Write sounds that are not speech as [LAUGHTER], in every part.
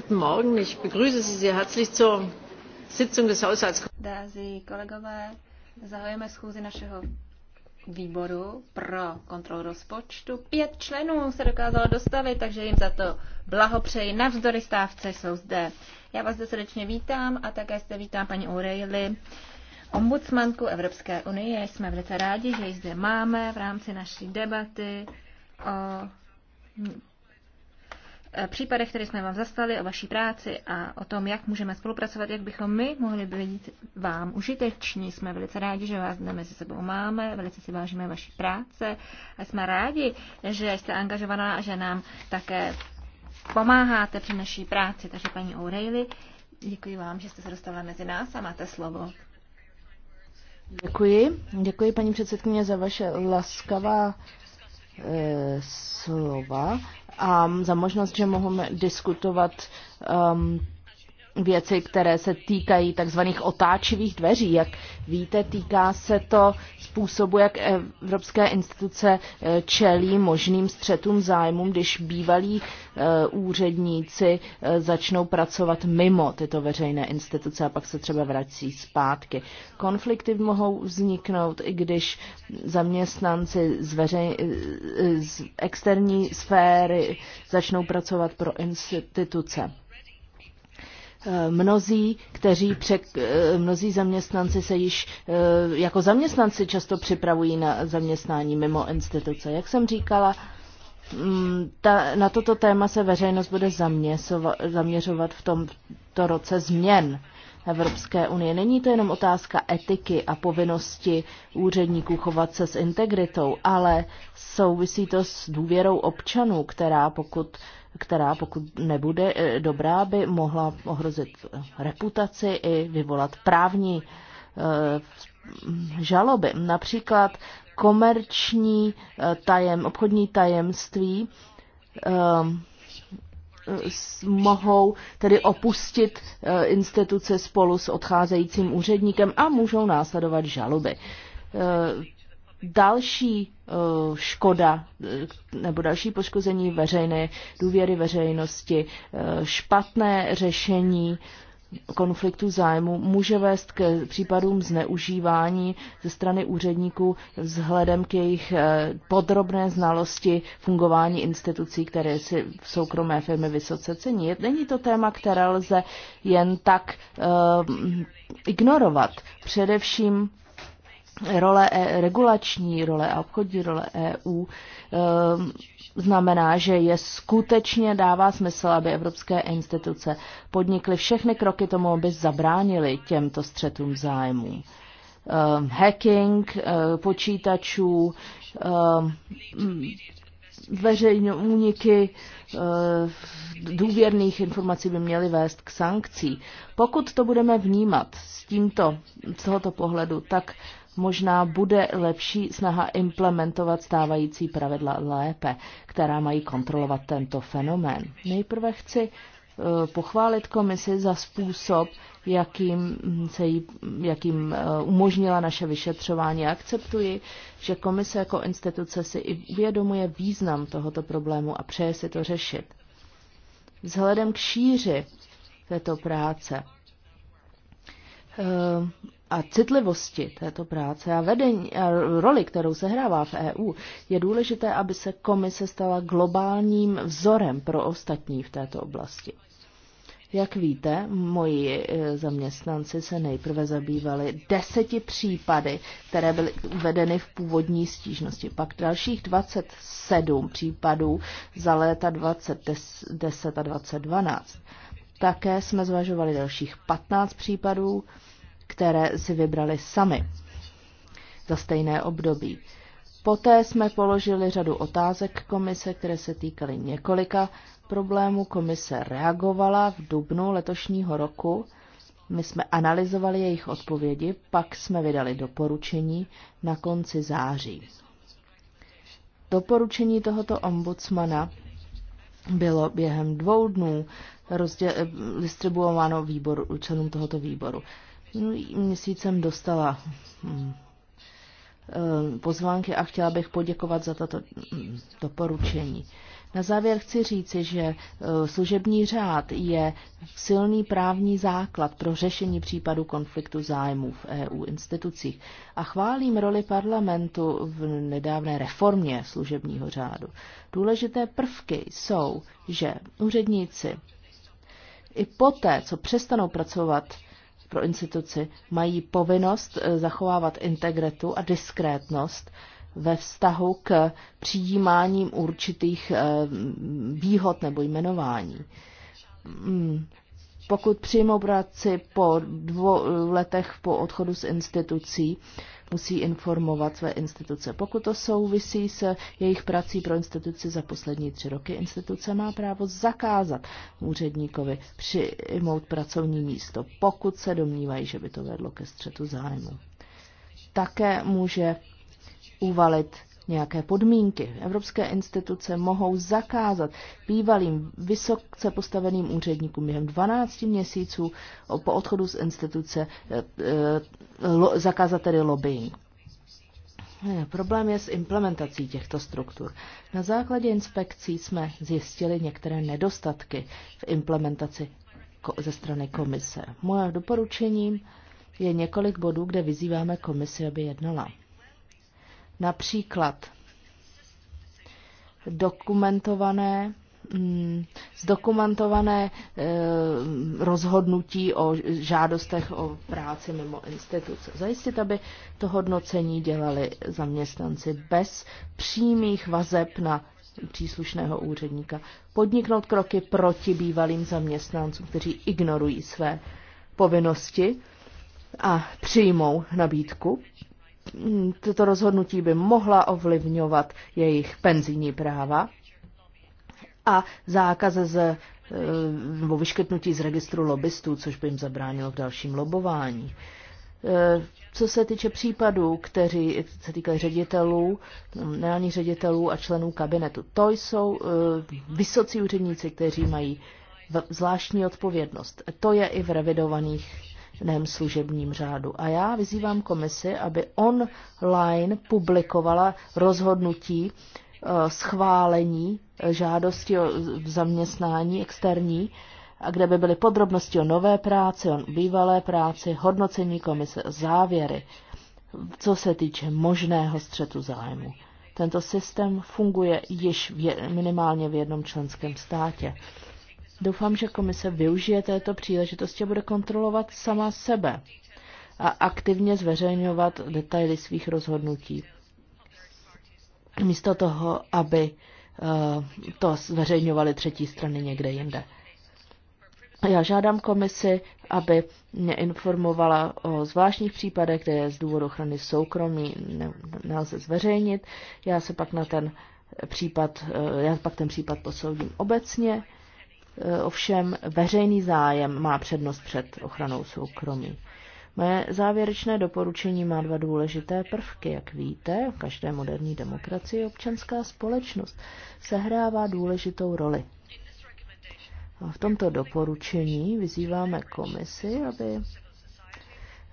Guten Morgen, ich begrüße Sie sehr herzlich zur Sitzung des Haushalts. výboru pro kontrolu rozpočtu. Pět členů se dokázalo dostavit, takže jim za to blahopřeji. Navzdory stávce jsou zde. Já vás zde srdečně vítám a také zde vítám paní O'Reilly, ombudsmanku Evropské unie. Jsme velice rádi, že ji zde máme v rámci naší debaty o Eh, případech, které jsme vám zastali, o vaší práci a o tom, jak můžeme spolupracovat, jak bychom my mohli být vám užiteční. Jsme velice rádi, že vás dnes mezi sebou máme, velice si vážíme vaší práce a jsme rádi, že jste angažovaná a že nám také pomáháte při naší práci. Takže paní O'Reilly, děkuji vám, že jste se dostala mezi nás a máte slovo. Děkuji. Děkuji paní předsedkyně za vaše laskavá e, slova a za možnost, že mohou diskutovat um, věci, které se týkají takzvaných otáčivých dveří. Jak víte, týká se to způsobu, jak evropské instituce eh, čelí možným střetům zájmům, když bývalí eh, úředníci eh, začnou pracovat mimo tyto veřejné instituce a pak se třeba vrací zpátky. Konflikty mohou vzniknout, i když zaměstnanci z, veřej, z externí sféry začnou pracovat pro instituce. Eh, mnozí, kteří přek, eh, mnozí zaměstnanci se již eh, jako zaměstnanci často připravují na zaměstnání mimo instituce. Jak jsem říkala, mm, ta, na toto téma se veřejnost bude zaměřovat v tomto roce změn Evropské unie. Není to jenom otázka etiky a povinnosti úředníků chovat se s integritou, ale souvisí to s důvěrou občanů, která pokud uh, která, pokud nebude eh, dobrá, by mohla ohrozit reputaci i vyvolat právní eh, žaloby. Například komerční eh, tajem, obchodní tajemství mohou tedy opustit instituce spolu s odcházejícím úředníkem a můžou následovat žaloby další eh, škoda eh, nebo další poškození veřejné důvěry veřejnosti, eh, špatné řešení konfliktu zájmu může vést k případům zneužívání ze strany úředníků vzhledem k jejich podrobné znalosti fungování institucí, které si v soukromé firmy vysoce cení. Není to téma, které lze jen tak uh, ignorovat. Především role e, regulační role a obchodní role EU ehm, znamená, že je skutečně dává smysl, aby evropské instituce podnikly všechny kroky tomu, aby zabránili těmto střetům zájmů. Ehm, hacking e, počítačů, ehm, veřejné úniky e, důvěrných informací by měly vést k sankcí. Pokud to budeme vnímat z, tímto, z tohoto pohledu, tak možná bude lepší snaha implementovat stávající pravidla lépe, která mají kontrolovat tento fenomén. Nejprve chci eh, pochválit komisi za způsob, jakým, se jí, jakým eh, umožnila naše vyšetřování. Akceptuji, že komise jako instituce si i uvědomuje význam tohoto problému a přeje si to řešit. Vzhledem k šíři této práce eh, a citlivosti této práce a vedení a roli, kterou se hrává v EU, je důležité, aby se komise stala globálním vzorem pro ostatní v této oblasti. Jak víte, moji e, zaměstnanci se nejprve zabývali deseti případy, které byly uvedeny v původní stížnosti. Pak dalších 27 případů za léta 2010 a 2012. Také jsme zvažovali dalších 15 případů, které si vybrali sami za stejné období. Poté jsme položili řadu otázek komise, které se týkaly několika problémů. Komise reagovala v dubnu letošního roku. My jsme analyzovali jejich odpovědi, pak jsme vydali doporučení na konci září. Doporučení tohoto ombudsmana bylo během dvou dnů eh, distribuováno výboru, členům tohoto výboru. Minulý no, měsíc jsem dostala hm, eh, pozvánky a chtěla bych poděkovat za tato hm, doporučení. Na závěr chci říci, že eh, služební řád je silný právní základ pro řešení případu konfliktu zájmů v EU institucích a chválím roli parlamentu v nedávné reformě služebního řádu. Důležité prvky jsou, že úředníci i poté, co přestanou pracovat pro instituci mají povinnost eh, zachovávat integritu a diskrétnost ve vztahu k přijímáním určitých eh, výhod nebo jmenování. Hmm pokud přijmou práci po dvou letech po odchodu z institucí, musí informovat své instituce. Pokud to souvisí se jejich prací pro instituci za poslední tři roky, instituce má právo zakázat úředníkovi přijmout pracovní místo, pokud se domnívají, že by to vedlo ke střetu zájmu. Také může uvalit nějaké podmínky. Evropské instituce mohou zakázat bývalým vysoce postaveným úředníkům během 12 měsíců po odchodu z instituce eh, eh, zakázat tedy lobbying. Eh, problém je s implementací těchto struktur. Na základě inspekcí jsme zjistili některé nedostatky v implementaci ze strany komise. Moje doporučení je několik bodů, kde vyzýváme komisi, aby jednala. Například dokumentované mm, zdokumentované eh, rozhodnutí o žádostech o práci mimo instituce. Zajistit, aby to hodnocení dělali zaměstnanci bez přímých vazeb na příslušného úředníka. Podniknout kroky proti bývalým zaměstnancům, kteří ignorují své povinnosti a přijmou nabídku Hmm, toto rozhodnutí by mohla ovlivňovat jejich penzijní práva a zákaz z, eh, nebo vyškrtnutí z registru lobbystů, což by jim zabránilo v dalším lobování. Eh, co se týče případů, kteří se týkají ředitelů, hm, reálních ředitelů a členů kabinetu, to jsou eh, vysocí úředníci, kteří mají zvláštní odpovědnost. To je i v revidovaných platném služebním řádu. A já vyzývám komisi, aby online publikovala rozhodnutí eh, schválení eh, žádosti o zaměstnání externí, a kde by byly podrobnosti o nové práci, o bývalé práci, hodnocení komise, závěry, co se týče možného střetu zájmu. Tento systém funguje již v minimálně v jednom členském státě. Doufám, že komise využije této příležitosti a bude kontrolovat sama sebe a aktivně zveřejňovat detaily svých rozhodnutí. Místo toho, aby eh, to zveřejňovali třetí strany někde jinde. Já žádám komisi, aby mě informovala o zvláštních případech, kde je z důvodu ochrany soukromí nelze zveřejnit. Já se pak na ten případ, eh, já pak ten případ posoudím obecně Eh, ovšem veřejný zájem má přednost před ochranou soukromí. Moje závěrečné doporučení má dva důležité prvky. Jak víte, v každé moderní demokracii občanská společnost sehrává důležitou roli. A v tomto doporučení vyzýváme komisi, aby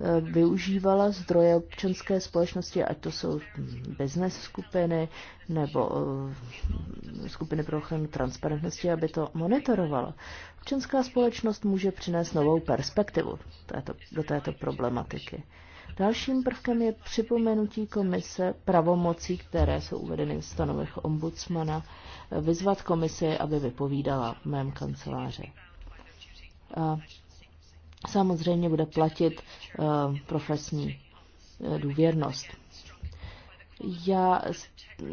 Eh, využívala zdroje občanské společnosti, ať to jsou hm, business skupiny nebo eh, skupiny pro ochranu transparentnosti, aby to monitorovala. Občanská společnost může přinést novou perspektivu této, do této problematiky. Dalším prvkem je připomenutí komise pravomocí, které jsou uvedeny v stanovech ombudsmana, eh, vyzvat komisi, aby vypovídala v mém kanceláři. A samozřejmě bude platit eh, profesní eh, důvěrnost. Já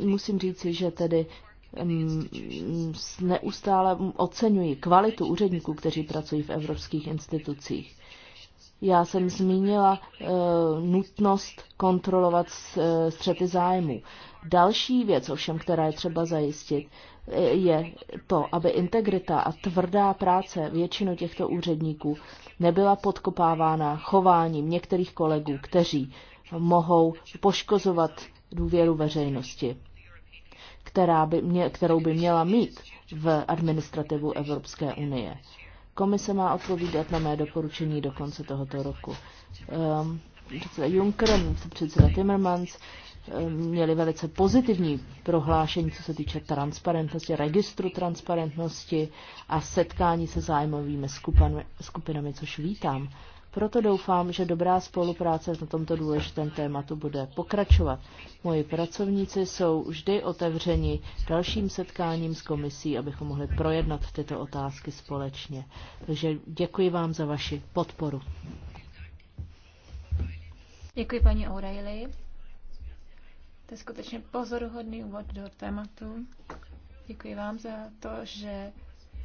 musím říci, že tedy mm, neustále oceňuji kvalitu úředníků, kteří pracují v evropských institucích. Já jsem zmínila e, nutnost kontrolovat střety zájmu. Další věc, ovšem, která je třeba zajistit, je to, aby integrita a tvrdá práce většinu těchto úředníků nebyla podkopávána chováním některých kolegů, kteří mohou poškozovat důvěru veřejnosti, která by mě, kterou by měla mít v administrativu Evropské unie. Komise má odpovídat na mé doporučení do konce tohoto roku. Um, předseda Juncker, předseda Timmermans, měli velice pozitivní prohlášení, co se týče transparentnosti, registru transparentnosti a setkání se zájmovými skupinami, skupinami což vítám. Proto doufám, že dobrá spolupráce na tomto důležitém tématu bude pokračovat. Moji pracovníci jsou vždy otevřeni dalším setkáním s komisí, abychom mohli projednat tyto otázky společně. Takže děkuji vám za vaši podporu. Děkuji paní O'Reilly. To je skutečně pozoruhodný úvod do tématu. Děkuji vám za to, že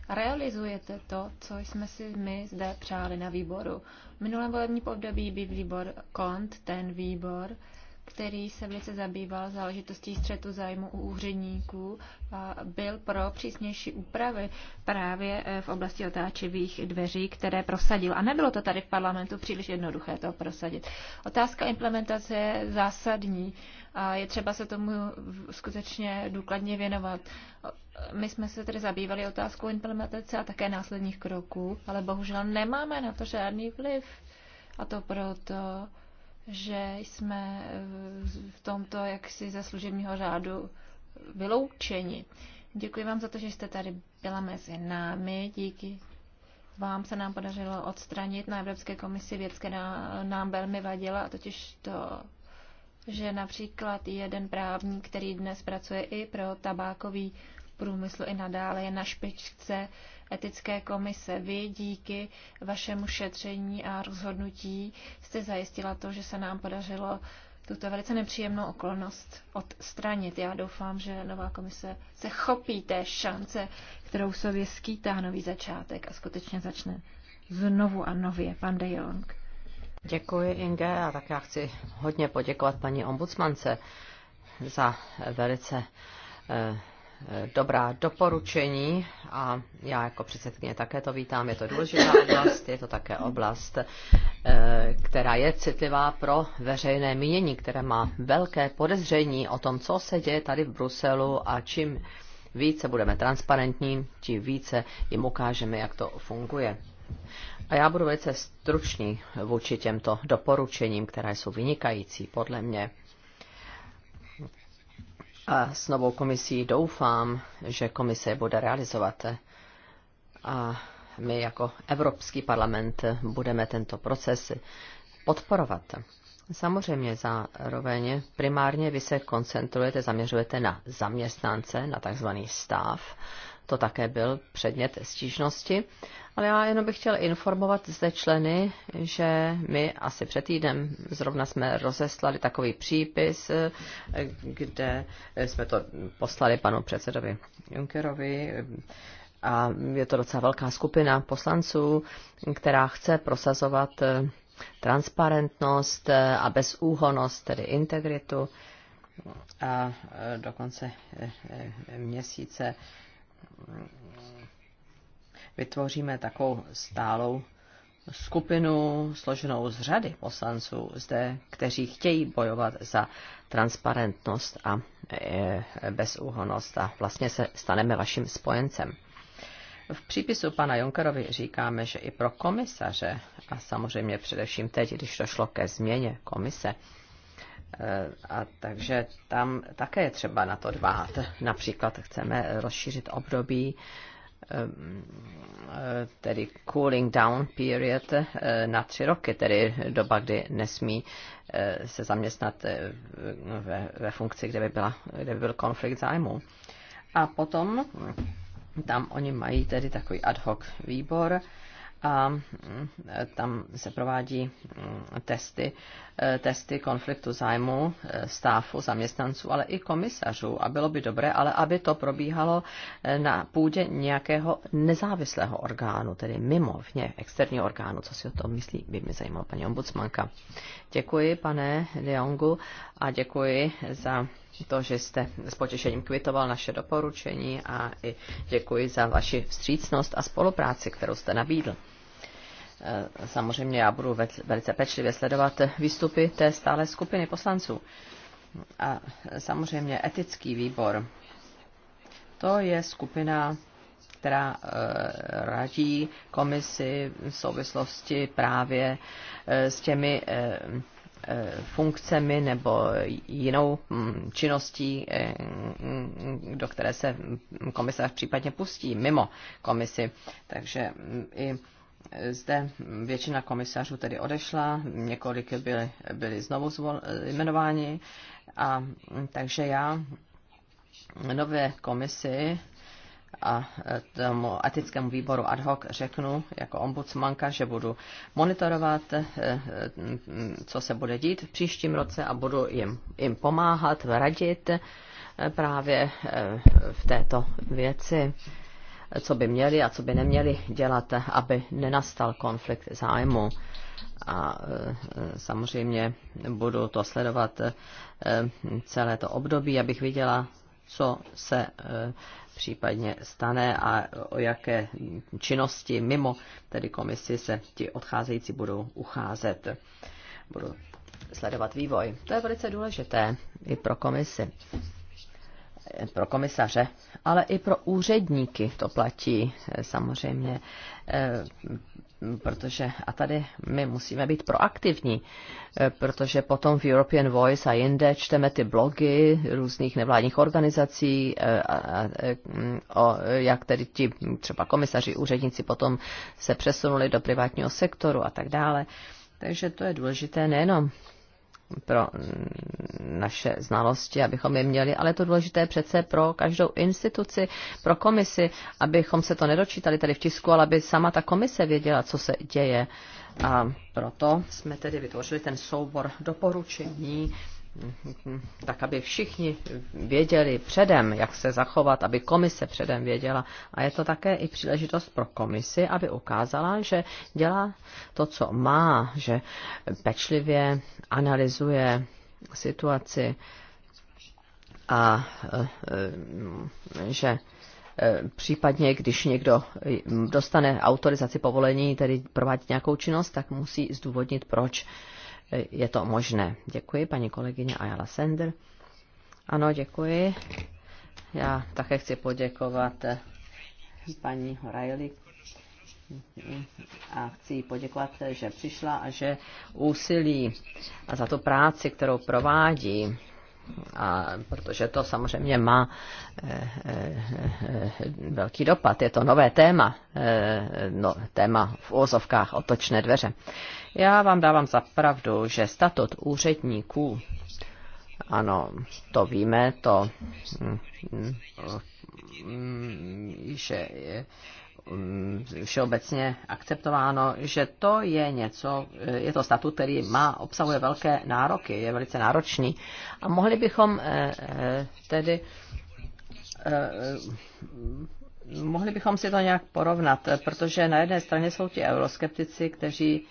realizujete to, co jsme si my zde přáli na výboru. V minulém volební období by výbor KONT, ten výbor, který se velice zabýval záležitostí střetu zájmu u úředníků a byl pro přísnější úpravy právě eh, v oblasti otáčivých dveří, které prosadil. A nebylo to tady v parlamentu příliš jednoduché to prosadit. Otázka implementace je zásadní a je třeba se tomu skutečně důkladně věnovat. My jsme se tedy zabývali otázkou implementace a také následních kroků, ale bohužel nemáme na to žádný vliv. A to proto, že jsme v tomto jaksi ze služebního řádu vyloučeni. Děkuji vám za to, že jste tady byla mezi námi. Díky vám se nám podařilo odstranit na Evropské komisi věc, která nám velmi vadila, a totiž to, že například jeden právník, který dnes pracuje i pro tabákový průmyslu i nadále je na špičce etické komise. Vy díky vašemu šetření a rozhodnutí jste zajistila to, že se nám podařilo tuto velice nepříjemnou okolnost odstranit. Já doufám, že nová komise se chopí té šance, kterou sobě skýtá nový začátek a skutečně začne znovu a nově. Pan De Jong. Děkuji, Inge, a tak já chci hodně poděkovat paní ombudsmance za velice eh, Eh, dobrá doporučení a já jako předsedkyně také to vítám. Je to důležitá oblast, je to také oblast, eh, která je citlivá pro veřejné mínění, které má velké podezření o tom, co se děje tady v Bruselu a čím více budeme transparentní, tím více jim ukážeme, jak to funguje. A já budu velice stručný vůči těmto doporučením, která jsou vynikající podle mě. A s novou komisí doufám, že komise bude realizovat. A my jako Evropský parlament budeme tento proces podporovat. Samozřejmě zároveň primárně vy se koncentrujete, zaměřujete na zaměstnance, na takzvaný stav to také byl předmět stížnosti. Ale já jenom bych chtěl informovat zde členy, že my asi před týdnem zrovna jsme rozeslali takový přípis, kde jsme to poslali panu předsedovi Junkerovi a je to docela velká skupina poslanců, která chce prosazovat transparentnost a bezúhonost, tedy integritu. A do konce měsíce vytvoříme takovou stálou skupinu složenou z řady poslanců zde, kteří chtějí bojovat za transparentnost a e, bezúhonost a vlastně se staneme vaším spojencem. V přípisu pana Junkerovi říkáme, že i pro komisaře, a samozřejmě především teď, když došlo ke změně komise, Eh, a takže tam také je třeba na to dbát. Například chceme rozšířit období eh, eh, tedy cooling down period na tři roky, tedy doba, kdy nesmí se zaměstnat ve, ve funkci, kde by, byla, kde by byl konflikt zájmu. A potom tam oni mají tedy takový ad hoc výbor, a mm, tam se provádí mm, testy, eh, testy konfliktu zájmu eh, stáfu, zaměstnanců, ale i komisařů. A bylo by dobré, ale aby to probíhalo eh, na půdě nějakého nezávislého orgánu, tedy mimo vně externího orgánu. Co si o tom myslí, by mě zajímalo paní ombudsmanka. Děkuji, pane Leongu, a děkuji za to, že jste s potěšením kvitoval naše doporučení a i děkuji za vaši vstřícnost a spolupráci, kterou jste nabídl. Eh, samozřejmě já budu velice pečlivě sledovat výstupy té stále skupiny poslanců. A samozřejmě etický výbor. To je skupina, která eh, radí komisi v souvislosti právě eh, s těmi funkcemi nebo jinou mm, činností, mm, do které se komisař případně pustí mimo komisi. Takže mm, i zde většina komisařů tedy odešla, několik byli, byli znovu jmenováni. A, takže já nové komisi a e, tomu etickému výboru ad hoc řeknu jako ombudsmanka, že budu monitorovat, e, e, co se bude dít v příštím roce a budu jim, jim pomáhat, radit právě v této věci, co by měli a co by neměli dělat, aby nenastal konflikt zájmu a samozřejmě budu to sledovat celé to období, abych viděla, co se případně stane a o jaké činnosti mimo tedy komisi se ti odcházející budou ucházet. Budou sledovat vývoj. To je velice důležité i pro komisi, pro komisaře, ale i pro úředníky to platí samozřejmě, eh, protože a tady my musíme být proaktivní, eh, protože potom v European Voice a jinde čteme ty blogy různých nevládních organizací, eh, a, a, eh, o, jak tedy ti třeba komisaři, úředníci potom se přesunuli do privátního sektoru a tak dále. Takže to je důležité nejenom pro naše znalosti, abychom je měli, ale to důležité přece pro každou instituci, pro komisi, abychom se to nedočítali tady v tisku, ale aby sama ta komise věděla, co se děje. A proto jsme tedy vytvořili ten soubor doporučení, tak aby všichni věděli předem, jak se zachovat, aby komise předem věděla. A je to také i příležitost pro komisi, aby ukázala, že dělá to, co má, že pečlivě analyzuje situaci a e, e, že e, případně, když někdo dostane autorizaci povolení, tedy provádět nějakou činnost, tak musí zdůvodnit, proč je to možné. Děkuji, paní kolegyně Ayala Sender. Ano, děkuji. Já také chci poděkovat eh, paní Horajli a chci jí poděkovat, eh, že přišla a že úsilí a za tu práci, kterou provádí, a protože to samozřejmě má eh, eh, eh, velký dopad. Je to nové téma, no, téma v úzovkách otočné dveře. Já vám dávám za pravdu, že statut úředníků, ano, to víme, to, mm, mm, že je, Mm, všeobecně akceptováno, že to je něco, eh, je to statut, který má, obsahuje velké nároky, je velice náročný. A mohli bychom eh, eh, tedy mohli bychom si to nějak porovnat, protože na jedné straně jsou ti euroskeptici, kteří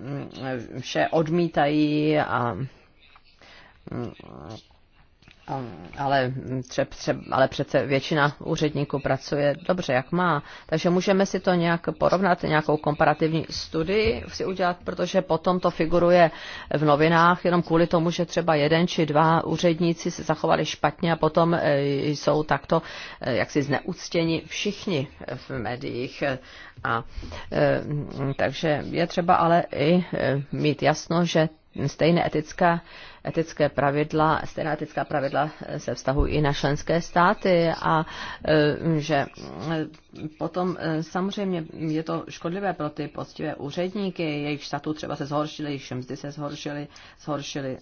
mm, vše odmítají a mm, Ehm, ale, třeba, třeba, ale přece většina úředníků pracuje dobře, jak má. Takže můžeme si to nějak porovnat, nějakou komparativní studii si udělat, protože potom to figuruje v novinách jenom kvůli tomu, že třeba jeden či dva úředníci se zachovali špatně a potom e, jsou takto e, jaksi zneuctěni všichni v médiích. A, e, takže je třeba ale i mít jasno, že stejné etická, etické pravidla, stejná etická pravidla se vztahují i na členské státy a e, že e, potom e, samozřejmě je to škodlivé pro ty poctivé úředníky, jejich statut třeba se zhoršily, jejich mzdy se zhoršily, zhoršily,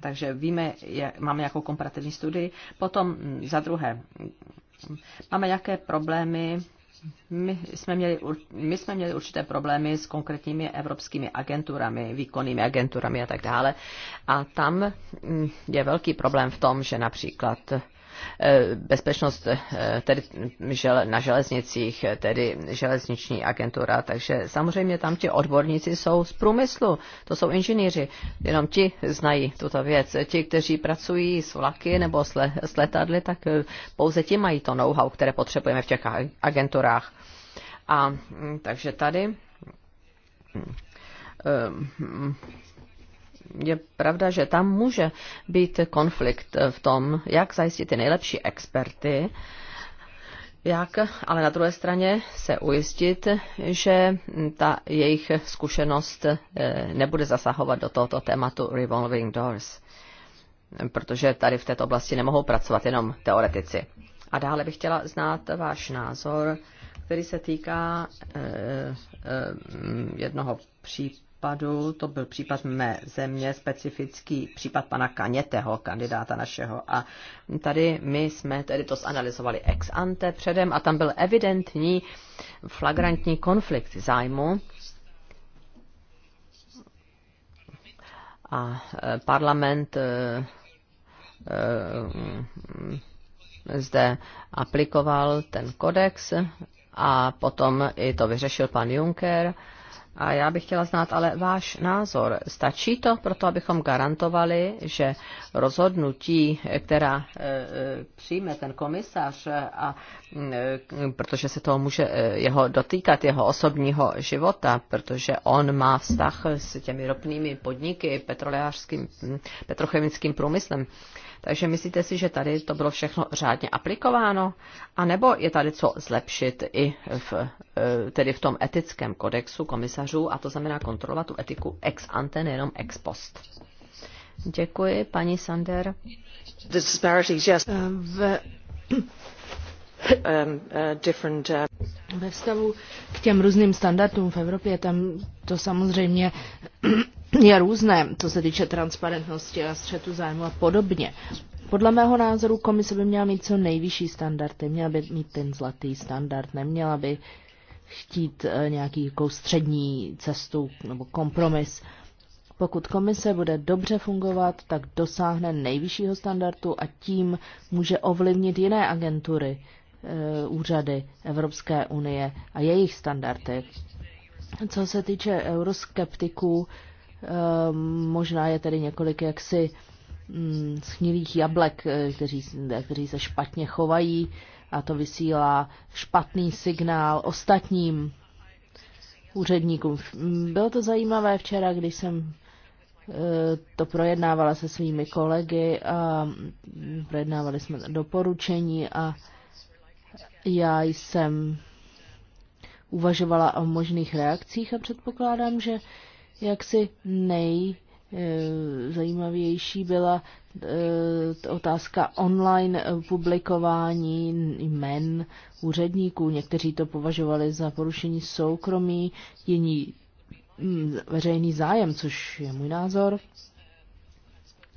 takže víme, jak, máme jako komparativní studii. Potom za druhé, máme jaké problémy my jsme, měli, my jsme měli určité problémy s konkrétními evropskými agenturami, výkonnými agenturami a tak dále. A tam mm, je velký problém v tom, že například Eh, bezpečnost eh, tedy na železnicích, eh, tedy železniční agentura, takže samozřejmě tam ti odborníci jsou z průmyslu, to jsou inženýři, jenom ti znají tuto věc. Ti, kteří pracují s vlaky nebo s, letadly, tak pouze ti mají to know-how, které potřebujeme v těch agenturách. A mm, takže tady um, je pravda, že tam může být konflikt v tom, jak zajistit ty nejlepší experty, jak ale na druhé straně se ujistit, že ta jejich zkušenost eh, nebude zasahovat do tohoto tématu revolving doors, protože tady v této oblasti nemohou pracovat jenom teoretici. A dále bych chtěla znát váš názor, který se týká eh, eh, jednoho případu případu, to byl případ mé země, specifický případ pana Kaněteho, kandidáta našeho. A tady my jsme tedy to zanalizovali ex ante předem a tam byl evidentní flagrantní konflikt zájmu. A e, parlament e, e, zde aplikoval ten kodex a potom i to vyřešil pan Juncker. A já bych chtěla znát ale váš názor. Stačí to proto, abychom garantovali, že rozhodnutí, která e, e, přijme ten komisař, a, e, protože se toho může jeho dotýkat jeho osobního života, protože on má vztah s těmi ropnými podniky, petrochemickým průmyslem, takže myslíte si, že tady to bylo všechno řádně aplikováno? A nebo je tady co zlepšit i v, e, tedy v tom etickém kodexu komisařů, a to znamená kontrolovat tu etiku ex ante, nejenom ex post? Děkuji, paní Sander. v. Um, uh, uh, Ve vztahu k těm různým standardům v Evropě, tam to samozřejmě [CLEARS THROAT] je různé, co se týče transparentnosti a střetu zájmu a podobně. Podle mého názoru komise by měla mít co nejvyšší standardy, měla by mít ten zlatý standard, neměla by chtít eh, nějaký jako střední cestu nebo kompromis. Pokud komise bude dobře fungovat, tak dosáhne nejvyššího standardu a tím může ovlivnit jiné agentury, Eh, úřady Evropské unie a jejich standardy. Co se týče euroskeptiků, eh, možná je tedy několik jaksi mm, schnilých jablek, eh, kteří, kteří se špatně chovají a to vysílá špatný signál ostatním úředníkům. Bylo to zajímavé včera, když jsem to projednávala se svými kolegy a mm, projednávali jsme doporučení a já jsem uvažovala o možných reakcích a předpokládám, že jaksi nej eh, zajímavější byla eh, otázka online eh, publikování jmen úředníků. Někteří to považovali za porušení soukromí, jiní hm, veřejný zájem, což je můj názor.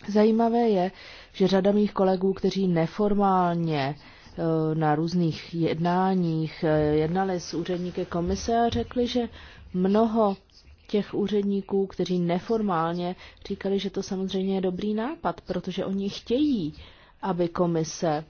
Zajímavé je, že řada mých kolegů, kteří neformálně Eh, na různých jednáních, eh, jednali s úředníky komise a řekli, že mnoho těch úředníků, kteří neformálně říkali, že to samozřejmě je dobrý nápad, protože oni chtějí, aby komise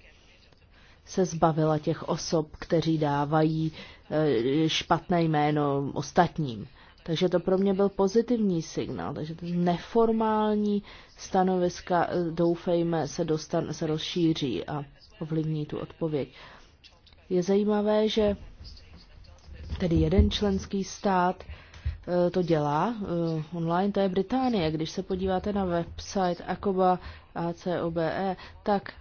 se zbavila těch osob, kteří dávají eh, špatné jméno ostatním. Takže to pro mě byl pozitivní signál. Takže to neformální stanoviska, doufejme, se, dostan, se rozšíří a ovlivní tu odpověď. Je zajímavé, že tedy jeden členský stát e, to dělá e, online, to je Británie. Když se podíváte na website Acoba ACOBE, tak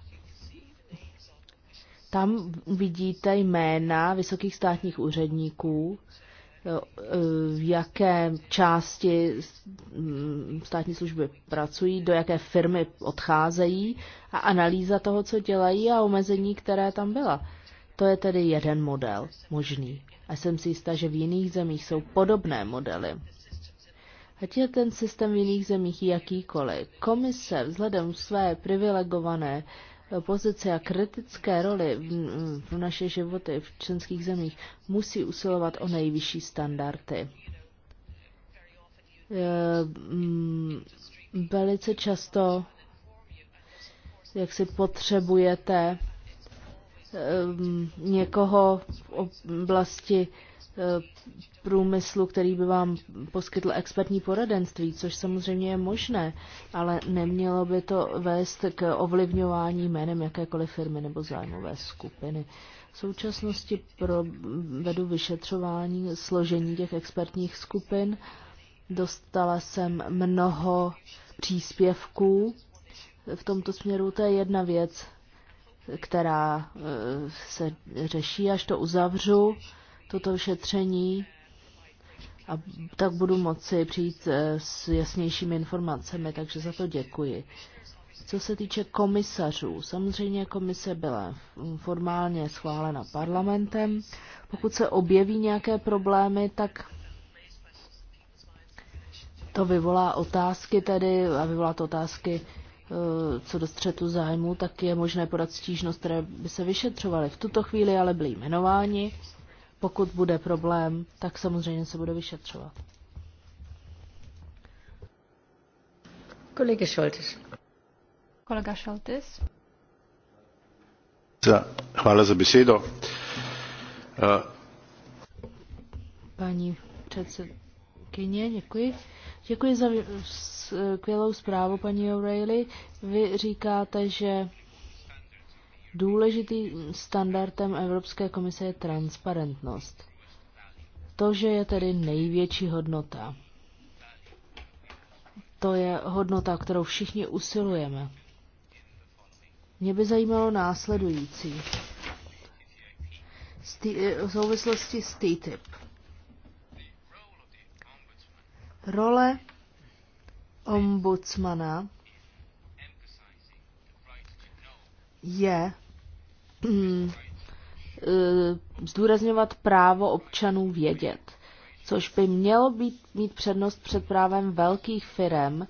tam vidíte jména vysokých státních úředníků, v jaké části státní služby pracují, do jaké firmy odcházejí a analýza toho, co dělají a omezení, které tam byla. To je tedy jeden model možný. A jsem si jistá, že v jiných zemích jsou podobné modely. Ať je ten systém v jiných zemích jakýkoliv, komise vzhledem své privilegované uh, pozice a kritické roli v, v naše životy v členských zemích musí usilovat o nejvyšší standardy. Eh, mm, velice často, jak si potřebujete eh, mm, někoho v oblasti Eh, průmyslu, který by vám poskytl expertní poradenství, což samozřejmě je možné, ale nemělo by to vést k ovlivňování jménem jakékoliv firmy nebo zájmové skupiny. V současnosti provedu vyšetřování složení těch expertních skupin. Dostala jsem mnoho příspěvků v tomto směru. To je jedna věc, která eh, se řeší, až to uzavřu toto šetření a tak budu moci přijít eh, s jasnějšími informacemi, takže za to děkuji. Co se týče komisařů, samozřejmě komise byla formálně schválena parlamentem. Pokud se objeví nějaké problémy, tak to vyvolá otázky tedy, a vyvolá to otázky eh, co do střetu zájmu, tak je možné podat stížnost, které by se vyšetřovaly. V tuto chvíli ale byly jmenováni pokud bude problém, tak samozřejmě se bude vyšetřovat. Kolega Šoltis. Kolega Šoltis. Hvala za besedo. Eh, paní předsedkyně, děkuji. Děkuji za skvělou zprávu, paní O'Reilly. Vy říkáte, že Důležitým standardem Evropské komise je transparentnost. To, že je tedy největší hodnota. To je hodnota, kterou všichni usilujeme. Mě by zajímalo následující. V eh, souvislosti s TTIP. Role ombudsmana je Hmm. E, zdůrazňovat právo občanů vědět, což by mělo být, mít přednost před právem velkých firm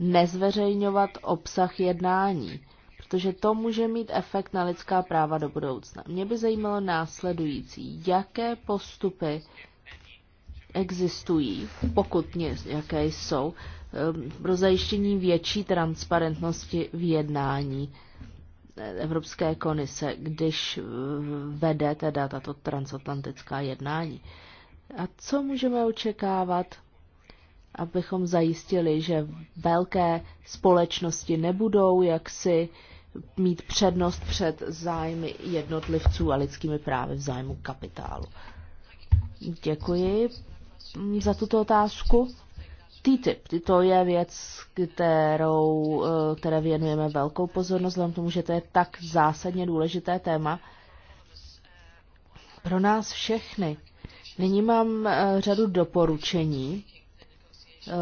nezveřejňovat obsah jednání, protože to může mít efekt na lidská práva do budoucna. Mě by zajímalo následující, jaké postupy existují, pokud nějaké jsou, e, pro zajištění větší transparentnosti v jednání Evropské komise, když vede teda tato transatlantická jednání. A co můžeme očekávat, abychom zajistili, že velké společnosti nebudou jaksi mít přednost před zájmy jednotlivců a lidskými právy v zájmu kapitálu? Děkuji za tuto otázku. TTIP, to je věc, kterou, eh, které věnujeme velkou pozornost, vzhledem tomu, že to je tak zásadně důležité téma pro nás všechny. Nyní mám eh, řadu doporučení, eh,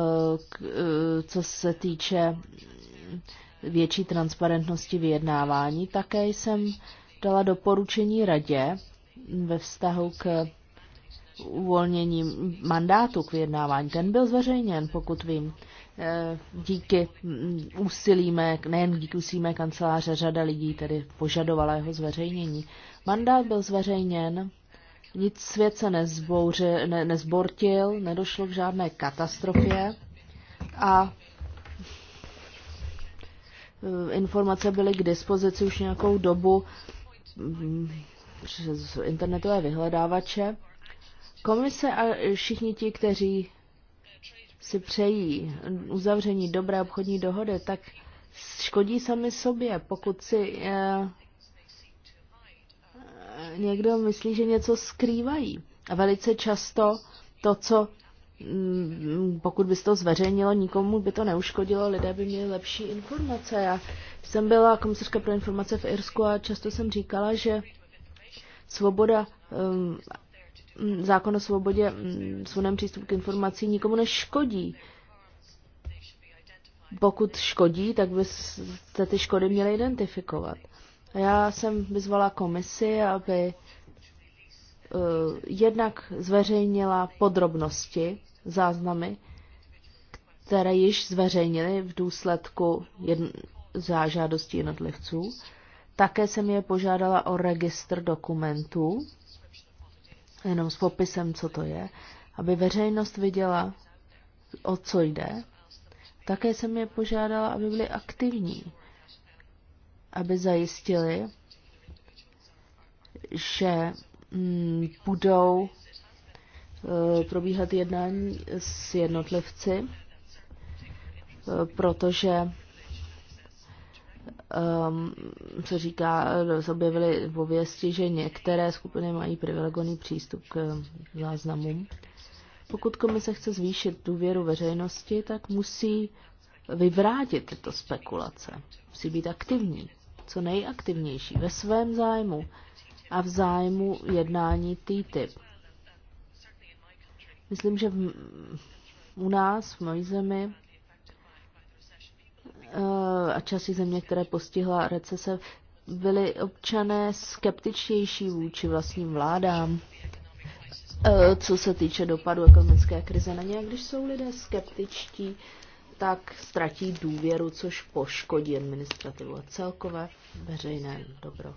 co se týče větší transparentnosti vyjednávání. Také jsem dala doporučení radě ve vztahu k uvolnění mandátu k vyjednávání. Ten byl zveřejněn, pokud vím. Eh, díky mm, úsilí mé, nejen díky úsilí mé kanceláře, řada lidí tedy požadovala jeho zveřejnění. Mandát byl zveřejněn, nic svět se nezbouři, ne, nezbortil, nedošlo k žádné katastrofě a eh, informace byly k dispozici už nějakou dobu mm, přes internetové vyhledávače Komise a všichni ti, kteří si přejí uzavření dobré obchodní dohody, tak škodí sami sobě, pokud si eh, někdo myslí, že něco skrývají. A velice často to, co mm, pokud by se to zveřejnilo, nikomu by to neuškodilo, lidé by měli lepší informace. Já jsem byla komisařka pro informace v Irsku a často jsem říkala, že svoboda um, Mm, zákon o svobodě, mm, svobodném přístupu k informací nikomu neškodí. Pokud škodí, tak byste ty škody měli identifikovat. A já jsem vyzvala komisi, aby uh, jednak zveřejnila podrobnosti, záznamy, které již zveřejnili v důsledku jedn- zážádosti jednotlivců. Také jsem je požádala o registr dokumentů, jenom s popisem, co to je, aby veřejnost viděla, o co jde. Také jsem je požádala, aby byli aktivní, aby zajistili, že mm, budou eh, probíhat jednání s jednotlivci, eh, protože um, co říká, eh, se objevily pověsti, že některé skupiny mají privilegovaný přístup k eh, záznamům. Pokud komise chce zvýšit důvěru veřejnosti, tak musí vyvrátit tyto spekulace. Musí být aktivní, co nejaktivnější, ve svém zájmu a v zájmu jednání TTIP. Myslím, že v, u nás, v mojí zemi, Eh, a časy země, které postihla recese, byli občané skeptičtější vůči vlastním vládám, eh, co se týče dopadu ekonomické krize na ně. A když jsou lidé skeptičtí, tak ztratí důvěru, což poškodí administrativu a celkové veřejné dobro.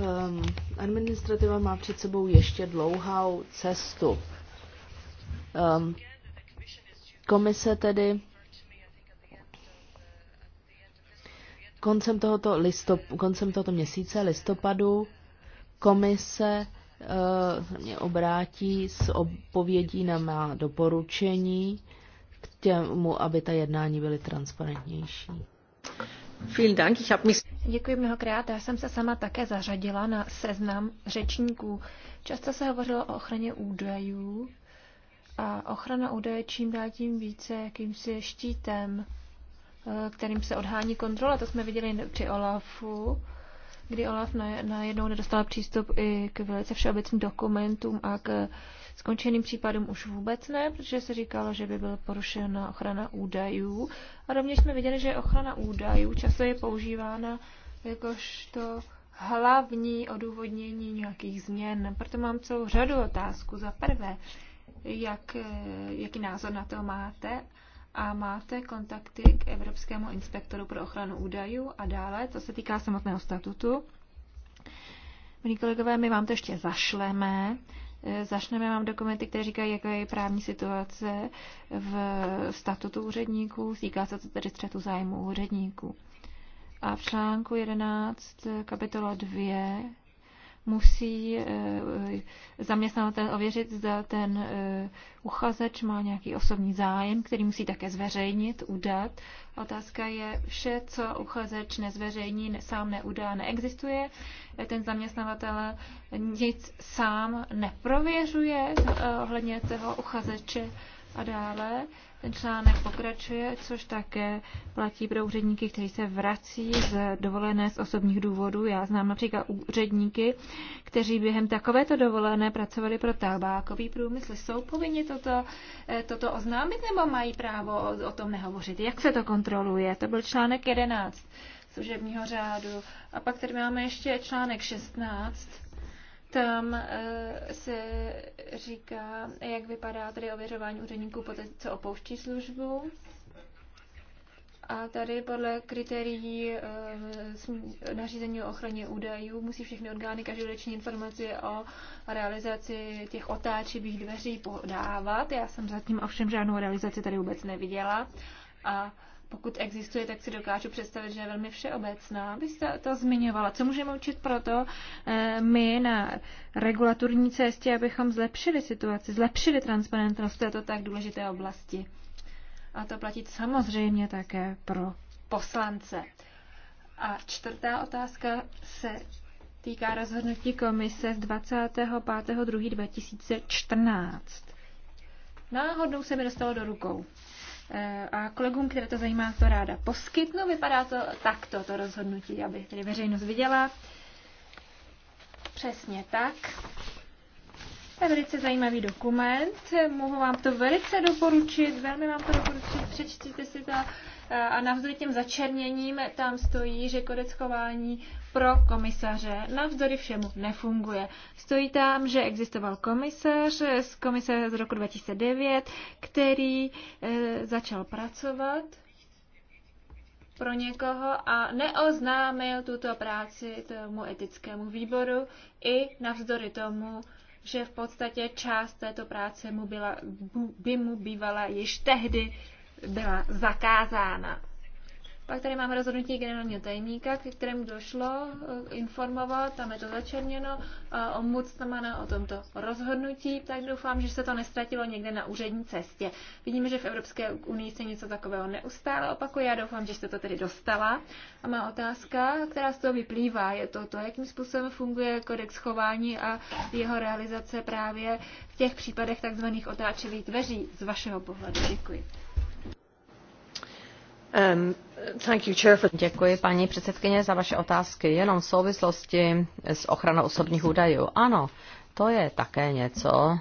Um, administrativa má před sebou ještě dlouhou cestu. Um, Komise tedy koncem tohoto, listop, koncem tohoto měsíce, listopadu, komise uh, mě obrátí s odpovědí na má doporučení k těmu, aby ta jednání byly transparentnější. Děkuji mnohokrát. Já jsem se sama také zařadila na seznam řečníků. Často se hovořilo o ochraně údajů a ochrana údaje čím dál tím více jakýmsi štítem, eh, kterým se odhání kontrola. To jsme viděli při Olafu, kdy Olaf najednou nedostal přístup i k velice všeobecným dokumentům a k skončeným případům už vůbec ne, protože se říkalo, že by byla porušena ochrana údajů. A rovněž jsme viděli, že ochrana údajů často je používána jakožto hlavní odůvodnění nějakých změn. Proto mám celou řadu otázků. Za prvé, jak, eh, jaký názor na to máte a máte kontakty k Evropskému inspektoru pro ochranu údajů a dále, co se týká samotného statutu. Milí kolegové, my vám to ještě zašleme. Eh, zašleme vám dokumenty, které říkají, jaká je právní situace v statutu úředníků, týká se to tedy střetu zájmu úředníků. A v článku 11, kapitola 2, musí eh, zaměstnavatel ověřit, zda ten eh, uchazeč má nějaký osobní zájem, který musí také zveřejnit, udat. Otázka je, vše, co uchazeč nezveřejní, sám neudá, neexistuje. Eh, ten zaměstnavatel nic sám neprověřuje ohledně toho uchazeče a dále. Ten článek pokračuje, což také platí pro úředníky, kteří se vrací z dovolené z osobních důvodů. Já znám například úředníky, kteří během takovéto dovolené pracovali pro tabákový průmysl. Jsou povinni toto, eh, toto oznámit nebo mají právo o, o tom nehovořit? Jak se to kontroluje? To byl článek 11 služebního řádu. A pak tady máme ještě článek 16 tam eh, se říká, jak vypadá tady ověřování úředníků poté, co opouští službu. A tady podle kritérií eh, nařízení o ochraně údajů musí všechny orgány každodenní informaci o realizaci těch otáčivých dveří podávat. Já jsem zatím ovšem žádnou realizaci tady vůbec neviděla. A pokud existuje, tak si dokážu představit, že je velmi všeobecná. Byste to zmiňovala. Co můžeme učit proto eh, my na regulatorní cestě, abychom zlepšili situaci, zlepšili transparentnost této tak důležité oblasti? A to platí samozřejmě také pro poslance. A čtvrtá otázka se týká rozhodnutí komise z 25.2.2014. Náhodou se mi dostalo do rukou. Eh, a kolegům, které to zajímá, to ráda poskytnu. Vypadá to takto, to rozhodnutí, aby tedy veřejnost viděla. Přesně tak. To je velice zajímavý dokument. Mohu vám to velice doporučit, velmi vám to doporučit. Přečtěte si to a navzdory těm začerněním tam stojí, že kodec chování pro komisaře navzdory všemu nefunguje. Stojí tam, že existoval komisař z komise z roku 2009, který e, začal pracovat pro někoho a neoznámil tuto práci tomu etickému výboru i navzdory tomu, že v podstatě část této práce mu byla, by mu bývala již tehdy byla zakázána. Pak tady máme rozhodnutí generálního tajemníka, ke kterému došlo eh, informovat, tam je to začerněno, ombudsmana o tomto rozhodnutí, tak doufám, že se to nestratilo někde na úřední cestě. Vidíme, že v Evropské unii se něco takového neustále opakuje, já doufám, že jste to tedy dostala. A má otázka, která z toho vyplývá, je to to, jakým způsobem funguje kodex chování a jeho realizace právě v těch případech takzvaných otáčivých dveří z vašeho pohledu. Děkuji. Um, Děkuji, paní předsedkyně, za vaše otázky. Jenom v souvislosti s ochranou osobních údajů. Ano, to je také něco,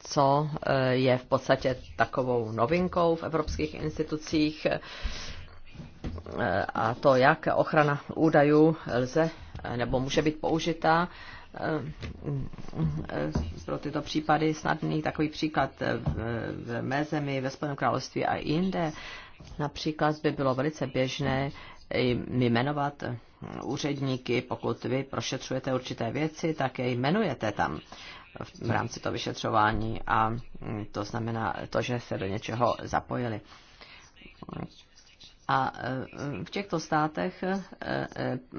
co eh, je v podstatě takovou novinkou v evropských institucích eh, a to, jak ochrana údajů lze eh, nebo může být použita pro tyto případy snadný takový příklad v mé zemi, ve Spojeném království a jinde Například by bylo velice běžné jmenovat úředníky, pokud vy prošetřujete určité věci, tak je jmenujete tam v rámci toho vyšetřování a to znamená to, že se do něčeho zapojili. A e, e, v těchto státech e,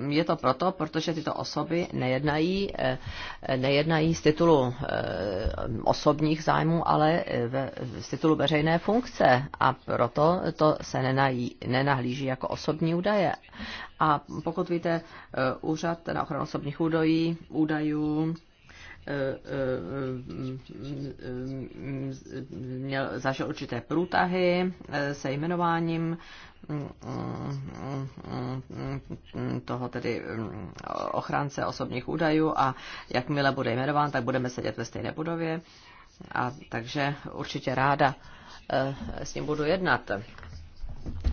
je to proto, protože tyto osoby nejednají, nejednají z titulu osobních zájmů, ale z titulu veřejné funkce. A proto to se nenají, nenahlíží jako osobní údaje. A pokud víte, úřad na ochranu osobních údají, údajů měl, zažil určité průtahy se jmenováním toho tedy mm, ochránce osobních údajů a jakmile bude jmenován, tak budeme sedět ve stejné budově. A takže určitě ráda eh, s ním budu jednat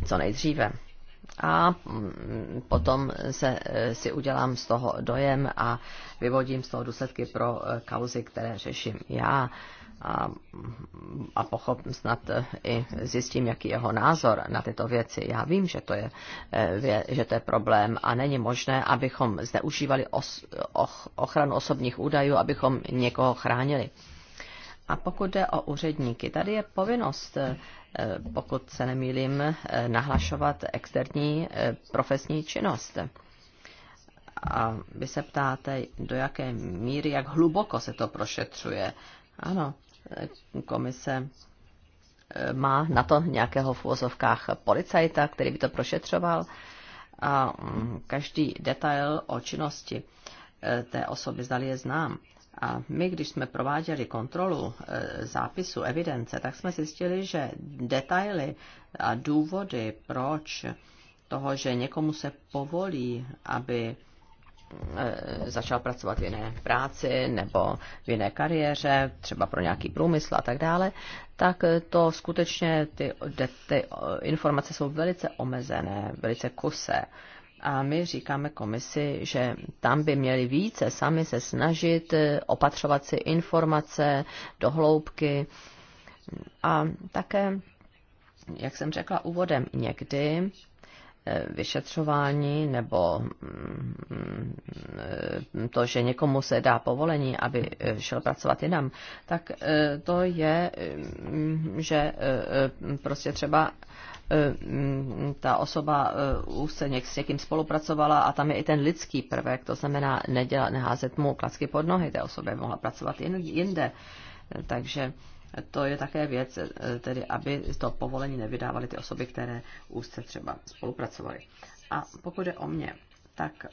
co nejdříve. A mm, potom se, eh, si udělám z toho dojem a vyvodím z toho důsledky pro eh, kauzy, které řeším já a, a pochop, snad eh, i zjistím, jaký jeho názor na tyto věci. Já vím, že to je, eh, že to je problém a není možné, abychom zneužívali os, och, ochranu osobních údajů, abychom někoho chránili. A pokud jde o úředníky, tady je povinnost, eh, pokud se nemýlím, nahlašovat externí profesní činnost. A vy se ptáte, do jaké míry, jak hluboko se to prošetřuje. Ano, komise eh, má na to nějakého v úvozovkách policajta, který by to prošetřoval a mm, každý detail o činnosti eh, té osoby zdali je znám. A my, když jsme prováděli kontrolu eh, zápisu evidence, tak jsme zjistili, že detaily a důvody, proč toho, že někomu se povolí, aby Eh, začal pracovat v jiné práci nebo v jiné kariéře, třeba pro nějaký průmysl a tak dále, tak to skutečně ty, ty eh, informace jsou velice omezené, velice kuse. A my říkáme komisi, že tam by měli více sami se snažit eh, opatřovat si informace, dohloubky a také, jak jsem řekla úvodem, někdy vyšetřování nebo mm, mm, to, že někomu se dá povolení, aby eh, šel pracovat jinam, tak eh, to je, mm, že eh, prostě třeba ta osoba už se něk s někým spolupracovala a tam je i ten lidský prvek, to znamená nedělat, neházet mu klacky pod nohy té osobě, mohla pracovat jinde. Takže to je také věc, eh, tedy aby to povolení nevydávaly ty osoby, které úzce třeba spolupracovaly. A pokud jde o mě, tak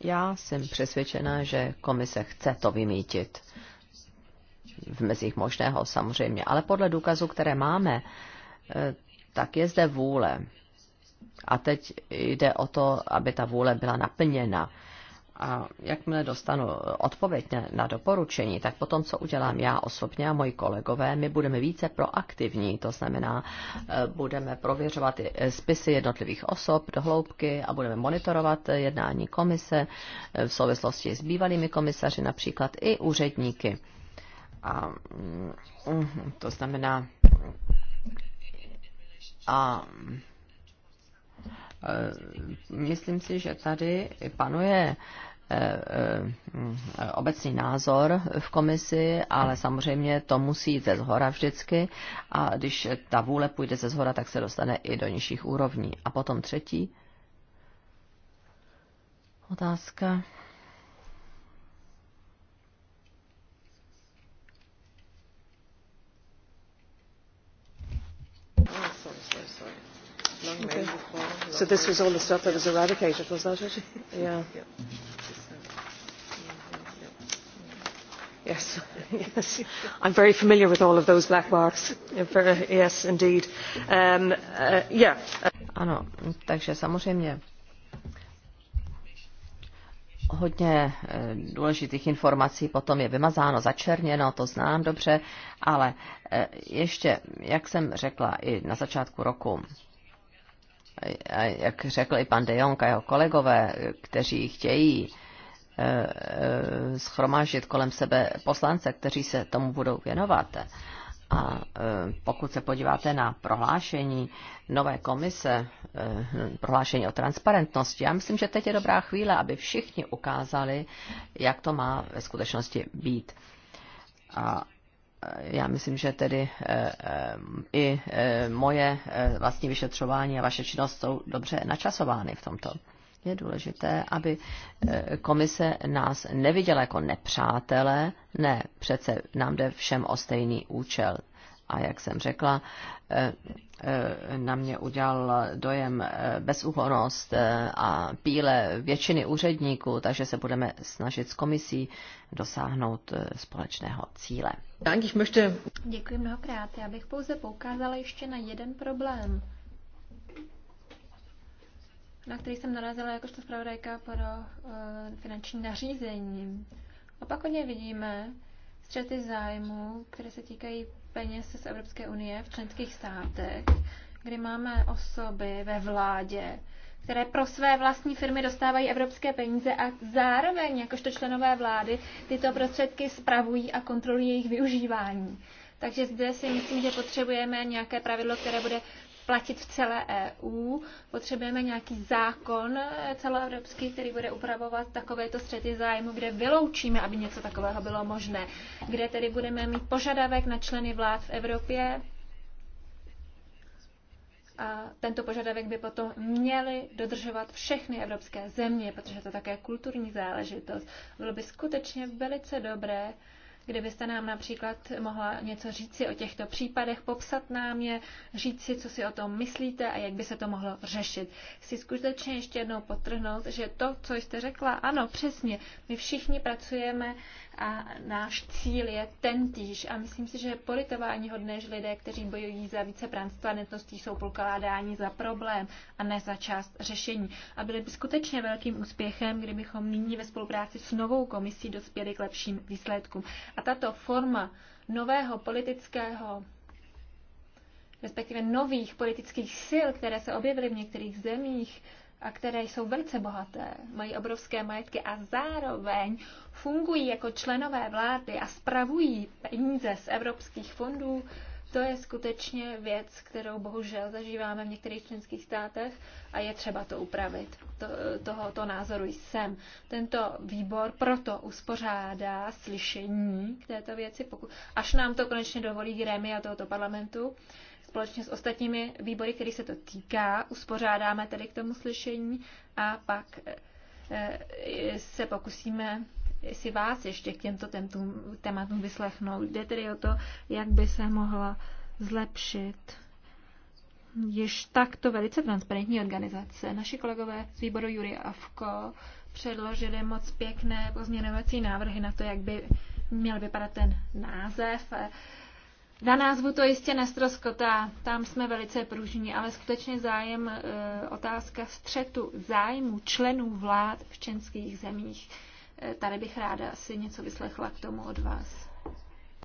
já jsem přesvědčená, že komise chce to vymítit v mezích možného samozřejmě, ale podle důkazů, které máme, eh, tak je zde vůle. A teď jde o to, aby ta vůle byla naplněna a jakmile dostanu odpověď na doporučení, tak potom, co udělám já osobně a moji kolegové, my budeme více proaktivní, to znamená, e, budeme prověřovat e, spisy jednotlivých osob do hloubky a budeme monitorovat e, jednání komise v souvislosti s bývalými komisaři, například i úředníky. A mm, mm, to znamená, a Eh, myslím si, že tady panuje eh, eh, obecný názor v komisi, ale samozřejmě to musí jít ze zhora vždycky a když ta vůle půjde ze zhora, tak se dostane i do nižších úrovní. A potom třetí otázka. Oh, sorry, sorry, sorry okay. so this was all the stuff that was eradicated, was that it? [LAUGHS] Yeah. yeah. [LAUGHS] Yes, yes. I'm very familiar with all of those black marks. Uh, yes, indeed. Um, uh, yeah. Ano, takže samozřejmě hodně eh, důležitých informací potom je vymazáno, začerněno, to znám dobře, ale eh, ještě, jak jsem řekla i na začátku roku, a jak řekl i pan De Jong a jeho kolegové, kteří chtějí eh, eh, schromážit kolem sebe poslance, kteří se tomu budou věnovat. A eh, pokud se podíváte na prohlášení nové komise, prohlášení o transparentnosti, já myslím, že teď je dobrá chvíle, aby všichni ukázali, jak to má ve skutečnosti být. A já myslím, že tedy eh, eh, i eh, moje vlastní vyšetřování a vaše činnost jsou dobře načasovány v tomto. Je důležité, aby komise nás neviděla jako nepřátelé, ne, přece nám jde všem o stejný účel a jak jsem řekla, eh, eh, na mě udělal dojem eh, bezúhonost a píle většiny úředníků, takže se budeme snažit s komisí dosáhnout společného cíle. Děkuji mnohokrát. Já bych pouze poukázala ještě na jeden problém, na který jsem narazila jakožto zpravodajka pro finanční nařízení. Opakovaně vidíme, střety zájmů, které se týkají peněz z Evropské unie v členských státech, kdy máme osoby ve vládě, které pro své vlastní firmy dostávají evropské peníze a zároveň, jakožto členové vlády, tyto prostředky spravují a kontrolují jejich využívání. Takže zde si myslím, že potřebujeme nějaké pravidlo, které bude platit v celé EU. Potřebujeme nějaký zákon eh, celoevropský, který bude upravovat takovéto střety zájmu, kde vyloučíme, aby něco takového bylo možné. Kde tedy budeme mít požadavek na členy vlád v Evropě, a tento požadavek by potom měly dodržovat všechny evropské země, protože to také je kulturní záležitost. Bylo by skutečně velice dobré, Kdybyste nám například mohla něco říci o těchto případech, popsat nám je, říct si, co si o tom myslíte a jak by se to mohlo řešit. Chci skutečně ještě jednou potrhnout, že to, co jste řekla, ano, přesně, my všichni pracujeme a náš cíl je tentýž. A myslím si, že je politování hodné, že lidé, kteří bojují za více transparentností, jsou pokládáni za problém a ne za část řešení. A byly by skutečně velkým úspěchem, kdybychom nyní ve spolupráci s novou komisí dospěli k lepším výsledkům. A tato forma nového politického respektive nových politických sil, které se objevily v některých zemích, a které jsou velice bohaté, mají obrovské majetky a zároveň fungují jako členové vlády a spravují peníze z evropských fondů, to je skutečně věc, kterou bohužel zažíváme v některých členských státech a je třeba to upravit. To, tohoto názoru jsem. Tento výbor proto uspořádá slyšení k této věci, pokud, až nám to konečně dovolí gremia tohoto parlamentu. Uh, společně s ostatními výbory, který se to týká. Uspořádáme tedy k tomu slyšení a pak eh, eh, se pokusíme si vás ještě k těmto tématům vyslechnout. Jde tedy o to, jak by se mohla zlepšit již takto velice transparentní organizace. Naši kolegové z výboru Jury Avko předložili moc pěkné pozměňovací návrhy na to, jak by měl vypadat ten název. Na názvu to jistě nestroskotá, tam jsme velice pružní, ale skutečně zájem, e, otázka střetu zájmu členů vlád v českých zemích. E, tady bych ráda si něco vyslechla k tomu od vás.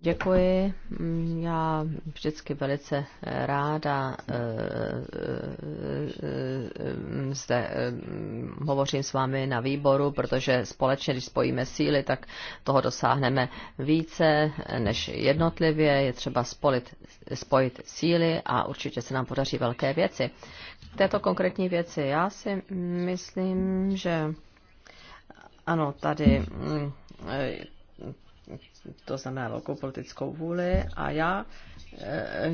Děkuji. Mm, já vždycky velice ráda eh, eh, eh, zde hovořím s vámi na výboru, protože společně, když spojíme síly, tak toho dosáhneme více než jednotlivě. Je třeba spolit, spojit síly a určitě se nám podaří velké věci. K této konkrétní věci já si myslím, že ano, tady mm, to znamená velkou politickou vůli. A já, eh,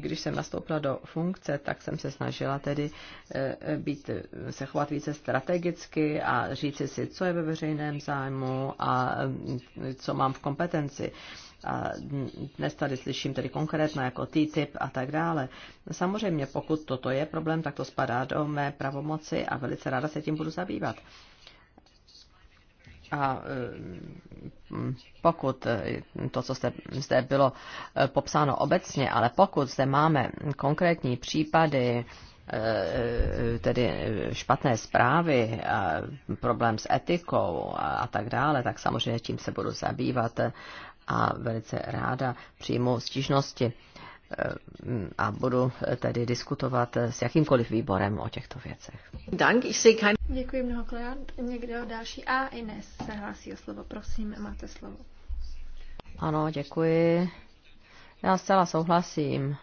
když jsem nastoupila do funkce, tak jsem se snažila tedy eh, být, se chovat více strategicky a říci si, co je ve veřejném zájmu a eh, co mám v kompetenci. A dnes tady slyším tedy konkrétně jako TTIP a tak dále. Samozřejmě, pokud toto je problém, tak to spadá do mé pravomoci a velice ráda se tím budu zabývat. A e, pokud e, to, co zde, zde bylo e, popsáno obecně, ale pokud zde máme konkrétní případy, tedy špatné zprávy, a problém s etikou a, a tak dále, tak samozřejmě tím se budu zabývat a velice ráda přijmu stížnosti a budu tedy diskutovat s jakýmkoliv výborem o těchto věcech. Dank, ich sehe kein... Děkuji mnohokrát. Někdo další? A Ines se hlásí o slovo. Prosím, máte slovo. Ano, děkuji. Já zcela souhlasím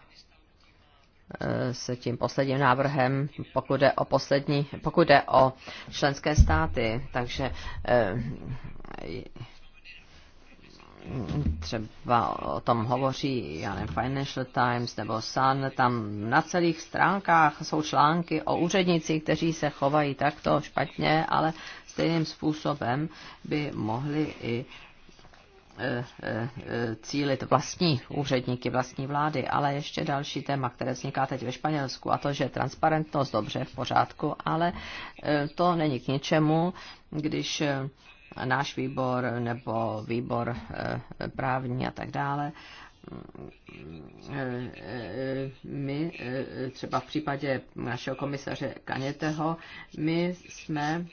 eh, s tím posledním návrhem, pokud jde o, poslední, pokud jde o členské státy. Takže eh, třeba o tom hovoří já nevím, Financial Times nebo Sun, tam na celých stránkách jsou články o úřednicích, kteří se chovají takto špatně, ale stejným způsobem by mohli i eh, eh, cílit vlastní úředníky, vlastní vlády, ale ještě další téma, které vzniká teď ve Španělsku, a to, že transparentnost dobře v pořádku, ale eh, to není k ničemu, když náš výbor nebo výbor eh, právní a tak dále. Mm, eh, eh, my třeba v případě našeho komisaře Kaněteho, my jsme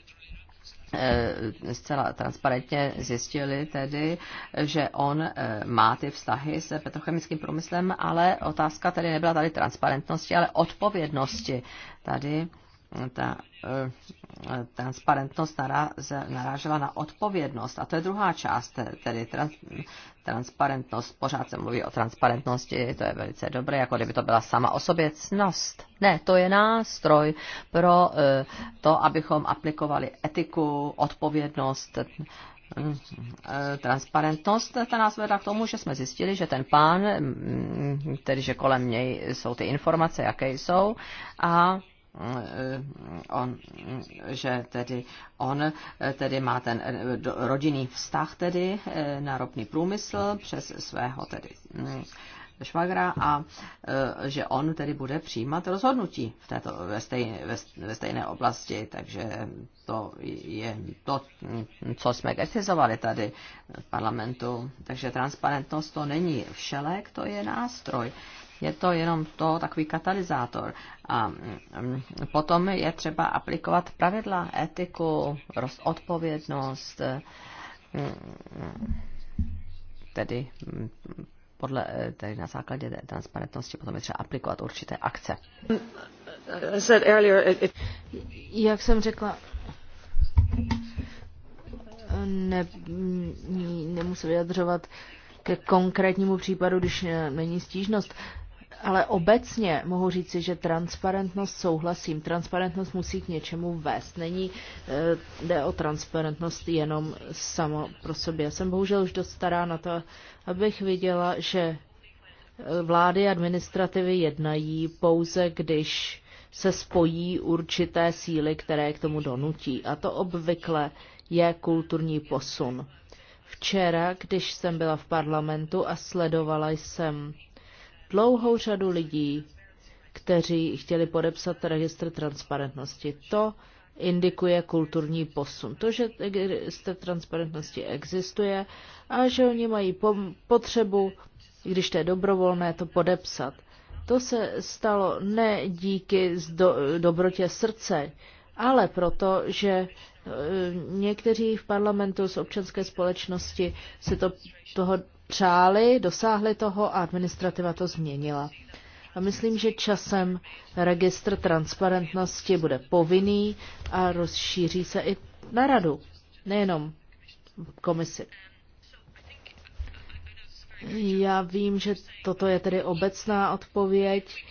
zcela transparentně zjistili tedy, že on má ty vztahy s petrochemickým průmyslem, ale otázka tedy nebyla tady transparentnosti, ale odpovědnosti. Tady ta eh, transparentnost narážela na odpovědnost. A to je druhá část, tedy trans, transparentnost. Pořád se mluví o transparentnosti, to je velice dobré, jako kdyby to byla sama osoběcnost. Ne, to je nástroj pro eh, to, abychom aplikovali etiku, odpovědnost, eh, transparentnost, ta nás vedla k tomu, že jsme zjistili, že ten pán, mm, tedy že kolem něj jsou ty informace, jaké jsou, a Eh, on, že tedy on eh, tedy má ten eh, rodinný vztah tedy na ropný průmysl přes svého tedy mm, švagra a že on tedy bude přijímat rozhodnutí v této, ve, stejné, ve, stejné oblasti, takže to je to, co jsme kritizovali tady v parlamentu. Takže transparentnost to není všelek, to je nástroj je to jenom to takový katalyzátor. A mm, mm, potom je třeba aplikovat pravidla, etiku, odpovědnost, mm, tedy podle, eh, tedy na základě transparentnosti potom je třeba aplikovat určité akce. Jak jsem řekla, ne, nemusím vyjadřovat ke konkrétnímu případu, když eh, není stížnost. Ale obecně mohu říci, že transparentnost souhlasím. Transparentnost musí k něčemu vést. Není, eh, jde o transparentnost jenom samo pro sebe. Já jsem bohužel už dost stará na to, abych viděla, že eh, vlády administrativy jednají pouze, když se spojí určité síly, které k tomu donutí. A to obvykle je kulturní posun. Včera, když jsem byla v parlamentu a sledovala jsem dlouhou řadu lidí, kteří chtěli podepsat registr transparentnosti. To indikuje kulturní posun. To, že registr transparentnosti existuje a že oni mají potřebu, když to je dobrovolné, to podepsat. To se stalo ne díky do, dobrotě srdce, ale proto, že e, někteří v parlamentu z občanské společnosti si to, toho přáli, dosáhli toho a administrativa to změnila. A myslím, že časem registr transparentnosti bude povinný a rozšíří se i na radu, nejenom komisi. Já vím, že toto je tedy obecná odpověď,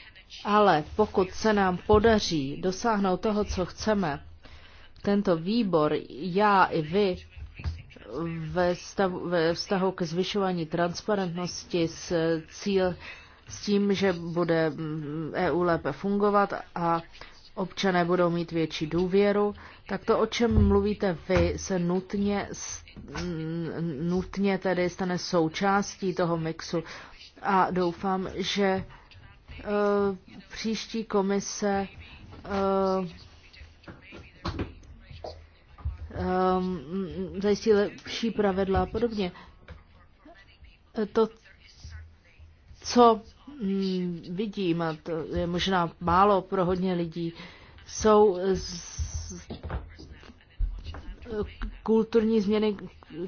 ale pokud se nám podaří dosáhnout toho, co chceme, tento výbor, já i vy, ve, stavu, ve vztahu ke zvyšování transparentnosti s cíl s tím, že bude mm, EU lépe fungovat a občané budou mít větší důvěru, tak to, o čem mluvíte vy, se nutně, nutně tedy stane součástí toho mixu. A doufám, že e, příští komise e, um, zajistí lepší pravidla a podobně. To, co um, vidím, a to je možná málo pro hodně lidí, jsou z, kulturní změny,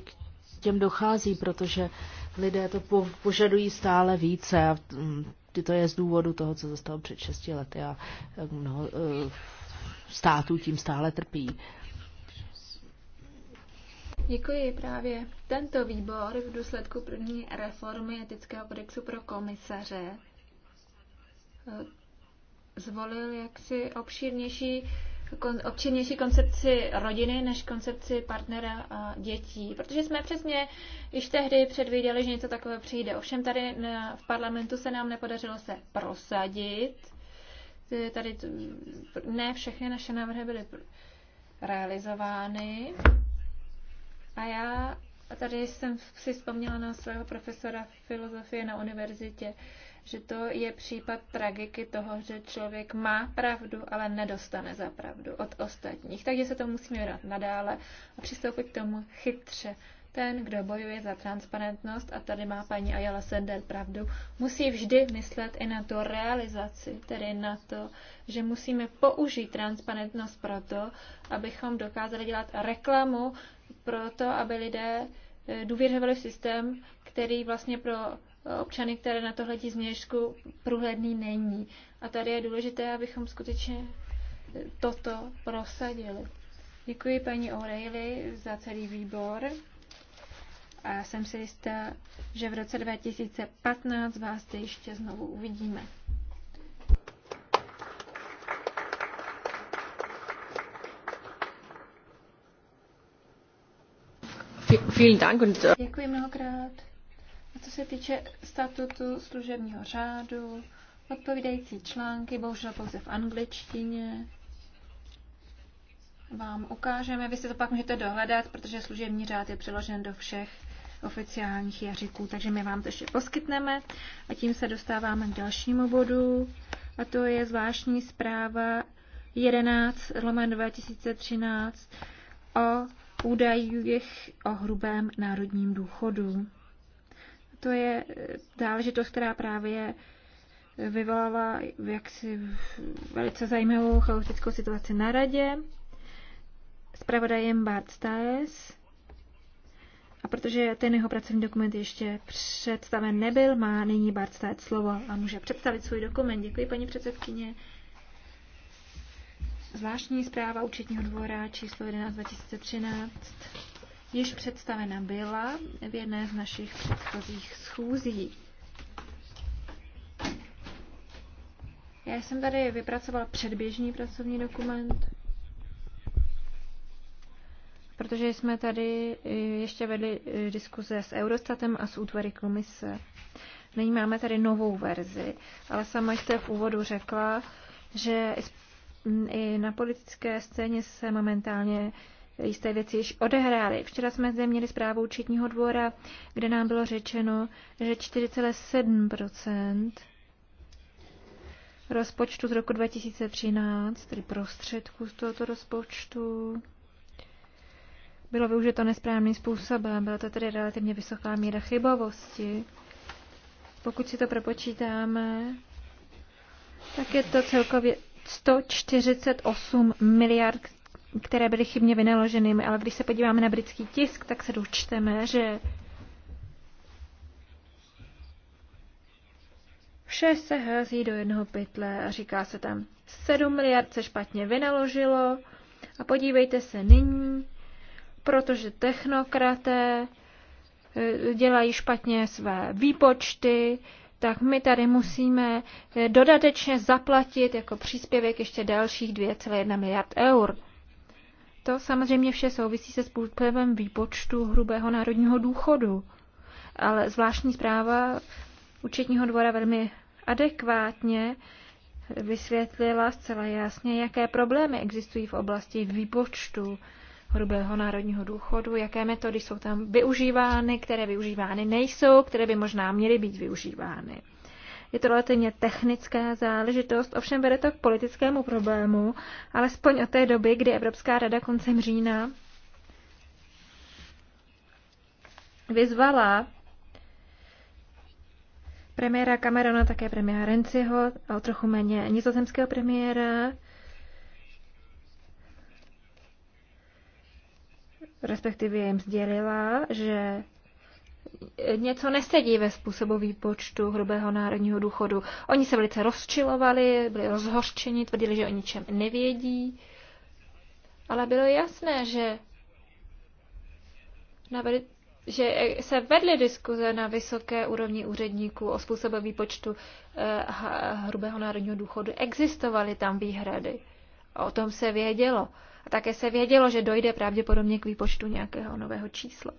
k těm dochází, protože lidé to po, požadují stále více a mm, to je z důvodu toho, co zastalo před 6 lety a eh, mnoho eh, států tím stále trpí. Děkuji právě. Tento výbor v důsledku první reformy etického kodexu pro komisaře eh, zvolil jaksi obširnější, kon, obširnější koncepci rodiny než koncepci partnera a dětí. Protože jsme přesně již tehdy předviděli, že něco takového přijde. Ovšem tady na, v parlamentu se nám nepodařilo se prosadit. Tady ne všechny naše návrhy byly realizovány. A já tady jsem si vzpomněla na svého profesora filozofie na univerzitě, že to je případ tragiky toho, že člověk má pravdu, ale nedostane za pravdu od ostatních. Takže se to musíme vrát nadále a přistoupit k tomu chytře. Ten, kdo bojuje za transparentnost, a tady má paní Ayala Sender pravdu, musí vždy myslet i na tu realizaci, tedy na to, že musíme použít transparentnost proto, abychom dokázali dělat reklamu pro to, aby lidé eh, důvěřovali v systém, který vlastně pro eh, občany, které na to hledí změšku, průhledný není. A tady je důležité, abychom skutečně eh, toto prosadili. Děkuji paní O'Reilly za celý výbor a jsem si jistá, že v roce 2015 vás ještě znovu uvidíme. Äh, Děkuji mnohokrát. A co se týče statutu služebního řádu, odpovídající články, bohužel pouze v angličtině, vám ukážeme. Vy si to pak můžete dohledat, protože služební řád je přeložen do všech oficiálních jazyků, takže my vám to ještě poskytneme. A tím se dostáváme k dalšímu bodu, a to je zvláštní zpráva 11 2013 o údajích o hrubém národním důchodu. To je záležitost, která právě vyvolala jaksi velice zajímavou chaotickou situaci na radě. Spravodajem Bart Staes. A protože ten jeho pracovní dokument ještě představen nebyl, má nyní Bart Staes slovo a může představit svůj dokument. Děkuji, paní předsedkyně. Zvláštní zpráva účetního dvora číslo 11 2013 již představena byla v jedné z našich předchozích schůzí. Já jsem tady vypracoval předběžný pracovní dokument, protože jsme tady eh, ještě vedli eh, diskuze s Eurostatem a s útvary komise. Nyní máme tady novou verzi, ale sama jste v úvodu řekla, že i na politické scéně se momentálně jisté věci již odehrály. Včera jsme zde měli zprávu účetního dvora, kde nám bylo řečeno, že 4,7 rozpočtu z roku 2013, tedy prostředků z tohoto rozpočtu, bylo využito nesprávným způsobem. Byla to tedy relativně vysoká míra chybovosti. Pokud si to propočítáme, tak je to celkově 148 miliard, které byly chybně vynaloženými, ale když se podíváme na britský tisk, tak se dočteme, že Vše se hází do jednoho pytle a říká se tam, 7 miliard se špatně vynaložilo a podívejte se nyní, protože technokraté eh, dělají špatně své výpočty, tak my tady musíme eh, dodatečně zaplatit jako příspěvek ještě dalších 2,1 miliard eur. To samozřejmě vše souvisí se způsobem výpočtu hrubého národního důchodu. Ale zvláštní zpráva účetního dvora velmi adekvátně vysvětlila zcela jasně, jaké problémy existují v oblasti výpočtu hrubého národního důchodu, jaké metody jsou tam využívány, které využívány nejsou, které by možná měly být využívány. Je to relativně technická záležitost, ovšem vede to k politickému problému, alespoň od té doby, kdy Evropská rada koncem října vyzvala premiéra Camerona, také premiéra Renciho a o trochu méně nizozemského premiéra, respektive jim sdělila, že něco nesedí ve způsobu výpočtu hrubého národního důchodu. Oni se velice rozčilovali, byli rozhořčeni, tvrdili, že o ničem nevědí, ale bylo jasné, že, na, že se vedly diskuze na vysoké úrovni úředníků o způsobu výpočtu eh, hrubého národního důchodu. Existovaly tam výhrady. O tom se vědělo také se vědělo, že dojde pravděpodobně k výpočtu nějakého nového čísla.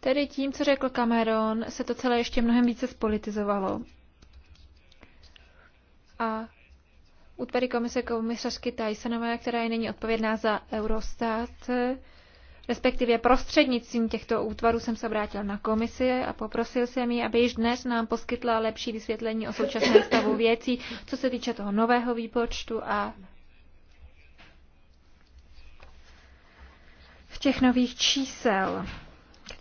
Tedy tím, co řekl Cameron, se to celé ještě mnohem více spolitizovalo. A útvary komise komisařky Tysonové, která je není odpovědná za Eurostat, respektive prostřednictvím těchto útvarů jsem se obrátil na komisi a poprosil jsem ji, aby již dnes nám poskytla lepší vysvětlení o současném stavu věcí, co se týče toho nového výpočtu a v těch nových čísel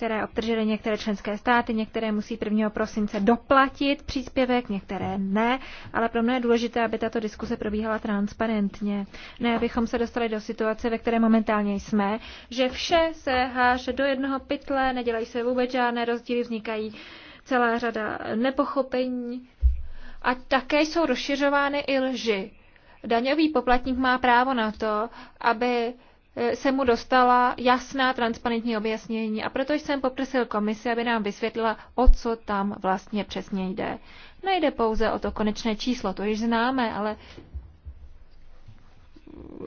které obdržely některé členské státy, některé musí 1. prosince doplatit příspěvek, některé ne, ale pro mě je důležité, aby tato diskuse probíhala transparentně. Ne, abychom se dostali do situace, ve které momentálně jsme, že vše se háže do jednoho pytle, nedělají se vůbec žádné rozdíly, vznikají celá řada nepochopení a také jsou rozšiřovány i lži. Daňový poplatník má právo na to, aby Eh, se mu dostala jasná transparentní objasnění a proto jsem poprosil komisi, aby nám vysvětlila, o co tam vlastně přesně jde. Nejde pouze o to konečné číslo, to již známe, ale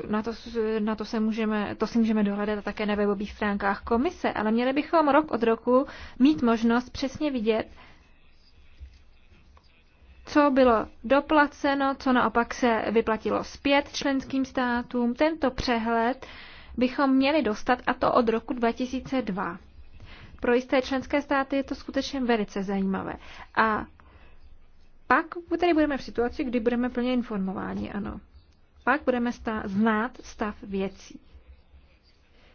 na to, na to, se můžeme, to si můžeme dohledat také na webových stránkách komise, ale měli bychom rok od roku mít možnost přesně vidět, co bylo doplaceno, co naopak se vyplatilo zpět členským státům. Tento přehled bychom měli dostat, a to od roku 2002. Pro jisté členské státy je to skutečně velice zajímavé. A pak tady budeme v situaci, kdy budeme plně informováni, ano. Pak budeme stá- znát stav věcí.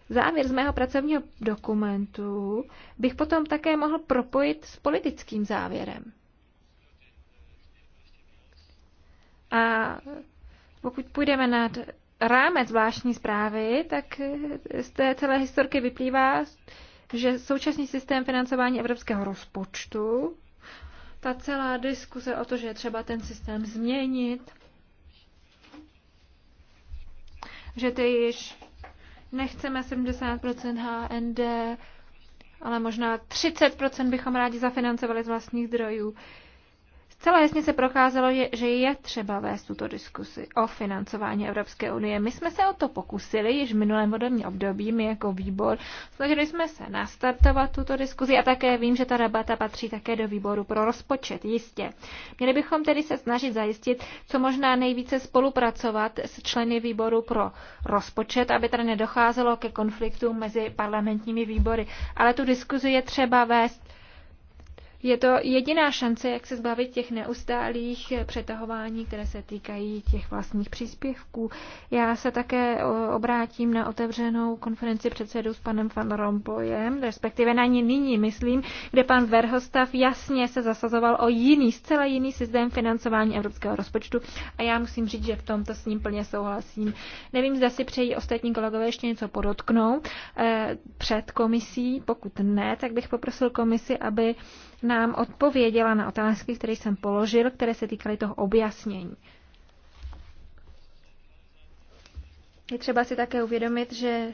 Závěr z mého pracovního dokumentu bych potom také mohl propojit s politickým závěrem. A pokud půjdeme nad rámec zvláštní zprávy, tak z té celé historky vyplývá, že současný systém financování evropského rozpočtu, ta celá diskuse o to, že je třeba ten systém změnit, že ty již nechceme 70% HND, ale možná 30% bychom rádi zafinancovali z vlastních zdrojů. Celé jasně se prokázalo, že je třeba vést tuto diskusi o financování Evropské unie. My jsme se o to pokusili již v minulém volebním období, my jako výbor. Snažili jsme se nastartovat tuto diskusi a také vím, že ta debata patří také do výboru pro rozpočet, jistě. Měli bychom tedy se snažit zajistit, co možná nejvíce spolupracovat s členy výboru pro rozpočet, aby tady nedocházelo ke konfliktům mezi parlamentními výbory. Ale tu diskuzi je třeba vést je to jediná šance, jak se zbavit těch neustálých přetahování, které se týkají těch vlastních příspěvků. Já se také obrátím na otevřenou konferenci předsedů s panem Van Rompoyem, respektive na ní nyní, myslím, kde pan Verhostav jasně se zasazoval o jiný, zcela jiný systém financování evropského rozpočtu a já musím říct, že v tomto s ním plně souhlasím. Nevím, zda si přejí ostatní kolegové ještě něco podotknout eh, před komisí, pokud ne, tak bych poprosil komisi, aby eh, nám odpověděla na otázky, které jsem položil, které se týkaly toho objasnění. Je třeba si také uvědomit, že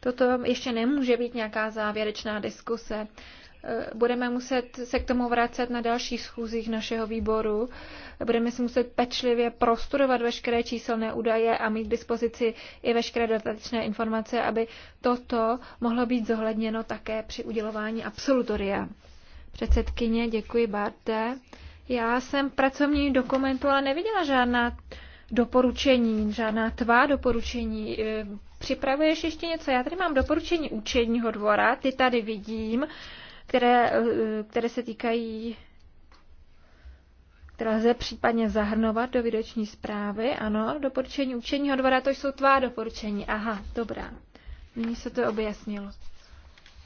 toto ještě nemůže být nějaká závěrečná diskuse. Eh, budeme muset se k tomu vracet na dalších schůzích našeho výboru. Budeme si muset pečlivě prostudovat veškeré číselné údaje a mít k dispozici i veškeré dodatečné informace, aby toto mohlo být zohledněno také při udělování absolutoria. Předsedkyně, děkuji, Barte. Já jsem pracovní dokumentu ale neviděla žádná doporučení, žádná tvá doporučení. Eh, připravuješ ještě něco? Já tady mám doporučení účetního dvora, ty tady vidím, které, eh, které se týkají které lze případně zahrnovat do videoční zprávy. Ano, doporučení učeního dvora, to jsou tvá doporučení. Aha, dobrá. Nyní se to objasnilo.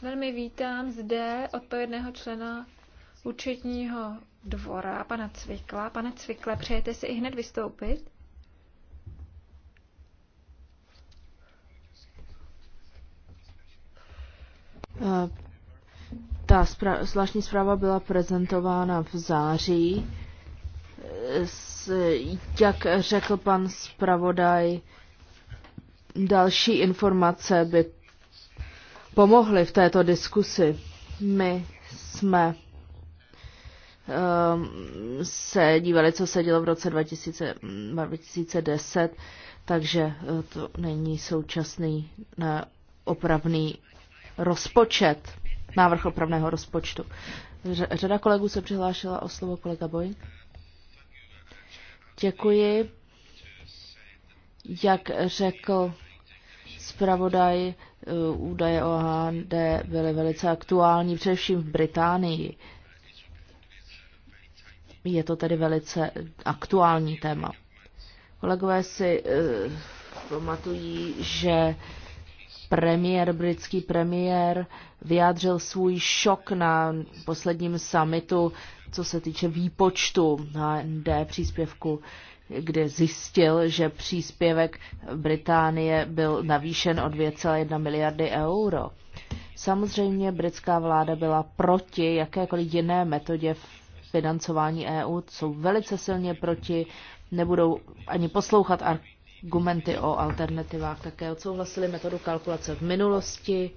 Velmi vítám zde odpovědného člena účetního dvora, pana Cvikla. Pane Cvikle, přejete si i hned vystoupit? Ta zpra- zvláštní zpráva byla prezentována v září. S, jak řekl pan zpravodaj, další informace by pomohli v této diskusi. My jsme ehm, se dívali, co se dělo v roce 2010, takže eh, to není současný opravný rozpočet, návrh opravného rozpočtu. Řada kolegů se přihlášila o slovo kolega Boj. Děkuji. Jak řekl zpravodaj, Eh, údaje o HND byly velice aktuální, především v Británii. Je to tedy velice aktuální téma. Kolegové si uh, pamatují, že premiér, britský premiér vyjádřil svůj šok na posledním summitu, co se týče výpočtu HND příspěvku kde zjistil, že příspěvek Británie byl navýšen o 2,1 miliardy euro. Samozřejmě britská vláda byla proti jakékoliv jiné metodě financování EU, jsou velice silně proti, nebudou ani poslouchat argumenty o alternativách. Také odsouhlasili metodu kalkulace v minulosti,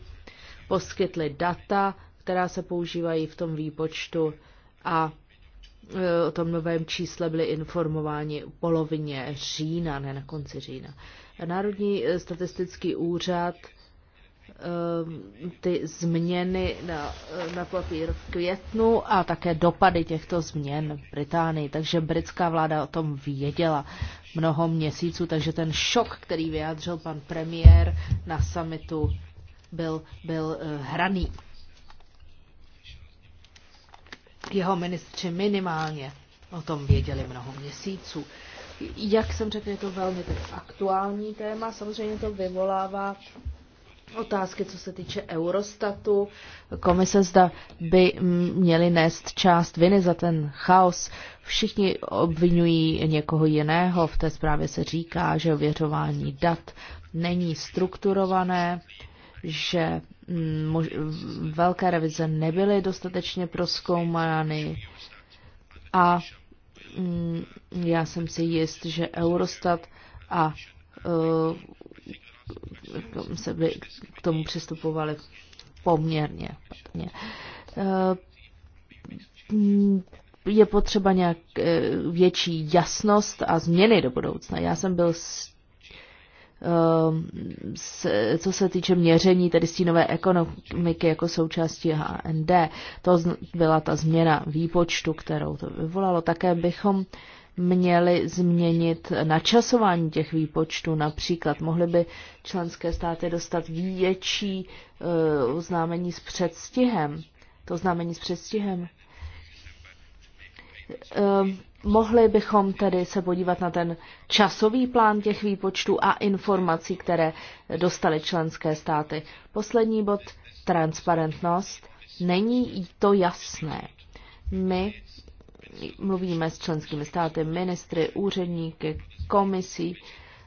poskytli data, která se používají v tom výpočtu a Eh, o tom novém čísle byli informováni polovině října, ne na konci října. Národní eh, statistický úřad eh, ty změny na, na papír v květnu a také dopady těchto změn v Británii. Takže britská vláda o tom věděla mnoho měsíců, takže ten šok, který vyjádřil pan premiér na summitu, byl, byl hraný jeho ministři minimálně o tom věděli mnoho měsíců. Jak jsem řekl, je to velmi teď aktuální téma. Samozřejmě to vyvolává otázky, co se týče Eurostatu. Komise zda by měli nést část viny za ten chaos. Všichni obvinují někoho jiného. V té zprávě se říká, že ověřování dat není strukturované, že mm, velké revize nebyly dostatečně proskoumány a mm, já jsem si jist, že Eurostat a uh, se by k tomu přistupovali poměrně. Patrně. Uh, je potřeba nějak e, větší jasnost a změny do budoucna. Já jsem byl s Ehm, co se týče měření tedy stínové ekonomiky jako součástí HND. To byla ta změna výpočtu, kterou to vyvolalo. Také bychom měli změnit načasování těch výpočtů. Například mohly by členské státy dostat větší eh, oznámení s předstihem. To oznámení s předstihem ehm, Mohli bychom tedy se podívat na ten časový plán těch výpočtů a informací, které dostaly členské státy. Poslední bod, transparentnost. Není to jasné. My mluvíme s členskými státy, ministry, úředníky, komisí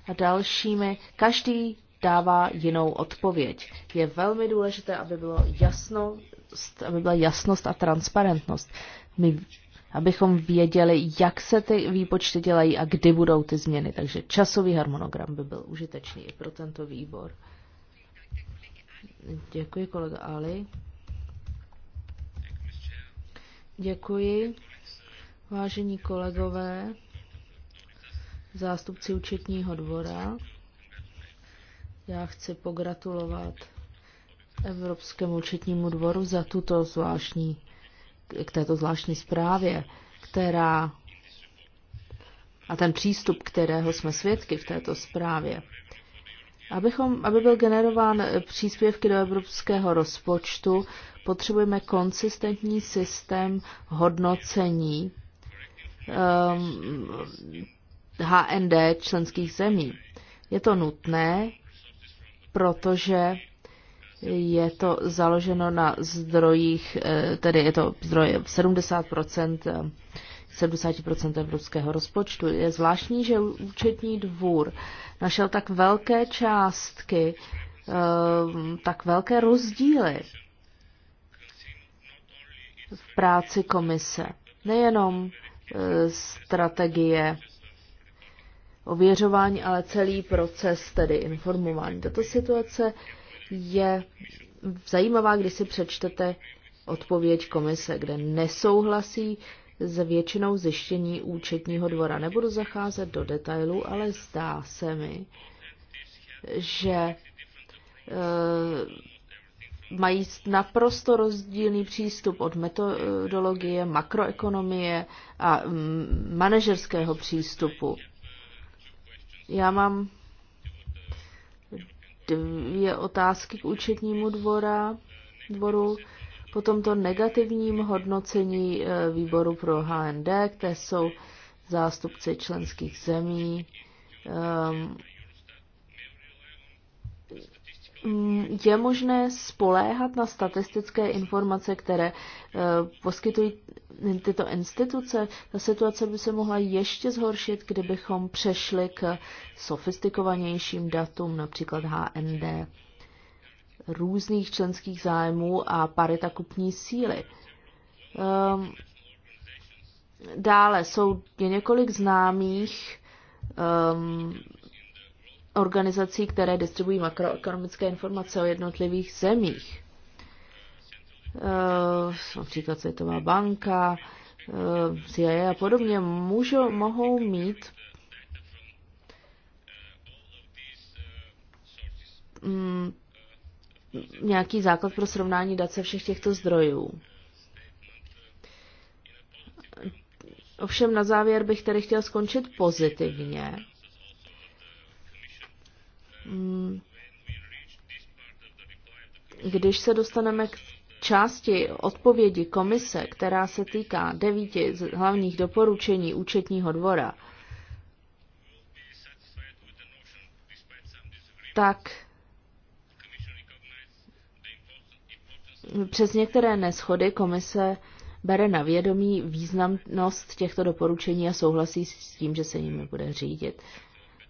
a dalšími. Každý dává jinou odpověď. Je velmi důležité, aby, bylo jasno, aby byla jasnost a transparentnost. My abychom věděli, jak se ty výpočty dělají a kdy budou ty změny. Takže časový harmonogram by byl užitečný i pro tento výbor. Děkuji, kolega Ali. Děkuji, vážení kolegové, zástupci účetního dvora. Já chci pogratulovat Evropskému účetnímu dvoru za tuto zvláštní k této zvláštní zprávě, která a ten přístup, kterého jsme svědky v této zprávě. Abychom, aby byl generován příspěvky do evropského rozpočtu, potřebujeme konsistentní systém hodnocení um, ehm, HND členských zemí. Je to nutné, protože je to založeno na zdrojích, eh, tedy je to zdroje 70%, 70% evropského rozpočtu. Je zvláštní, že účetní dvůr našel tak velké částky, eh, tak velké rozdíly v práci komise. Nejenom eh, strategie ověřování, ale celý proces, tedy informování. Tato situace je zajímavá, když si přečtete odpověď komise, kde nesouhlasí s většinou zjištění účetního dvora. Nebudu zacházet do detailů, ale zdá se mi, že e, mají naprosto rozdílný přístup od metodologie, makroekonomie a manažerského přístupu. Já mám dvě otázky k účetnímu dvora, dvoru, potom to negativním hodnocení eh, výboru pro HND, které jsou zástupci členských zemí, um, je možné spoléhat na statistické informace, které eh, poskytují tyto instituce. Ta situace by se mohla ještě zhoršit, kdybychom přešli k sofistikovanějším datům, například HND, různých členských zájmů a parita kupní síly. Ehm, dále jsou je několik známých ehm, organizací, které distribuují makroekonomické informace o jednotlivých zemích. Eh, například Světová banka, eh, CIA a podobně, můžou, mohou mít mm, nějaký základ pro srovnání dat se všech těchto zdrojů. Ovšem na závěr bych tedy chtěl skončit pozitivně. Mm. Když se dostaneme k části odpovědi komise, která se týká devíti z hlavních doporučení účetního dvora, tak přes některé neschody komise bere na vědomí významnost těchto doporučení a souhlasí s tím, že se nimi bude řídit.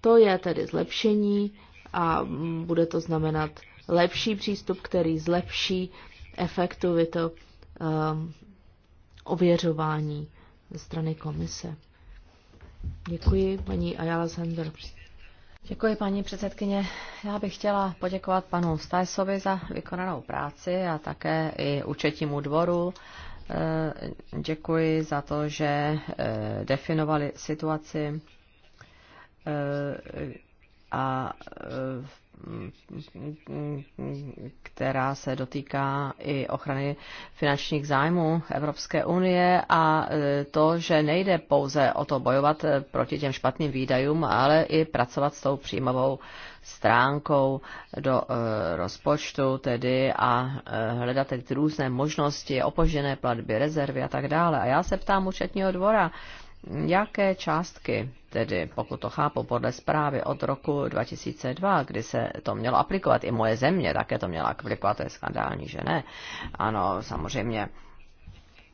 To je tedy zlepšení a bude to znamenat lepší přístup, který zlepší efektivitu um, ověřování ze strany komise. Děkuji, paní Ayala Sender. Děkuji, paní předsedkyně. Já bych chtěla poděkovat panu Stajsovi za vykonanou práci a také i účetnímu dvoru. Eh, děkuji za to, že eh, definovali situaci eh, a která se dotýká i ochrany finančních zájmů Evropské unie a to, že nejde pouze o to bojovat proti těm špatným výdajům, ale i pracovat s tou příjmovou stránkou do e, rozpočtu tedy a e, hledat tedy různé možnosti, opožděné platby, rezervy a tak dále. A já se ptám účetního dvora, jaké částky, tedy pokud to chápu podle zprávy od roku 2002, kdy se to mělo aplikovat, i moje země také to měla aplikovat, to je skandální, že ne. Ano, samozřejmě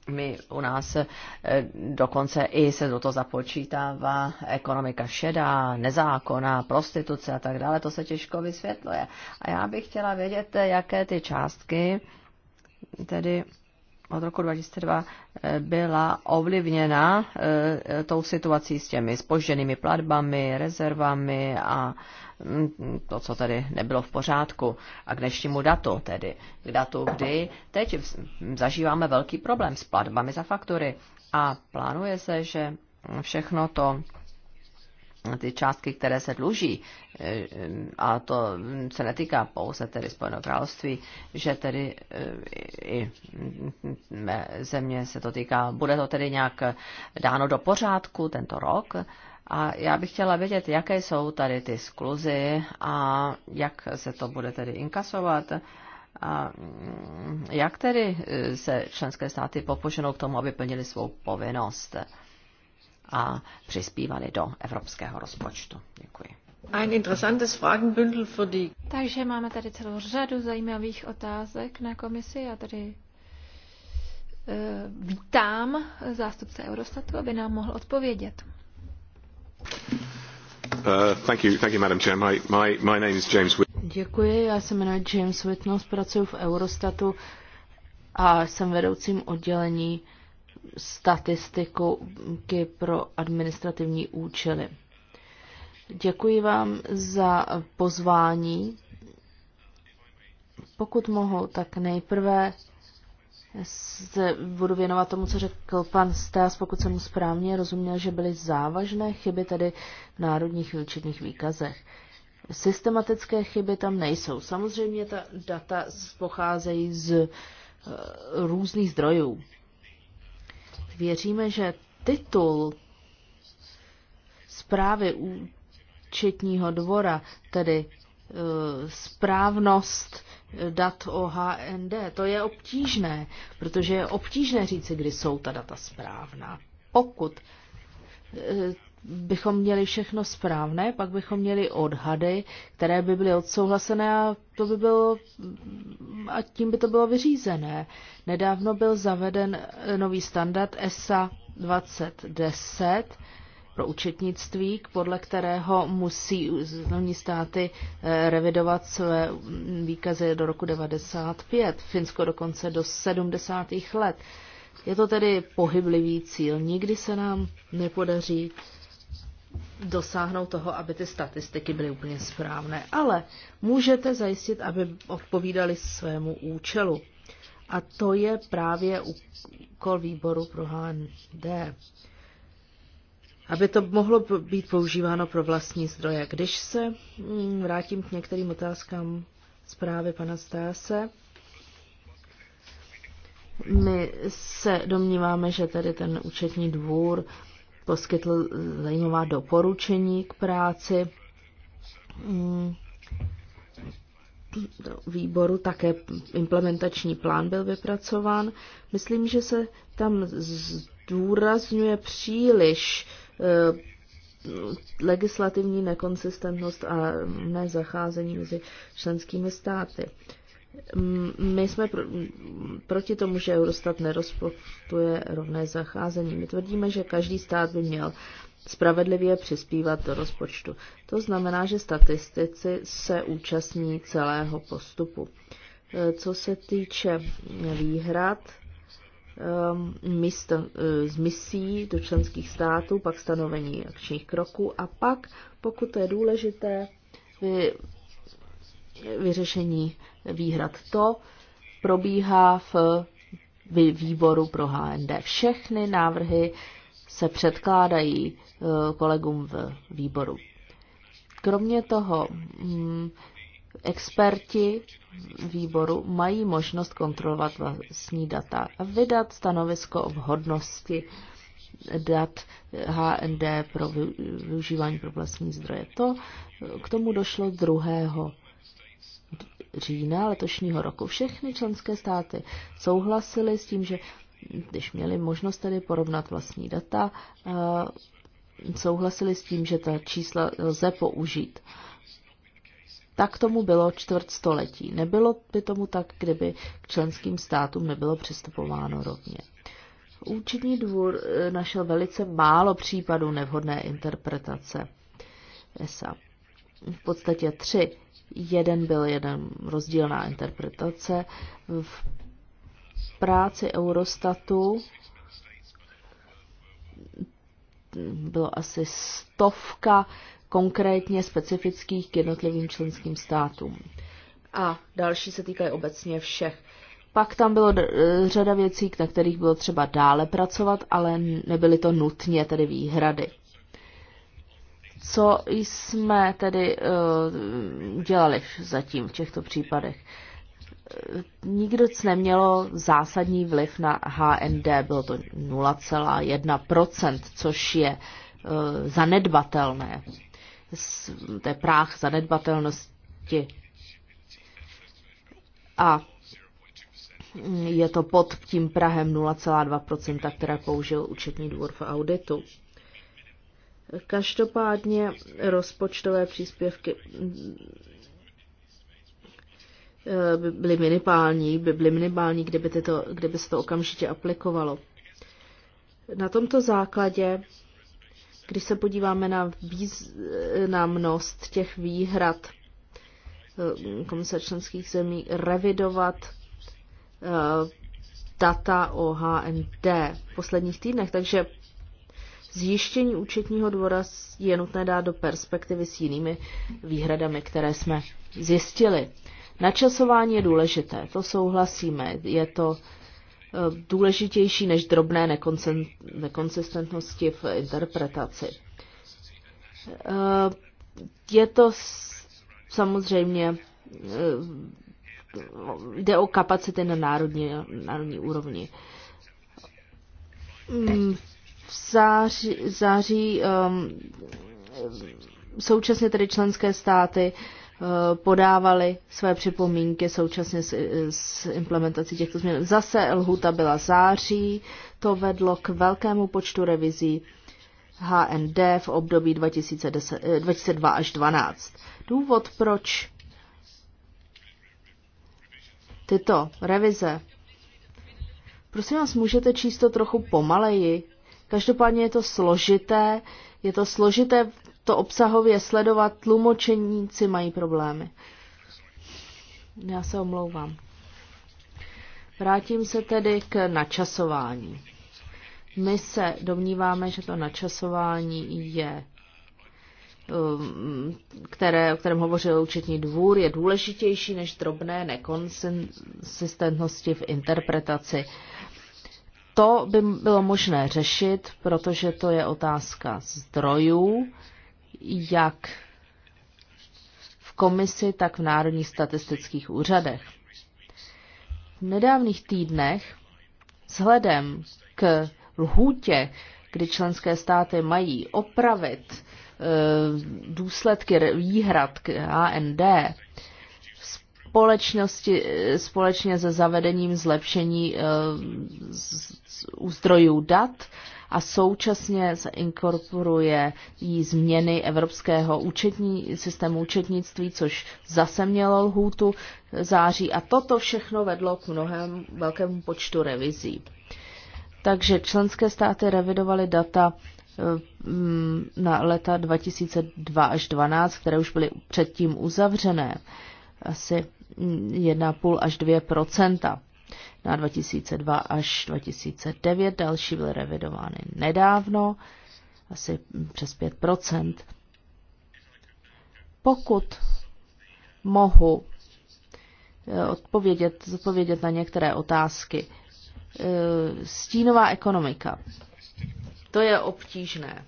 my u nás eh, dokonce i se do toho započítává ekonomika šedá, nezákonná, prostituce a tak dále, to se těžko vysvětluje. A já bych chtěla vědět, eh, jaké ty částky tedy od roku 2002 eh, byla ovlivněna eh, eh, tou situací s těmi spožděnými platbami, rezervami a mm, to, co tady nebylo v pořádku. A k dnešnímu datu, tedy k datu, kdy teď zažíváme velký problém s platbami za faktury a plánuje se, že všechno to ty částky, které se dluží, e, a to se netýká pouze tedy Spojeného království, že tedy e, i mé země se to týká, bude to tedy nějak dáno do pořádku tento rok. A já bych chtěla vědět, jaké jsou tady ty skluzy a jak se to bude tedy inkasovat. A jak tedy e, se členské státy popoženou k tomu, aby plnili svou povinnost? a přispívali do evropského rozpočtu. Děkuji. Ein interessantes Fragenbündel für die... Takže máme tady celou řadu zajímavých otázek na komisi. Já tady eh, vítám zástupce Eurostatu, aby nám mohl odpovědět. Uh, James Děkuji, já jsem jmenuji James Whitnall, pracuji v Eurostatu a jsem vedoucím oddělení uh, statistiky pro administrativní účely. Děkuji vám za pozvání. Pokud mohu, tak nejprve se budu věnovat tomu, co řekl pan Stas, pokud jsem mu správně rozuměl, že byly závažné chyby tedy v národních výčetních výkazech. Systematické chyby tam nejsou. Samozřejmě ta data pocházejí z eh, různých zdrojů. Věříme, že titul zprávy účetního dvora, tedy e, správnost dat o HND. To je obtížné, protože je obtížné říci, kdy jsou ta data správná. Pokud e, bychom měli všechno správné, pak bychom měli odhady, které by byly odsouhlasené a to by bylo a tím by to bylo vyřízené. Nedávno byl zaveden nový standard ESA 2010 pro účetnictví, podle kterého musí územní státy eh, revidovat své výkazy do roku 95, Finsko dokonce do 70. let. Je to tedy pohyblivý cíl. Nikdy se nám nepodaří dosáhnout toho, aby ty statistiky byly úplně správné, ale můžete zajistit, aby odpovídali svému účelu. A to je právě úkol výboru pro HND. Aby to mohlo být používáno pro vlastní zdroje. Když se mm, vrátím k některým otázkám zprávy pana Stáse, my se domníváme, že tedy ten účetní dvůr poskytl zajímavá doporučení k práci mm, výboru, také implementační plán byl vypracován. Myslím, že se tam zdůrazňuje příliš eh, legislativní nekonsistentnost a nezacházení mezi členskými státy. Mm, my jsme pro, proti tomu, že Eurostat nerozpočtuje rovné zacházení. My tvrdíme, že každý stát by měl spravedlivě přispívat do rozpočtu. To znamená, že statistici se účastní celého postupu. E, co se týče výhrad ehm, e, z misí do členských států, pak stanovení akčních kroků a pak, pokud to je důležité, vyřešení výhrad. To probíhá v výboru pro HND. Všechny návrhy se předkládají eh, kolegům v výboru. Kromě toho mm, experti výboru mají možnost kontrolovat vlastní data a vydat stanovisko o vhodnosti dat HND pro využívání pro vlastní zdroje. To k tomu došlo 2 října letošního roku všechny členské státy souhlasily s tím, že když měli možnost tedy porovnat vlastní data, eh, souhlasili s tím, že ta čísla lze použít. Tak tomu bylo čtvrt století. Nebylo by tomu tak, kdyby k členským státům nebylo přistupováno rovně. Účetní dvůr eh, našel velice málo případů nevhodné interpretace ESA. V podstatě tři jeden byl jeden rozdílná interpretace. V práci Eurostatu bylo asi stovka konkrétně specifických k jednotlivým členským státům. A další se týkají obecně všech. Pak tam bylo eh, řada věcí, na kterých bylo třeba dále pracovat, ale nebyly to nutně tedy výhrady co jsme tedy uh, dělali zatím v těchto případech. Eh, nikdo nic nemělo zásadní vliv na HND, bylo to 0,1%, což je uh, zanedbatelné. To je práh zanedbatelnosti. A je to pod tím prahem 0,2%, které použil účetní dvůr v auditu. Každopádně rozpočtové příspěvky eh, by byly minimální, by byly minimální, kdyby, tyto, kdyby se to okamžitě aplikovalo. Na tomto základě, když se podíváme na eh, mnost těch výhrad eh, komise členských zemí, revidovat data o HND v posledních týdnech, takže Zjištění účetního dvora je nutné dát do perspektivy s jinými výhradami, které jsme zjistili. Načasování je důležité, to souhlasíme, je to eh, důležitější než drobné nekonsistentnosti v interpretaci. Eh, je to samozřejmě, eh, jde o kapacity na národní, národní úrovni. Hmm, v září, září um, současně tedy členské státy uh, podávali své připomínky současně s, s implementací těchto změn. Zase lhuta byla září, to vedlo k velkému počtu revizí HND v období 2010, 2002 eh, až 2012. Důvod, proč tyto revize. Prosím vás, můžete číst to trochu pomaleji? Každopádně je to složité, je to složité to obsahově sledovat, tlumočeníci mají problémy. Já se omlouvám. Vrátím se tedy k načasování. My se domníváme, že to načasování je, um, které, o kterém hovořil účetní dvůr, je důležitější než drobné nekonsistentnosti v interpretaci to by bylo možné řešit, protože to je otázka zdrojů, jak v komisi, tak v národních statistických úřadech. V nedávných týdnech vzhledem k lhůtě, kdy členské státy mají opravit eh, důsledky výhrad k AND, společnosti, společně se zavedením zlepšení eh, úzdrojů zdrojů dat a současně se inkorporuje jí změny evropského účetní, systému účetnictví, což zase mělo lhůtu září a toto všechno vedlo k mnohem velkému počtu revizí. Takže členské státy revidovaly data eh, mm, na leta 2002 až 2012, které už byly předtím uzavřené. Asi 1,5 až 2 na 2002 až 2009, další byly revidovány nedávno, asi přes 5 Pokud mohu eh, odpovědět, odpovědět na některé otázky, eh, stínová ekonomika. To je obtížné.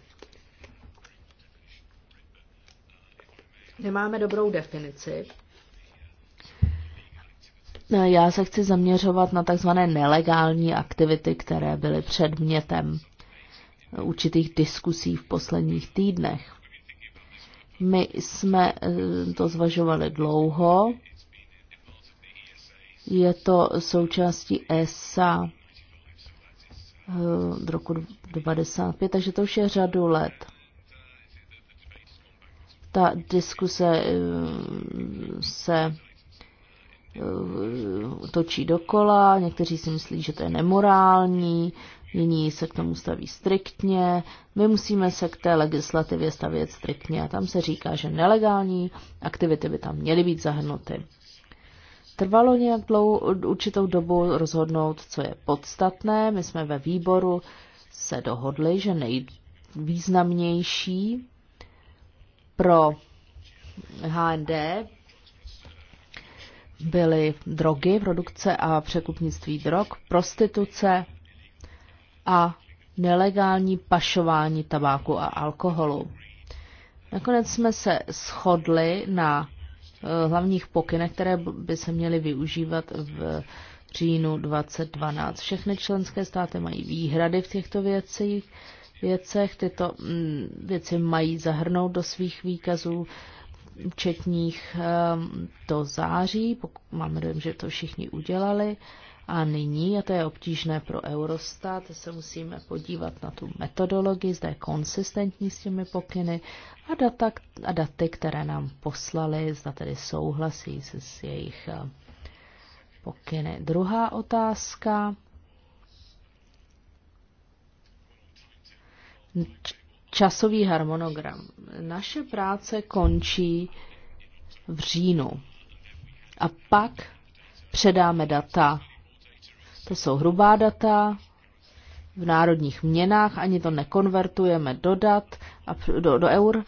Nemáme dobrou definici. Já se chci zaměřovat na tzv. nelegální aktivity, které byly předmětem určitých diskusí v posledních týdnech. My jsme eh, to zvažovali dlouho. Je to součástí ESA eh, od roku 1995, takže to už je řadu let. Ta diskuse eh, se Eh, točí dokola, někteří si myslí, že to je nemorální, jiní se k tomu staví striktně. My musíme se k té legislativě stavět striktně a tam se říká, že nelegální aktivity by tam měly být zahrnuty. Trvalo nějak dlouho, určitou dobu rozhodnout, co je podstatné. My jsme ve výboru se dohodli, že nejvýznamnější pro HND byly drogy, produkce a překupnictví drog, prostituce a nelegální pašování tabáku a alkoholu. Nakonec jsme se shodli na eh, hlavních pokynech, které by se měly využívat v říjnu 2012. Všechny členské státy mají výhrady v těchto věcích, věcech. Tyto mm, věci mají zahrnout do svých výkazů účetních ehm, do září, máme dojem, že to všichni udělali. A nyní, a to je obtížné pro Eurostat, se musíme podívat na tu metodologii, zda je konsistentní s těmi pokyny a, data, a daty, které nám poslali, zda tedy souhlasí se s jejich ehm, pokyny. Druhá otázka časový harmonogram. Naše práce končí v říjnu a pak předáme data. To jsou hrubá data v národních měnách, ani to nekonvertujeme do dat a do, do eur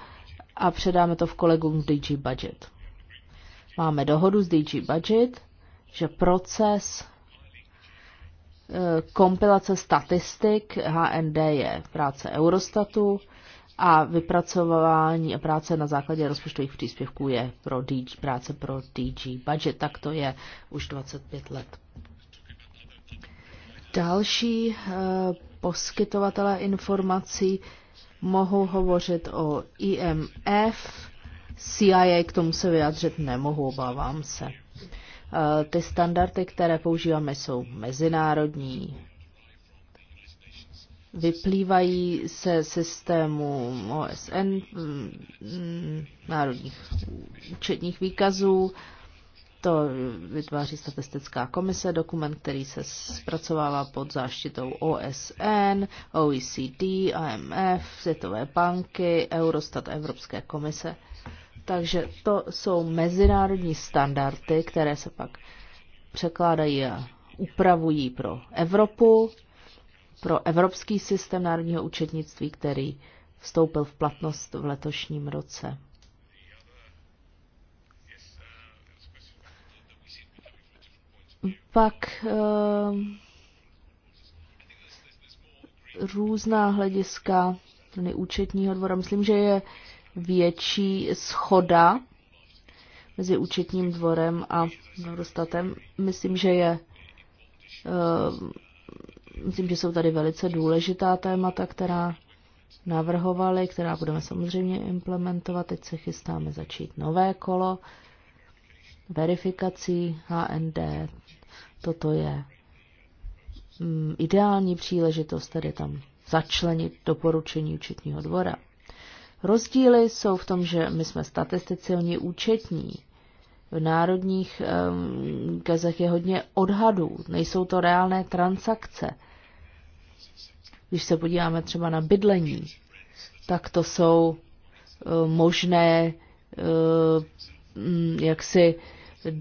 a předáme to v kolegům z DG Budget. Máme dohodu s DG Budget, že proces e, kompilace statistik HND je práce Eurostatu, a vypracování a práce na základě rozpočtových příspěvků je pro DG, práce pro DG budget, tak to je už 25 let. Další eh, poskytovatele informací mohou hovořit o IMF, CIA k tomu se vyjádřit nemohu, obávám se. Eh, ty standardy, které používáme, jsou mezinárodní, vyplývají se systému OSN, mm, národních účetních výkazů, to vytváří statistická komise, dokument, který se zpracovává pod záštitou OSN, OECD, IMF, Světové banky, Eurostat, Evropské komise. Takže to jsou mezinárodní standardy, které se pak překládají a upravují pro Evropu pro evropský systém národního účetnictví, který vstoupil v platnost v letošním roce. Pak ehm, různá hlediska účetního dvora. Myslím, že je větší schoda mezi účetním dvorem a dostatem. Myslím, že je ehm, Myslím, že jsou tady velice důležitá témata, která navrhovali, která budeme samozřejmě implementovat. Teď se chystáme začít nové kolo verifikací HND. Toto je mm, ideální příležitost tady tam začlenit doporučení účetního dvora. Rozdíly jsou v tom, že my jsme statistici, oni účetní v národních kazech je hodně odhadů, nejsou to reálné transakce. Když se podíváme třeba na bydlení, tak to jsou e, možné e, jaksi e,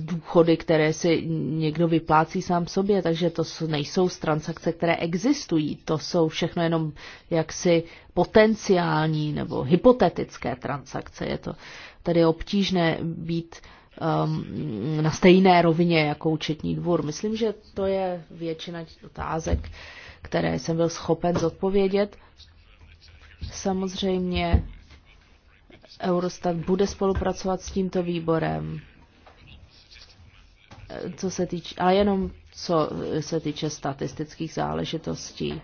důchody, které si někdo vyplácí sám sobě, takže to nejsou z transakce, které existují. To jsou všechno jenom jaksi potenciální nebo hypotetické transakce. Je to tady je obtížné být um, na stejné rovině jako účetní dvůr. Myslím, že to je většina otázek, které jsem byl schopen zodpovědět. Samozřejmě Eurostat bude spolupracovat s tímto výborem, co se týče, ale jenom co se týče statistických záležitostí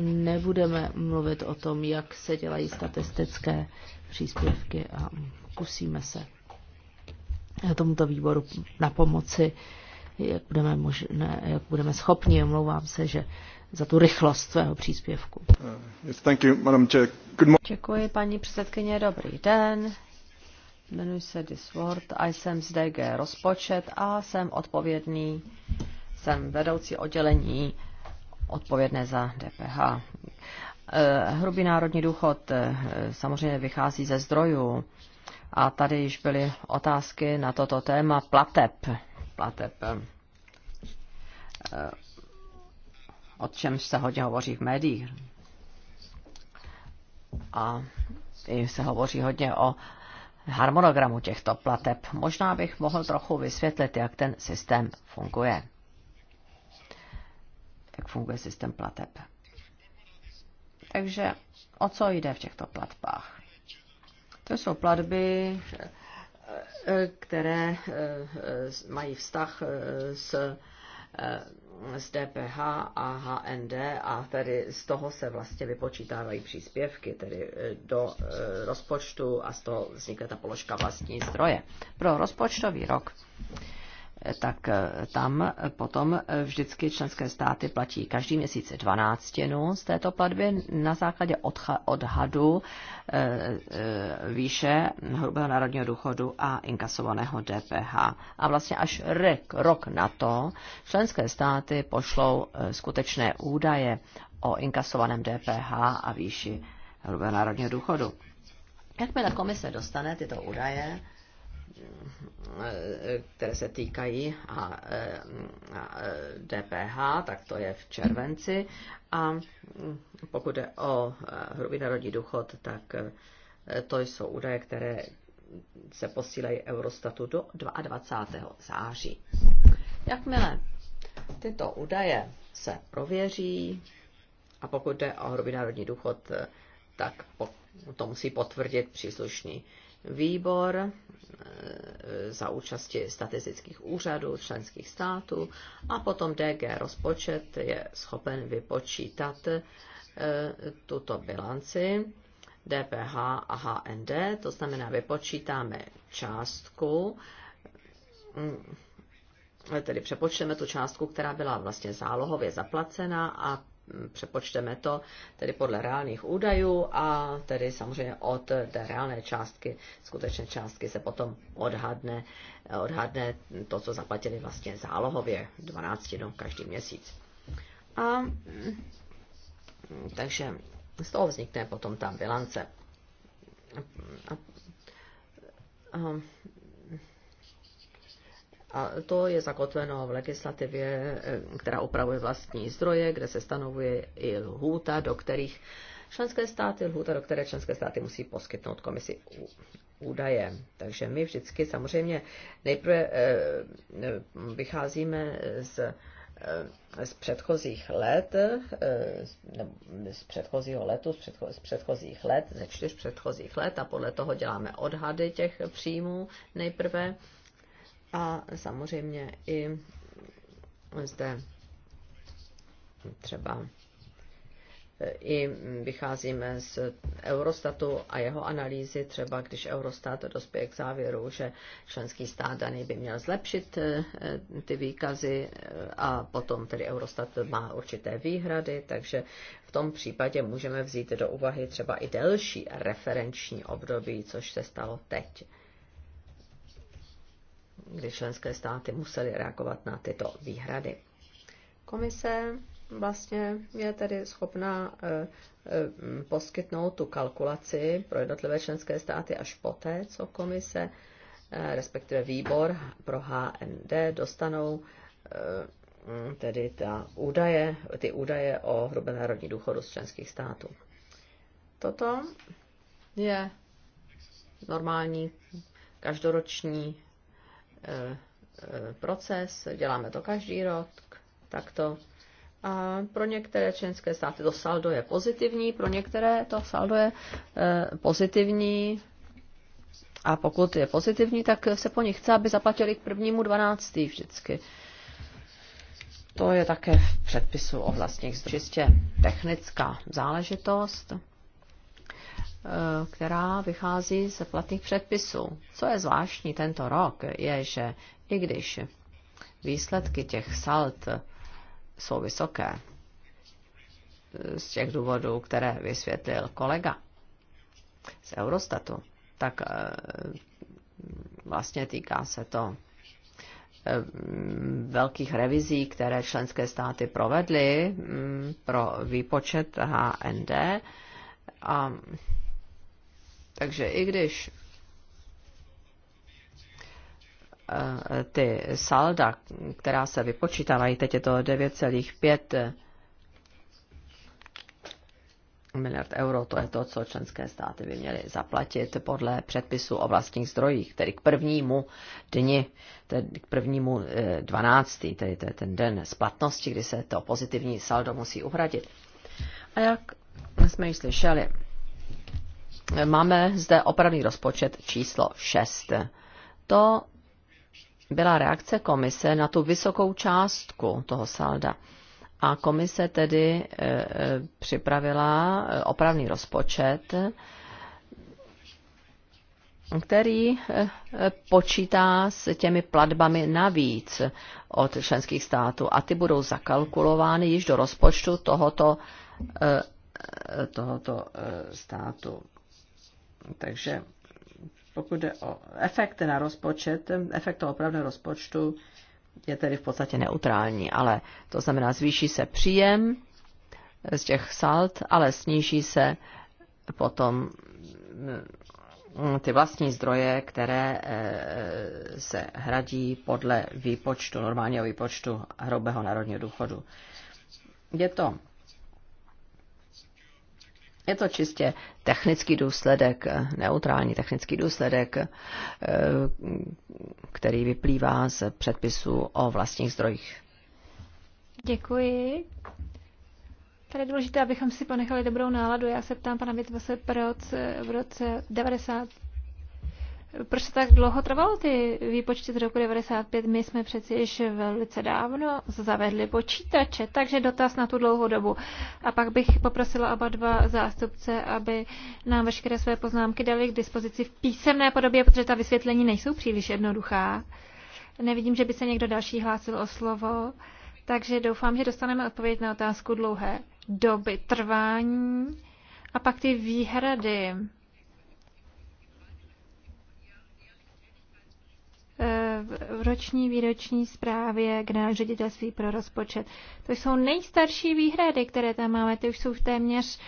nebudeme mluvit o tom, jak se dělají statistické příspěvky a kusíme se tomuto výboru na pomoci, jak budeme, možné, jak budeme schopni. Omlouvám se, že za tu rychlost svého příspěvku. Uh, yes, thank you, Madam Chair. Good Děkuji, paní předsedkyně. Dobrý den. Jmenuji se Disword a jsem z DG Rozpočet a jsem odpovědný, jsem vedoucí oddělení odpovědné za DPH. Eh, hrubý národní důchod eh, samozřejmě vychází ze zdrojů a tady již byly otázky na toto téma plateb. plateb eh, o čem se hodně hovoří v médiích. A se hovoří hodně o harmonogramu těchto plateb. Možná bych mohl trochu vysvětlit, jak ten systém funguje jak funguje systém plateb. Takže o co jde v těchto platbách? To jsou platby, které eh, eh, mají vztah eh, s, s DPH a HND a tedy z toho se vlastně vypočítávají příspěvky tedy do rozpočtu a z toho vznikne ta položka vlastní zdroje. Pro rozpočtový rok tak eh, tam potom vždycky členské státy platí každý měsíc dvanáctinu z této platby na základě odhadu eh, eh, výše hrubého národního důchodu a inkasovaného DPH. A vlastně až rok, rok na to členské státy pošlou skutečné údaje o inkasovaném DPH a výši hrubého národního důchodu. Jakmile komise dostane tyto údaje, které se týkají a, e, a e, DPH, tak to je v červenci. A pokud je o e, hrubý národní důchod, tak to jsou údaje, které se posílají Eurostatu do 22. září. Jakmile tyto údaje se prověří, a pokud jde o hrubý národní důchod, tak to musí potvrdit příslušný výbor eh, za účasti statistických úřadů členských států a potom DG rozpočet je schopen vypočítat eh, tuto bilanci DPH a HND, to znamená vypočítáme částku, mm, tedy přepočteme tu částku, která byla vlastně zálohově zaplacená a přepočteme to tedy podle reálných údajů a tedy samozřejmě od té reálné částky, skutečné částky se potom odhadne, odhadne to, co zaplatili vlastně zálohově 12 dnů každý měsíc. A mm, takže z toho vznikne potom ta bilance. A, a, a, a to je zakotveno v legislativě, eh, která upravuje vlastní zdroje, kde se stanovuje i lhůta, do kterých členské státy, lhůta, do které členské státy musí poskytnout komisi údaje. Takže my vždycky samozřejmě nejprve eh, vycházíme z eh, z předchozích let, z předchozího letu, z, předcho, z předchozích let, ze čtyř předchozích let a podle toho děláme odhady těch příjmů nejprve a samozřejmě i zde třeba e, i vycházíme z Eurostatu a jeho analýzy, třeba když Eurostat dospěje k závěru, že členský stát daný by měl zlepšit e, ty výkazy e, a potom tedy Eurostat má určité výhrady, takže v tom případě můžeme vzít do úvahy třeba i delší referenční období, což se stalo teď kdy členské státy musely reagovat na tyto výhrady. Komise vlastně je tedy schopná eh, eh, poskytnout tu kalkulaci pro jednotlivé členské státy až poté, co komise, eh, respektive výbor pro HND dostanou tedy ta údaje, ty údaje o hrubé národní důchodu z členských států. Toto je normální každoroční Eh, proces, děláme to každý rok, takto. A pro některé členské státy to saldo je pozitivní, pro některé to saldo je eh, pozitivní. A pokud je pozitivní, tak se po nich chce, aby zaplatili k prvnímu 12. vždycky. To je také v předpisu o vlastních čistě technická záležitost. Eh, která vychází z platných předpisů. Co je zvláštní tento rok, je, že i když výsledky těch salt jsou vysoké, eh, z těch důvodů, které vysvětlil kolega z Eurostatu, tak eh, vlastně týká se to velkých revizí, které členské státy provedly mm, pro výpočet HND. A takže i když eh, ty salda, která se vypočítala, teď je to 9,5 miliard euro, to je to, co členské státy by měly zaplatit podle předpisu o vlastních zdrojích, tedy k prvnímu dni, tedy k prvnímu 12., eh, tedy to je ten den splatnosti, kdy se to pozitivní saldo musí uhradit. A jak jsme již slyšeli, máme zde opravný rozpočet číslo 6. To byla reakce komise na tu vysokou částku toho salda. A komise tedy e, e, připravila e, opravný rozpočet, který počítá s těmi platbami navíc od členských států a ty budou zakalkulovány již do rozpočtu tohoto, tohoto státu. Takže pokud jde o efekt na rozpočet, efekt toho opravného rozpočtu je tedy v podstatě neutrální, ale to znamená, zvýší se příjem z těch salt, ale sníží se potom mm, ty vlastní zdroje, které e, se hradí podle výpočtu, normálního výpočtu hrubého národního důchodu. Je to je to čistě technický důsledek, neutrální technický důsledek, eh, který vyplývá z předpisu o vlastních zdrojích. Děkuji. Tady je důležité, abychom si ponechali dobrou náladu. Já se ptám pana Větvose, proč v roce 90 proč se tak dlouho trvalo ty výpočty z roku 95? My jsme přeci již velice dávno zavedli počítače, takže dotaz na tu dlouhou dobu. A pak bych poprosila oba dva zástupce, aby nám veškeré své poznámky dali k dispozici v písemné podobě, protože ta vysvětlení nejsou příliš jednoduchá. Nevidím, že by se někdo další hlásil o slovo, takže doufám, že dostaneme odpověď na otázku dlouhé doby trvání a pak ty výhrady v roční výroční zprávě generální ředitelství pro rozpočet. To jsou nejstarší výhrady, které tam máme, ty už jsou téměř,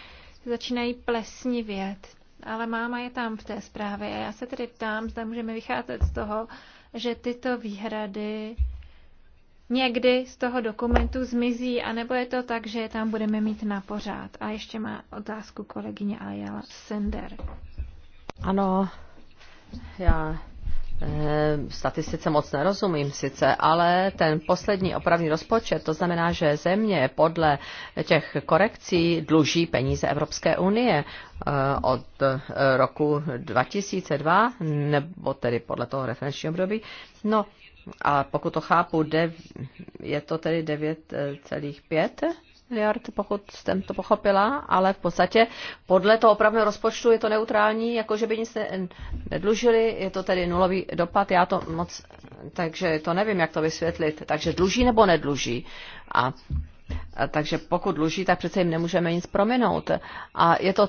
začínají plesnivět, ale máma je tam v té zprávě já se tedy ptám, zda můžeme vycházet z toho, že tyto výhrady někdy z toho dokumentu zmizí, anebo je to tak, že je tam budeme mít na pořád. A ještě má otázku kolegyně Ayala Sender. Ano, já Eh, statistice moc nerozumím sice, ale ten poslední opravný rozpočet, to znamená, že země podle těch korekcí dluží peníze Evropské unie eh, od eh, roku 2002, nebo tedy podle toho referenčního období. No a pokud to chápu, je to tedy 9,5 miliard, pokud jsem to pochopila, ale v podstatě podle toho opravného rozpočtu je to neutrální, jako že by nic ne, nedlužili, je to tedy nulový dopad, já to moc, takže to nevím, jak to vysvětlit. Takže dluží nebo nedluží? A, a takže pokud dluží, tak přece jim nemůžeme nic prominout. A je to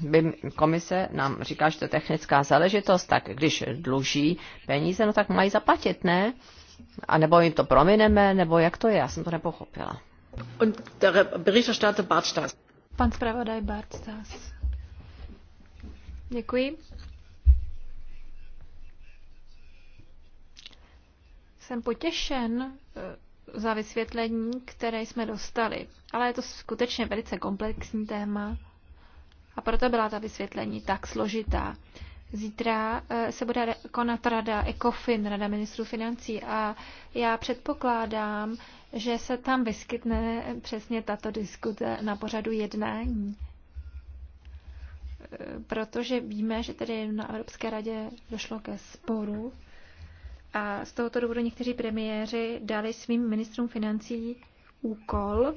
by komise nám říká, že to je technická záležitost, tak když dluží peníze, no tak mají zaplatit, ne? A nebo jim to promineme, nebo jak to je? Já jsem to nepochopila. Pan zpravodaj Bartstas. Děkuji. Jsem potěšen eh, za vysvětlení, které jsme dostali, ale je to skutečně velice komplexní téma a proto byla ta vysvětlení tak složitá. Zítra eh, se bude konat rada ECOFIN, rada ministrů financí a já předpokládám, že se tam vyskytne přesně tato diskuze na pořadu jednání. Eh, protože víme, že tedy na Evropské radě došlo ke sporu a z tohoto důvodu někteří premiéři dali svým ministrům financí úkol,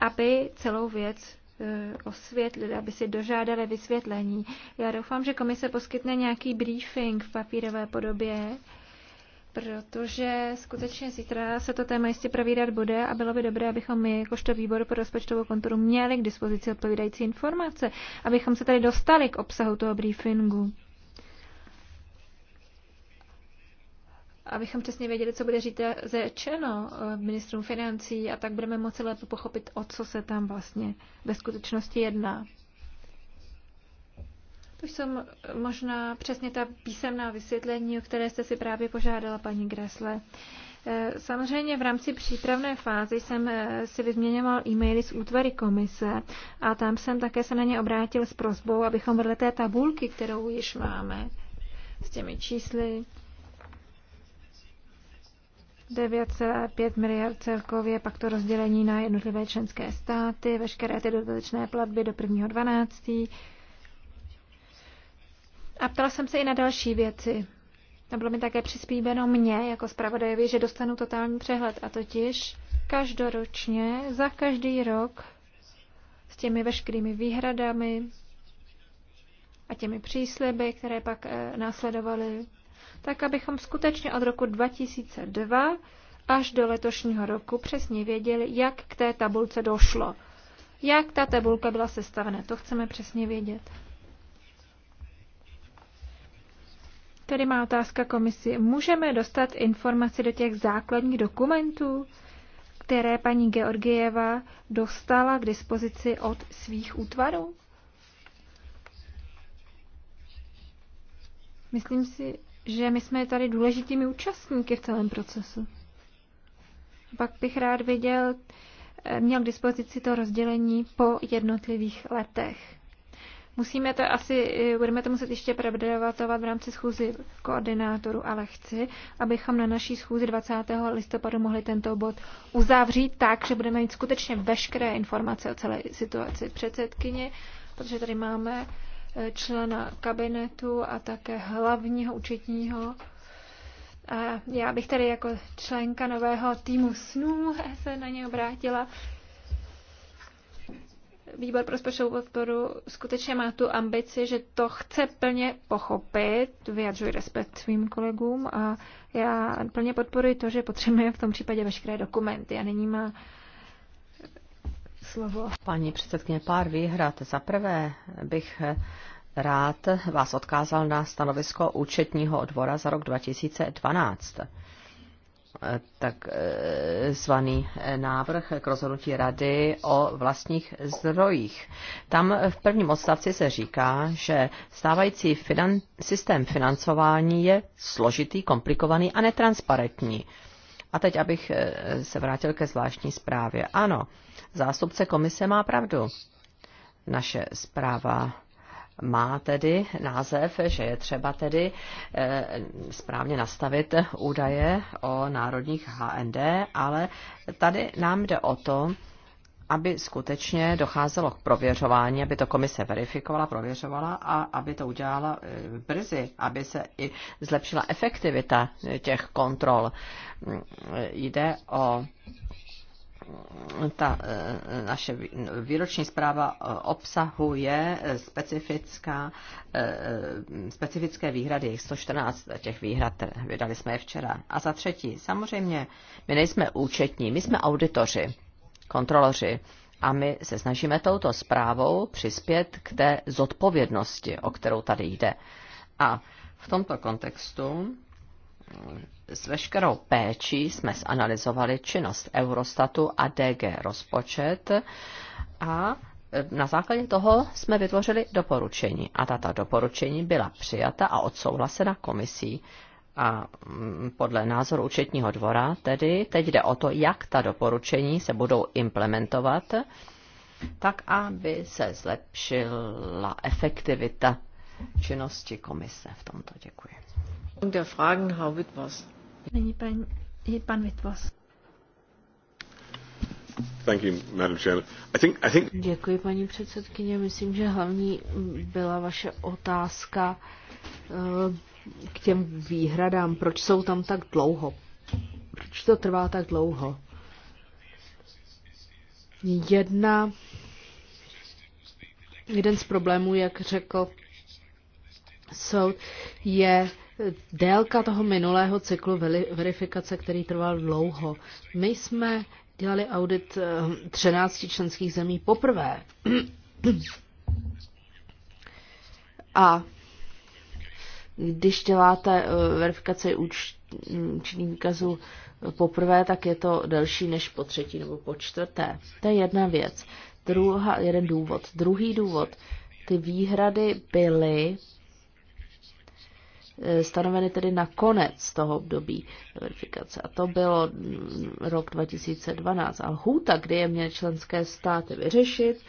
aby celou věc Eh, osvětlili, aby si dožádali vysvětlení. Já doufám, že komise poskytne nějaký briefing v papírové podobě, protože skutečně zítra se to téma jistě provídat bude a bylo by dobré, abychom my, jakožto výbor pro rozpočtovou kontrolu, měli k dispozici odpovídající informace, abychom se tady dostali k obsahu toho briefingu. abychom přesně věděli, co bude říct řečeno eh, ministrům financí a tak budeme moci lépe pochopit, o co se tam vlastně ve skutečnosti jedná. To jsou možná přesně ta písemná vysvětlení, o které jste si právě požádala, paní Gresle. Eh, samozřejmě v rámci přípravné fáze jsem eh, si vyměňoval e-maily z útvary komise a tam jsem také se na ně obrátil s prozbou, abychom vedle té tabulky, kterou již máme s těmi čísly, 9,5 miliard celkově, pak to rozdělení na jednotlivé členské státy, veškeré ty dodatečné platby do 1.12. A ptala jsem se i na další věci. A bylo mi také přispíbeno mně jako zpravodajovi, že dostanu totální přehled, a totiž každoročně, za každý rok, s těmi veškerými výhradami a těmi přísliby, které pak eh, následovaly tak abychom skutečně od roku 2002 až do letošního roku přesně věděli, jak k té tabulce došlo. Jak ta tabulka byla sestavena, to chceme přesně vědět. Tedy má otázka komisi. Můžeme dostat informaci do těch základních dokumentů, které paní Georgieva dostala k dispozici od svých útvarů? Myslím si, že my jsme tady důležitými účastníky v celém procesu. Pak bych rád viděl, eh, měl k dispozici to rozdělení po jednotlivých letech. Musíme to asi, eh, budeme to muset ještě predebatovat v rámci schůzy koordinátoru, ale chci, abychom na naší schůzi 20. listopadu mohli tento bod uzavřít tak, že budeme mít skutečně veškeré informace o celé situaci předsedkyně, protože tady máme člena kabinetu a také hlavního učitního. A já bych tady jako členka nového týmu snů se na ně obrátila. Výbor pro rozpočtovou podporu skutečně má tu ambici, že to chce plně pochopit, vyjadřuji respekt svým kolegům a já plně podporuji to, že potřebujeme v tom případě veškeré dokumenty a není má slovo. Paní předsedkyně, pár výhrad. Za prvé bych rád vás odkázal na stanovisko účetního dvora za rok 2012 tak eh, zvaný eh, návrh k rozhodnutí rady o vlastních zdrojích. Tam v prvním odstavci se říká, že stávající finan- systém financování je složitý, komplikovaný a netransparentní. A teď, abych eh, se vrátil ke zvláštní zprávě. Ano, zástupce komise má pravdu. Naše zpráva má tedy název, že je třeba tedy eh, správně nastavit údaje o národních HND, ale tady nám jde o to, aby skutečně docházelo k prověřování, aby to komise verifikovala, prověřovala a aby to udělala eh, brzy, aby se i zlepšila efektivita těch kontrol. Mm, jde o ta e, naše výroční zpráva e, obsahuje e, specifická, specifické výhrady, 114 těch výhrad, vydali jsme je včera. A za třetí, samozřejmě, my nejsme účetní, my jsme auditoři, kontroloři a my se snažíme touto zprávou přispět k té zodpovědnosti, o kterou tady jde. A v tomto kontextu s veškerou péčí jsme zanalizovali činnost Eurostatu a DG rozpočet a na základě toho jsme vytvořili doporučení a tato doporučení byla přijata a odsouhlasena komisí. A mm, podle názoru účetního dvora tedy teď jde o to, jak ta doporučení se budou implementovat, tak aby se zlepšila efektivita činnosti komise. V tomto děkuji. Děkuji, paní předsedkyně. Myslím, že hlavní byla vaše otázka eh, k těm výhradám. Proč jsou tam tak dlouho? Proč to trvá tak dlouho? Jedna, jeden z problémů, jak řekl soud, je délka toho minulého cyklu verifikace, který trval dlouho. My jsme dělali audit 13 eh, členských zemí poprvé. A když děláte eh, verifikaci účetních výkazů poprvé, tak je to delší než po třetí nebo po čtvrté. To je jedna věc. Druhá, jeden důvod. Druhý důvod. Ty výhrady byly Eh, stanoveny tedy na konec toho období verifikace. A to bylo mm, rok 2012. A lhůta, kdy je měly členské státy vyřešit,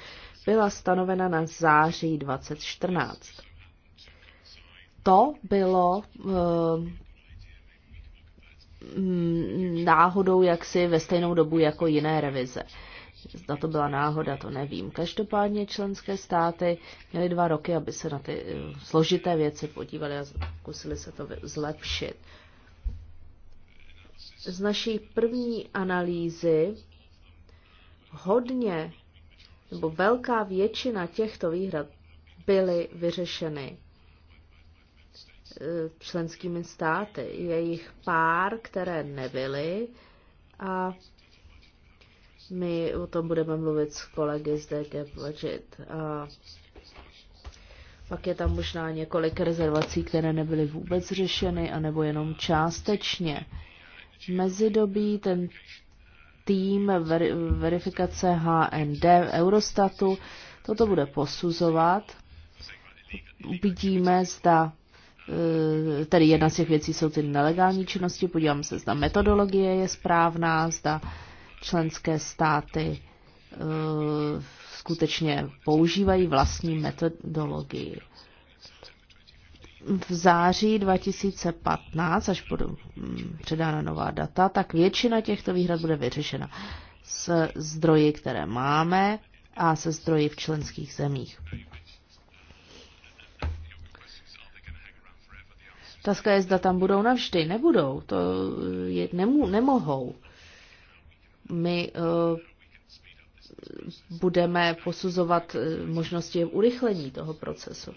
byla stanovena na září 2014. To bylo eh, mm, náhodou jaksi ve stejnou dobu jako jiné revize. Zda to byla náhoda, to nevím. Každopádně členské státy měly dva roky, aby se na ty eh, složité věci podívali a zkusili se to zlepšit. Z naší první analýzy hodně nebo velká většina těchto výhrad byly vyřešeny eh, členskými státy. Je jich pár, které nebyly a my o tom budeme mluvit s kolegy z DG Budget. A pak je tam možná několik rezervací, které nebyly vůbec řešeny, anebo jenom částečně. V mezidobí ten tým ver, verifikace HND Eurostatu toto bude posuzovat. Uvidíme, zda e, tedy jedna z těch věcí jsou ty nelegální činnosti, podívám se, zda metodologie je správná, zda uh, členské státy eh, skutečně používají vlastní metodologii. V září 2015, až budou mm, předána nová data, tak většina těchto výhrad bude vyřešena s zdroji, které máme a se zdroji v členských zemích. Otázka je, zda tam budou navždy. Nebudou, to je, nemů, nemohou my eh, budeme posuzovat eh, možnosti urychlení toho procesu.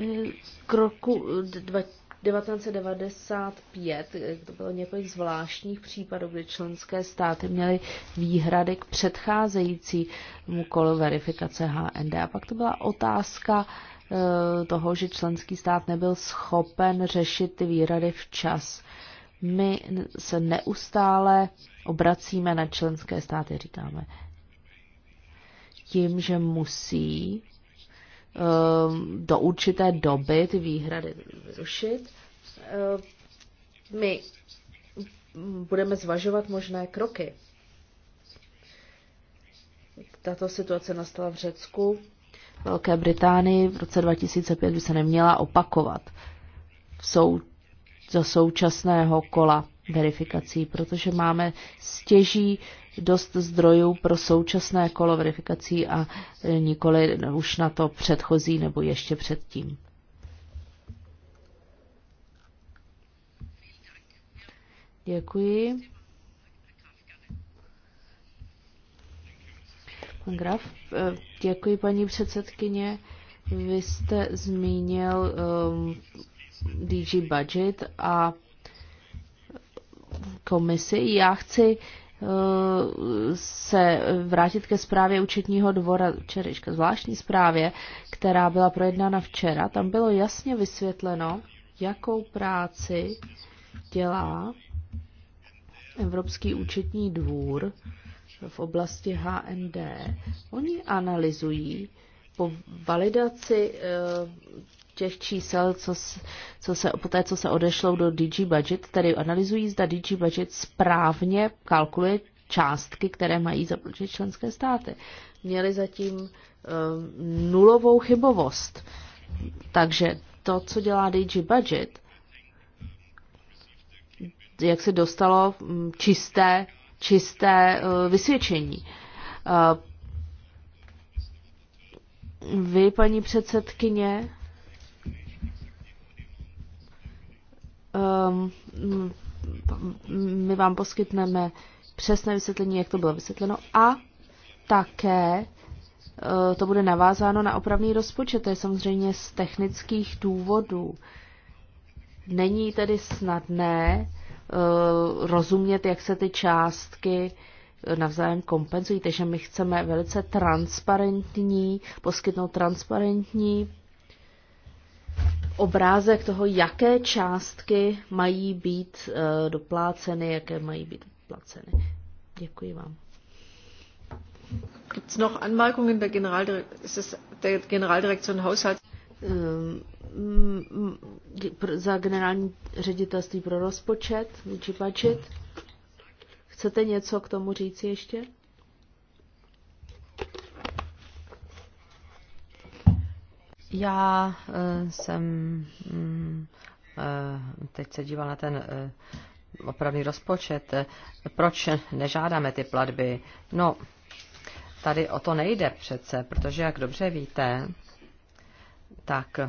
Eh, k roku 1995 to bylo několik zvláštních případů, kdy členské státy měly výhrady k předcházejícímu kolu verifikace HND. A pak to byla otázka toho, že členský stát nebyl schopen řešit ty výhrady včas. My se neustále obracíme na členské státy, říkáme, tím, že musí eh, do určité doby ty výhrady zrušit. Eh, my budeme zvažovat možné kroky. Tato situace nastala v Řecku, Velké Británii v roce 2005 by se neměla opakovat. Jsou za současného kola verifikací, protože máme stěží dost zdrojů pro současné kolo verifikací a e, nikoli už na to předchozí nebo ještě předtím. Děkuji. Pan Graf, e, děkuji paní předsedkyně. Vy jste zmínil um, DG Budget a komisi. Já chci eh, se vrátit ke zprávě účetního dvora včerejška, zvláštní zprávě, která byla projednána včera. Tam bylo jasně vysvětleno, jakou práci dělá Evropský účetní dvůr v oblasti HND. Oni analyzují po validaci eh, těch čísel, co, co se, po té, co se odešlo do DG Budget, tedy analyzují, zda DG Budget správně kalkuluje částky, které mají zaplatit členské státy. Měli zatím um, nulovou chybovost. Takže to, co dělá DG Budget, jak se dostalo hm, čisté, čisté uh, vysvědčení. Uh, vy, paní předsedkyně, Ehm, my vám poskytneme přesné vysvětlení, jak to bylo vysvětleno a také eh, to bude navázáno na opravný rozpočet. To je samozřejmě z technických důvodů. Není tedy snadné eh, rozumět, jak se ty částky eh, navzájem kompenzují, takže my chceme velice transparentní, poskytnout transparentní obrázek toho, jaké částky mají být eh, dopláceny, jaké mají být dopláceny. Děkuji vám. Gibt's noch Anmerkungen bei Generaldir ist es der Generaldirektion Haushalt? Ehm, mm, mm, za generální ředitelství pro rozpočet, Vůči budget. Chcete něco k tomu říci ještě? Já eh, jsem mm, eh, teď se díval na ten eh, opravný rozpočet. Proč nežádáme ty platby? No, tady o to nejde přece, protože, jak dobře víte, tak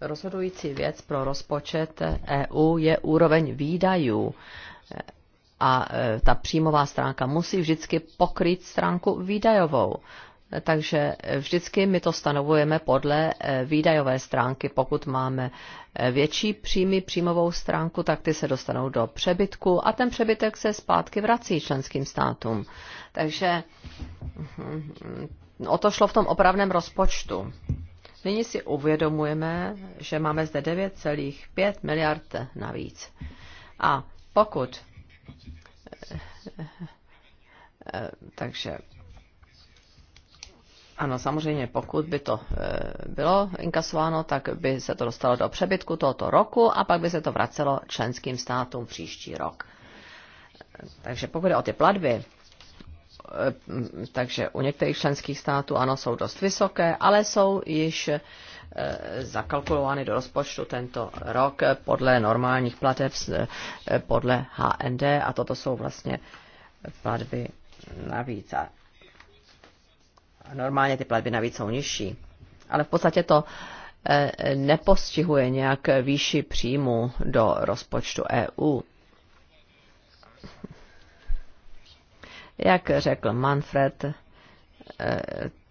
rozhodující věc pro rozpočet EU je úroveň výdajů. A ta příjmová stránka musí vždycky pokryt stránku výdajovou takže vždycky my to stanovujeme podle eh, výdajové stránky. Pokud máme eh, větší příjmy, příjmovou stránku, tak ty se dostanou do přebytku a ten přebytek se zpátky vrací členským státům. Takže hm, o to šlo v tom opravném rozpočtu. Nyní si uvědomujeme, že máme zde 9,5 miliard navíc. A pokud eh, takže ano, samozřejmě, pokud by to e, bylo inkasováno, tak by se to dostalo do přebytku tohoto roku a pak by se to vracelo členským státům příští rok. Takže pokud je o ty platby, e, takže u některých členských států ano, jsou dost vysoké, ale jsou již e, zakalkulovány do rozpočtu tento rok podle normálních plateb, podle HND a toto jsou vlastně platby navíc normálně ty platby navíc jsou nižší. Ale v podstatě to eh, nepostihuje nějak výši příjmu do rozpočtu EU. Jak řekl Manfred, eh,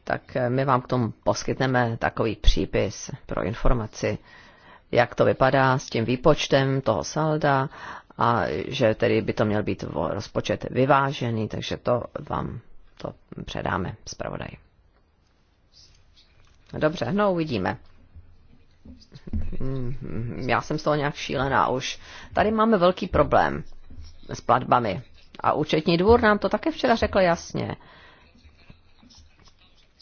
tak my vám k tomu poskytneme takový přípis pro informaci, jak to vypadá s tím výpočtem toho salda a že tedy by to měl být rozpočet vyvážený, takže to vám to předáme zpravodaji. Dobře, no uvidíme. Mm, já jsem z toho nějak šílená už. Tady máme velký problém s platbami. A účetní dvůr nám to také včera řekl jasně.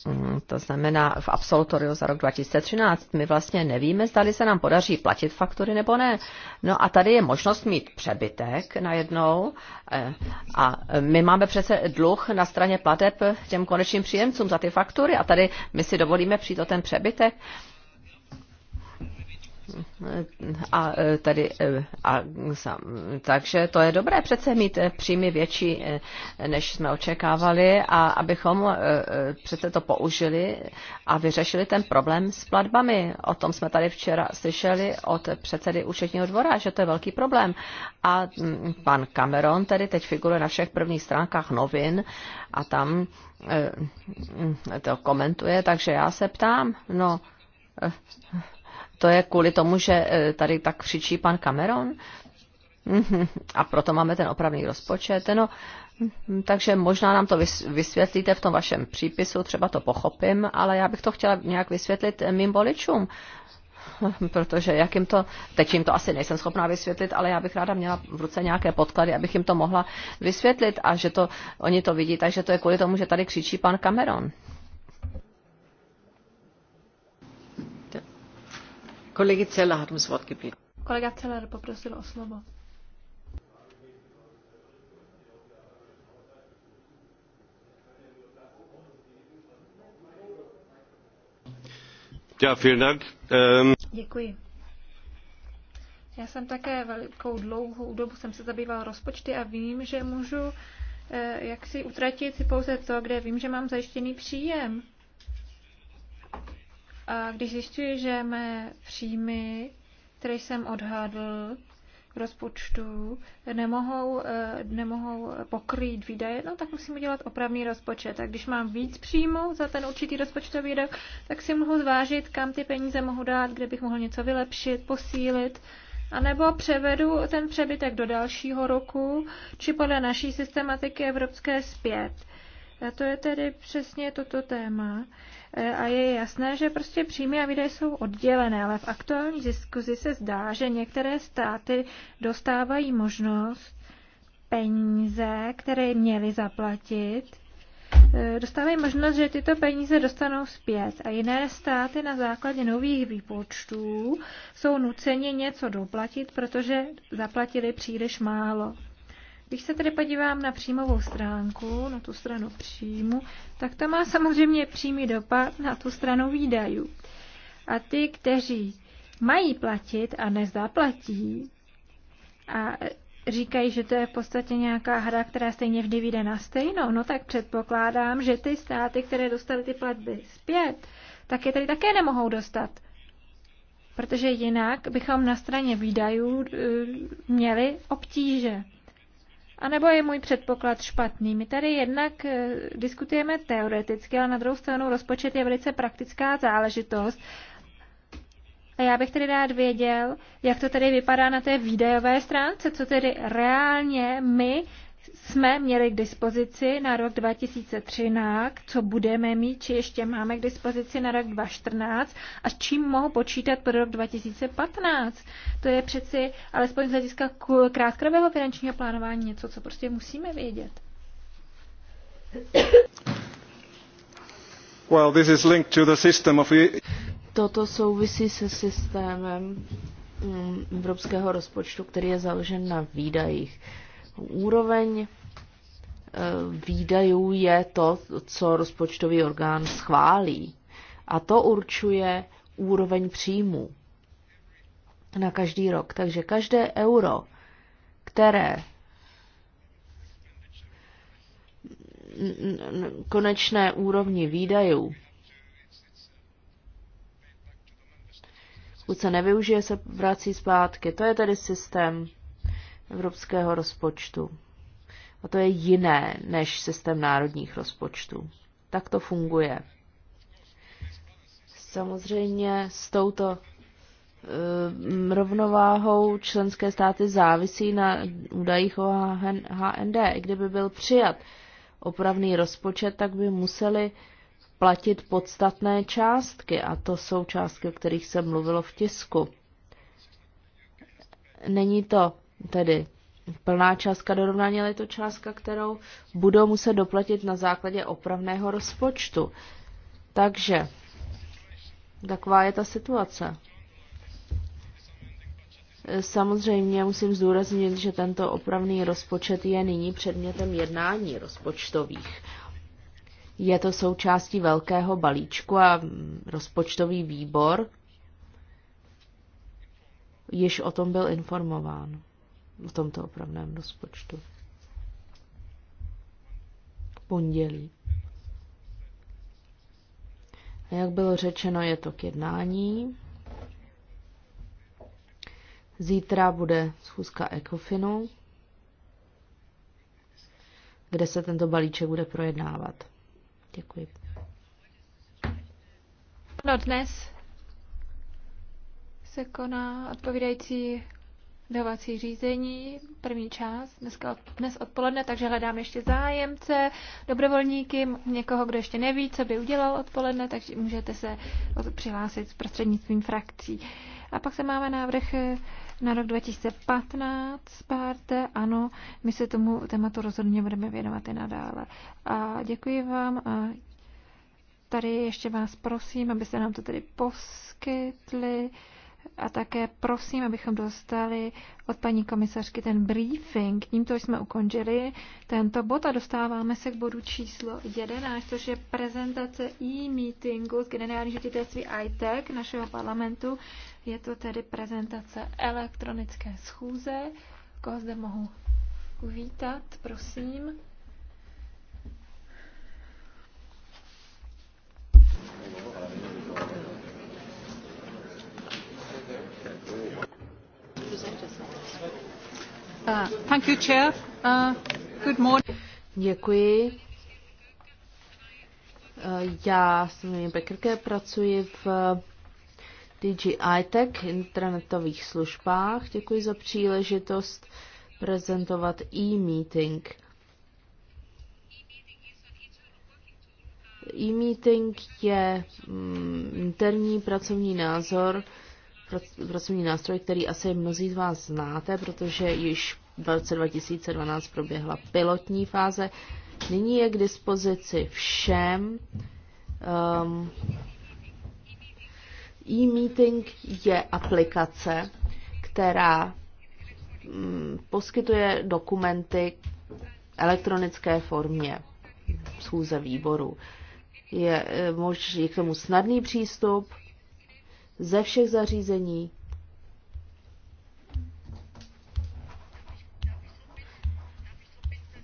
Mhm. to znamená v absolutoriu za rok 2013, my vlastně nevíme, zda se nám podaří platit faktury nebo ne. No a tady je možnost mít přebytek najednou eh, a my máme přece dluh na straně plateb těm konečným příjemcům za ty faktury a tady my si dovolíme přijít o ten přebytek. A e, tady, e, a, takže to je dobré přece mít e, příjmy větší, než jsme očekávali a abychom přece to použili a vyřešili ten problém s platbami. O tom jsme tady včera slyšeli od předsedy účetního dvora, že to je velký problém. A pan Cameron tedy teď figuruje na všech prvních stránkách novin a tam to komentuje, takže já se ptám, no to je kvůli tomu, že e, tady tak křičí pan Cameron? [LAUGHS] A proto máme ten opravný rozpočet. No, mm, takže možná nám to vysvětlíte v tom vašem přípisu, třeba to pochopím, ale já bych to chtěla nějak vysvětlit mým voličům. [LAUGHS] Protože jak jim to, teď jim to asi nejsem schopná vysvětlit, ale já bych ráda měla v ruce nějaké podklady, abych jim to mohla vysvětlit a že to, oni to vidí, takže to je kvůli tomu, že tady křičí pan Cameron. Kolegy Celer hat ums Wort gebeten. Kolega Celer poprosil o slovo. Ja, vielen Dank. Ähm... Děkuji. Já jsem také velikou dlouhou dobu jsem se zabýval rozpočty a vím, že můžu eh, jak si utratit si pouze to, kde vím, že mám zajištěný příjem. A když zjišťuji, že mé příjmy, které jsem odhadl v rozpočtu, nemohou, e, nemohou pokrýt výdaje, no tak musím udělat opravný rozpočet. A když mám víc příjmů za ten určitý rozpočtový rok, tak si mohu zvážit, kam ty peníze mohu dát, kde bych mohl něco vylepšit, posílit. A nebo převedu ten přebytek do dalšího roku, či podle naší systematiky evropské zpět. To je tedy přesně toto téma e, a je jasné, že prostě příjmy a výdaje jsou oddělené, ale v aktuální diskuzi se zdá, že některé státy dostávají možnost peníze, které měly zaplatit, e, dostávají možnost, že tyto peníze dostanou zpět a jiné státy na základě nových výpočtů jsou nuceni něco doplatit, protože zaplatili příliš málo. Když se tedy podívám na příjmovou stránku, na tu stranu příjmu, tak to má samozřejmě přímý dopad na tu stranu výdajů. A ty, kteří mají platit a nezaplatí a říkají, že to je v podstatě nějaká hra, která stejně vždy vyjde na stejnou, no tak předpokládám, že ty státy, které dostaly ty platby zpět, tak je tady také nemohou dostat. Protože jinak bychom na straně výdajů eh, měli obtíže anebo je můj předpoklad špatný. My tady jednak eh, diskutujeme teoreticky, ale na druhou stranu rozpočet je velice praktická záležitost. A já bych tedy rád věděl, jak to tedy vypadá na té výdajové stránce, co tedy reálně my jsme měli k dispozici na rok 2013, co budeme mít, či ještě máme k dispozici na rok 2014 a s čím mohu počítat pro rok 2015. To je přeci, alespoň z hlediska krátkodobého finančního plánování, něco, co prostě musíme vědět. Well, this is linked to the system of... Toto souvisí se systémem mm, evropského rozpočtu, který je založen na výdajích. Úroveň eh, výdajů je to, co rozpočtový orgán schválí. A to určuje úroveň příjmů na každý rok. Takže každé euro, které konečné úrovni výdajů, pokud se nevyužije, se vrací zpátky. To je tedy systém evropského rozpočtu. A to je jiné než systém národních rozpočtů. Tak to funguje. Samozřejmě s touto eh, rovnováhou členské státy závisí na údajích o HND. I kdyby byl přijat opravný rozpočet, tak by museli platit podstatné částky a to jsou částky, o kterých se mluvilo v tisku. Není to tedy plná částka dorovnání, ale je to částka, kterou budou muset doplatit na základě opravného rozpočtu. Takže taková je ta situace. Samozřejmě musím zdůraznit, že tento opravný rozpočet je nyní předmětem jednání rozpočtových. Je to součástí velkého balíčku a rozpočtový výbor již o tom byl informován v tomto opravném rozpočtu. Pondělí. A jak bylo řečeno, je to k jednání. Zítra bude schůzka Ecofinu, kde se tento balíček bude projednávat. Děkuji. No dnes se koná odpovídající dovací řízení, první část, dneska, dnes odpoledne, takže hledám ještě zájemce, dobrovolníky, někoho, kdo ještě neví, co by udělal odpoledne, takže můžete se přihlásit s prostřednictvím frakcí. A pak se máme návrh eh, na rok 2015, Sparte, ano, my se tomu tématu rozhodně budeme věnovat i nadále. A děkuji vám a tady ještě vás prosím, abyste nám to tedy poskytli a také prosím, abychom dostali od paní komisařky ten briefing. Tímto jsme ukončili tento bod a dostáváme se k bodu číslo 11, což je prezentace e-meetingu z generální ředitelství ITEC našeho parlamentu. Je to tedy prezentace elektronické schůze. Koho zde mohu uvítat, prosím. Thank you. Uh, uh, Děkuji. Uh, já se jmenuji Bekrke, pracuji v DJI Tech, internetových službách. Děkuji za příležitost prezentovat e-meeting. E-meeting je mm, interní pracovní názor, pracovní nástroj, který asi mnozí z vás znáte, protože již v roce 2012 proběhla pilotní fáze. Nyní je k dispozici všem. Um, e-meeting je aplikace, která um, poskytuje dokumenty elektronické formě schůze výboru. Je, e, možný je k tomu snadný přístup, ze všech zařízení.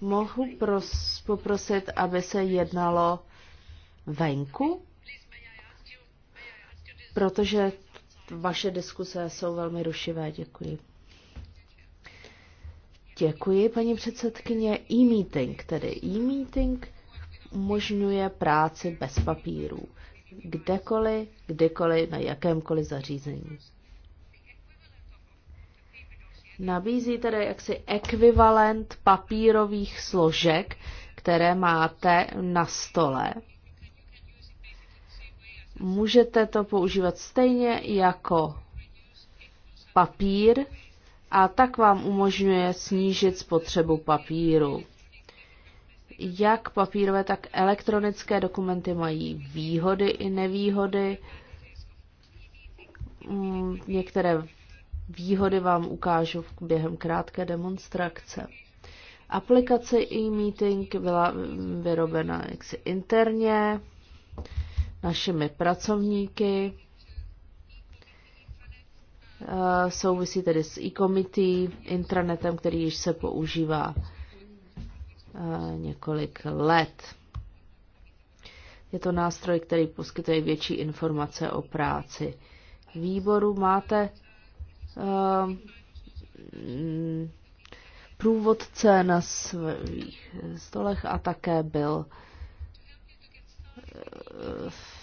Mohu pros, poprosit, aby se jednalo venku? Protože vaše diskuse jsou velmi rušivé. Děkuji. Děkuji, paní předsedkyně. E-meeting, tedy e-meeting umožňuje práci bez papírů kdekoliv, kdykoliv, na jakémkoliv zařízení. Nabízí tedy jaksi ekvivalent papírových složek, které máte na stole. Můžete to používat stejně jako papír a tak vám umožňuje snížit spotřebu papíru jak papírové, tak elektronické dokumenty mají výhody i nevýhody. Mm, některé výhody vám ukážu během krátké demonstrace. Aplikace e-meeting byla vyrobena jaksi interně našimi pracovníky. Eh, souvisí tedy s e-committee, intranetem, který již se používá Eh, několik let. Je to nástroj, který poskytuje větší informace o práci. Výboru máte uh, průvodce na svých stolech a také byl uh, v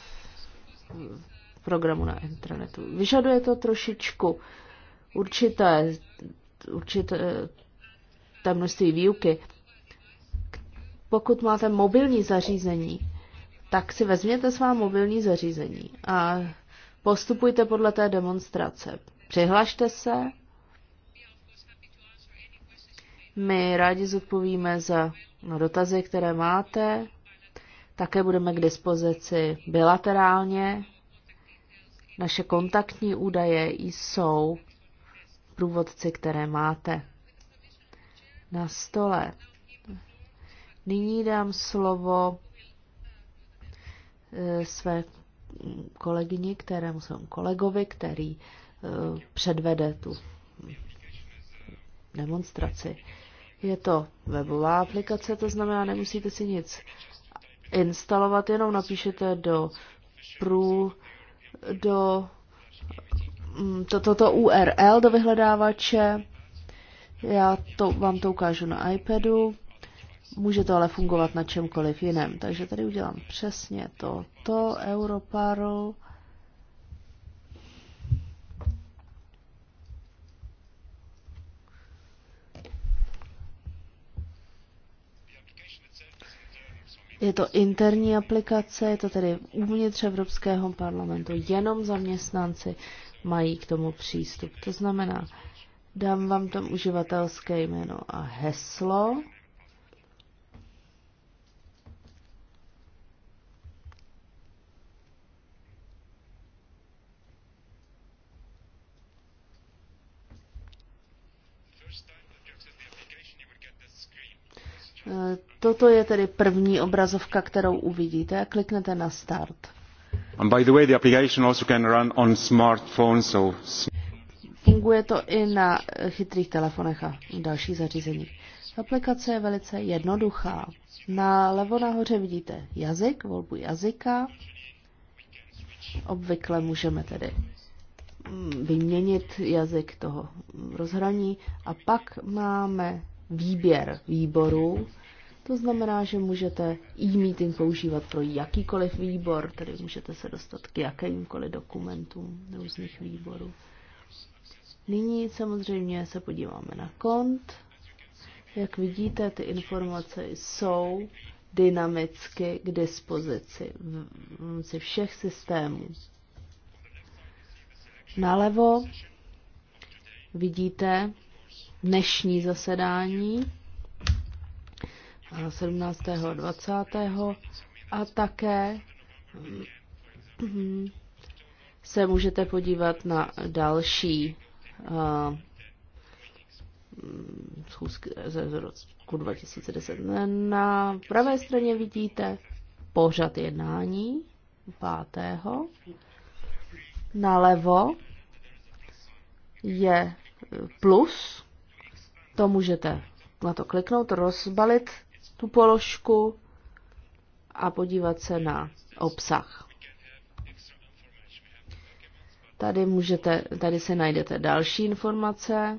programu na internetu. Vyžaduje to trošičku určité, určité množství výuky pokud máte mobilní zařízení, tak si vezměte svá mobilní zařízení a postupujte podle té demonstrace. Přihlašte se. My rádi zodpovíme za no, dotazy, které máte. Také budeme k dispozici bilaterálně. Naše kontaktní údaje jsou průvodci, které máte na stole. Nyní dám slovo eh, své kolegyni, kterému jsem kolegovi, který eh, předvede tu demonstraci. Je to webová aplikace, to znamená, nemusíte si nic instalovat, jenom napíšete do prů, do toto mm, to, to URL do vyhledávače. Já to vám to ukážu na iPadu. Může to ale fungovat na čemkoliv jiném. Takže tady udělám přesně to. To Europarl. Je to interní aplikace, je to tedy uvnitř Evropského parlamentu, jenom zaměstnanci mají k tomu přístup. To znamená, dám vám tam uživatelské jméno a heslo. Eh, toto je tedy první obrazovka, kterou uvidíte kliknete na start. And by the way, the application also can run on so... Funguje to i na chytrých telefonech a dalších zařízeních. Aplikace je velice jednoduchá. Na levo nahoře vidíte jazyk, volbu jazyka. Obvykle můžeme tedy mm, vyměnit jazyk toho rozhraní. A pak máme výběr výborů. To znamená, že můžete e-meeting používat pro jakýkoliv výbor, tedy můžete se dostat k jakýmkoliv dokumentům různých výborů. Nyní samozřejmě se podíváme na kont. Jak vidíte, ty informace jsou dynamicky k dispozici v rámci všech systémů. Nalevo vidíte dnešní zasedání 17. Eh, 20. a také mm, se můžete podívat na další uh, schůzky z roku 2010. Na pravé straně vidíte pořad jednání 5. Nalevo je plus to můžete na to kliknout, rozbalit tu položku a podívat se na obsah. Tady, můžete, tady se najdete další informace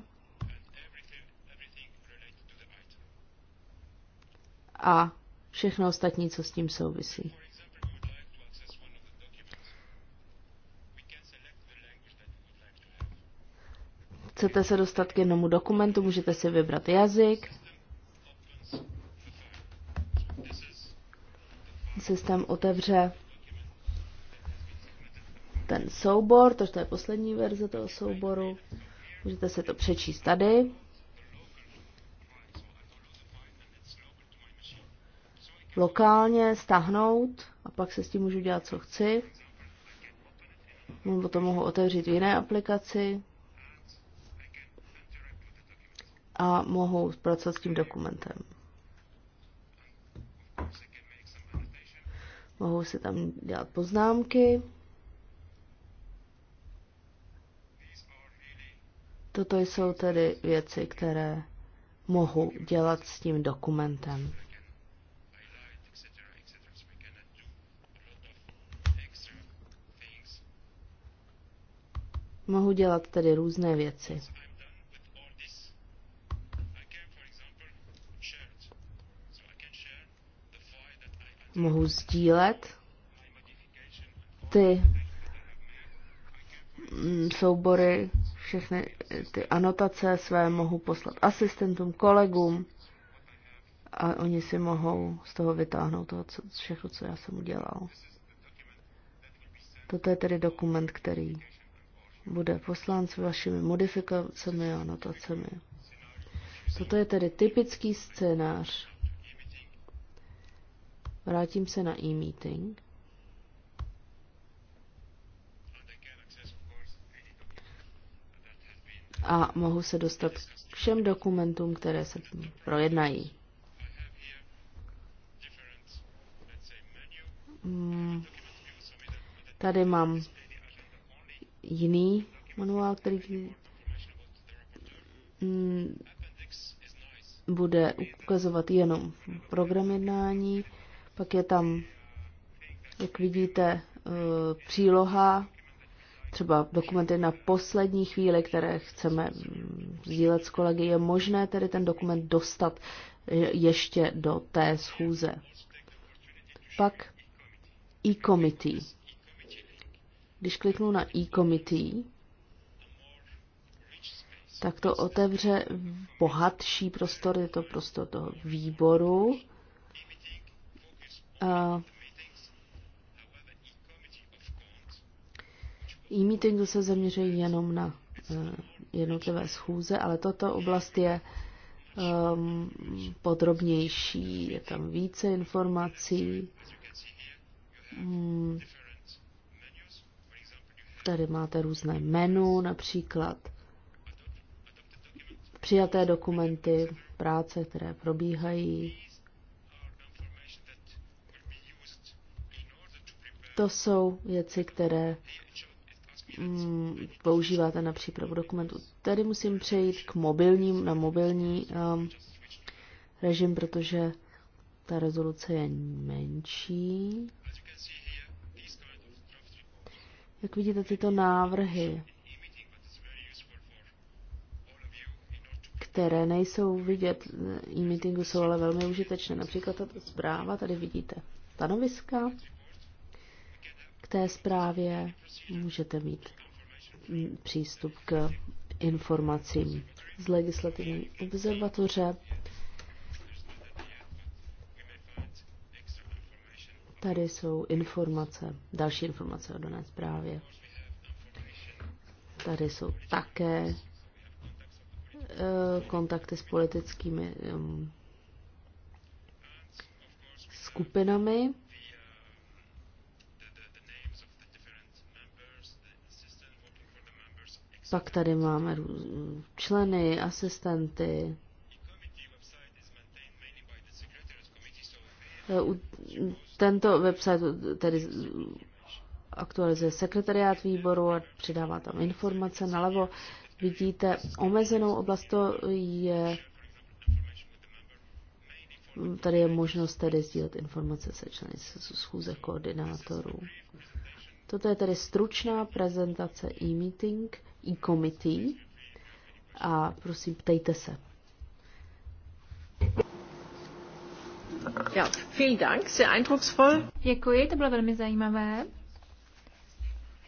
a všechno ostatní, co s tím souvisí. Chcete se dostat k jednomu dokumentu, můžete si vybrat jazyk. Systém otevře ten soubor, to, to je poslední verze toho souboru. Můžete si to přečíst tady. Lokálně stáhnout a pak se s tím můžu dělat, co chci. Nebo to mohu otevřít v jiné aplikaci. a mohu pracovat s tím dokumentem. Mohu si tam dělat poznámky. Toto jsou tedy věci, které mohu dělat s tím dokumentem. Mohu dělat tedy různé věci. mohu sdílet ty mm, soubory, všechny ty anotace své mohu poslat asistentům, kolegům a oni si mohou z toho vytáhnout toho, co, všechno, co já jsem udělal. Toto je tedy dokument, který bude poslán s vašimi modifikacemi a anotacemi. Toto je tedy typický scénář Vrátím se na e-meeting. A mohu se dostat k všem dokumentům, které se projednají. Hmm. Tady mám jiný manuál, který hmm, bude ukazovat jenom program jednání. Pak je tam, jak vidíte, e, příloha, třeba dokumenty na poslední chvíli, které chceme sdílet s kolegy. Je možné tedy ten dokument dostat e, ještě do té schůze. Pak e-committee. Když kliknu na e-committee, tak to otevře bohatší prostor, je to prostor toho výboru. Uh, E-meetingu se zaměřují jenom na uh, jednotlivé schůze, ale tato oblast je um, podrobnější, je tam více informací. Um, tady máte různé menu, například přijaté dokumenty, práce, které probíhají, To jsou věci, které mm, používáte na přípravu dokumentů. Tady musím přejít k mobilním, na mobilní um, režim, protože ta rezoluce je menší. Jak vidíte tyto návrhy, které nejsou vidět e-meetingu, jsou ale velmi užitečné. Například tato zpráva, tady vidíte stanoviska, k té zprávě můžete mít přístup k informacím z legislativní observatoře. Tady jsou informace, další informace o dané zprávě. Tady jsou také eh, kontakty s politickými skupinami. Pak tady máme členy, asistenty. Eh, tento website tedy aktualizuje sekretariát výboru a přidává tam informace. Nalevo vidíte omezenou oblast, to je tady je možnost tedy sdílet informace se členy schůze koordinátorů. Toto je tedy stručná prezentace e-meeting e-committee a prosím, ptejte se. Ja, vielen Dank, sehr eindrucksvoll. Děkuji, to bylo velmi zajímavé.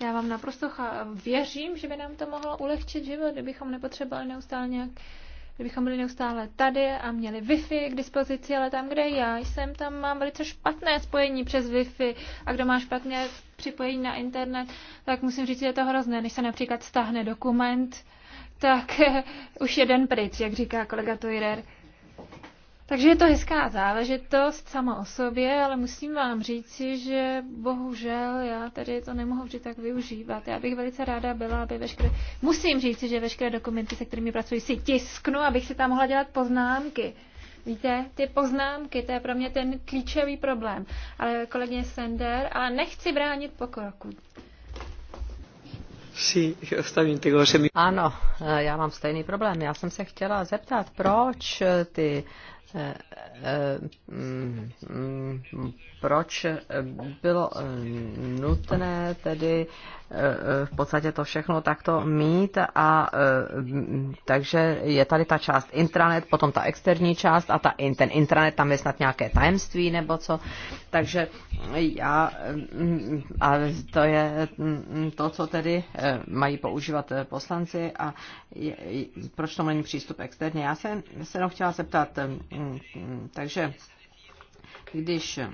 Já vám naprosto věřím, že by nám to mohlo ulehčit život, kdybychom nepotřebovali neustále nějak kdybychom byli neustále tady a měli Wi-Fi k dispozici, ale tam, kde já jsem, tam mám velice špatné spojení přes Wi-Fi a kdo má špatné připojení na internet, tak musím říct, že je to hrozné, Než se například stáhne dokument, tak [LAUGHS] už jeden pryč, jak říká kolega Tojrer. Takže je to hezká záležitost sama o sobě, ale musím vám říci, že bohužel já tady to nemohu vždy tak využívat. Já bych velice ráda byla, aby veškeré... Musím říci, že veškeré dokumenty, se kterými pracuji, si tisknu, abych si tam mohla dělat poznámky. Víte, ty poznámky, to je pro mě ten klíčový problém. Ale kolegyně Sender, ale nechci bránit pokroku. Ano, já mám stejný problém. Já jsem se chtěla zeptat, proč ty proč bylo nutné tedy v podstatě to všechno takto mít a takže je tady ta část intranet, potom ta externí část a ta, ten intranet, tam je snad nějaké tajemství nebo co, takže já a to je to, co tedy mají používat poslanci a proč to není přístup externě. Já jsem se jenom chtěla zeptat, takže když eh,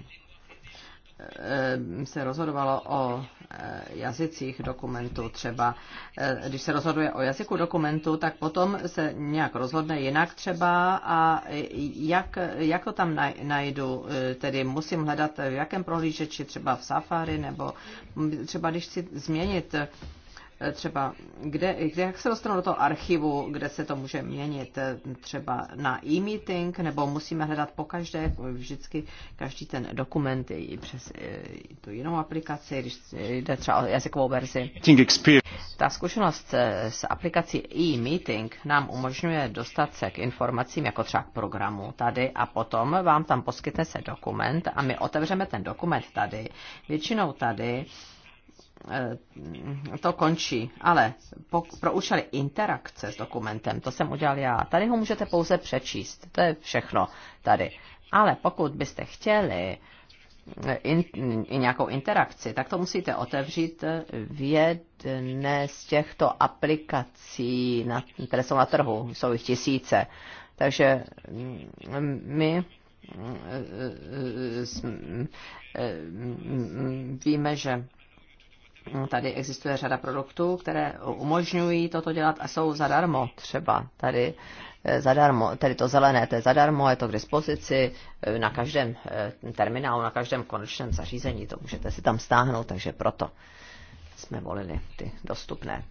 se rozhodovalo o eh, jazycích dokumentu třeba. Eh, když se rozhoduje o jazyku dokumentu, tak potom se nějak rozhodne jinak třeba a jak, jak to tam najdu, tedy musím hledat v jakém prohlížeči, třeba v Safari, nebo třeba když chci změnit třeba, kde, kde, jak se dostanu do toho archivu, kde se to může měnit, třeba na e-meeting, nebo musíme hledat po každé, vždycky každý ten dokument i přes tu jinou aplikaci, když jde třeba o jazykovou verzi. Ta zkušenost eh, s aplikací e-meeting nám umožňuje dostat se k informacím, jako třeba k programu tady a potom vám tam poskytne se dokument a my otevřeme ten dokument tady. Většinou tady Eh, to končí, ale pro účely interakce s dokumentem, to jsem udělal já, tady ho můžete pouze přečíst, to je všechno tady. Ale pokud byste chtěli eh, in, in, nějakou interakci, tak to musíte otevřít eh, v jedné z těchto aplikací, na, které jsou na trhu, jsou jich tisíce. Takže my víme, že Tady existuje řada produktů, které umožňují toto dělat a jsou zadarmo třeba tady eh, zadarmo, tedy to zelené, to je zadarmo, je to k dispozici eh, na každém eh, terminálu, na každém konečném zařízení, to můžete si tam stáhnout, takže proto jsme volili ty dostupné.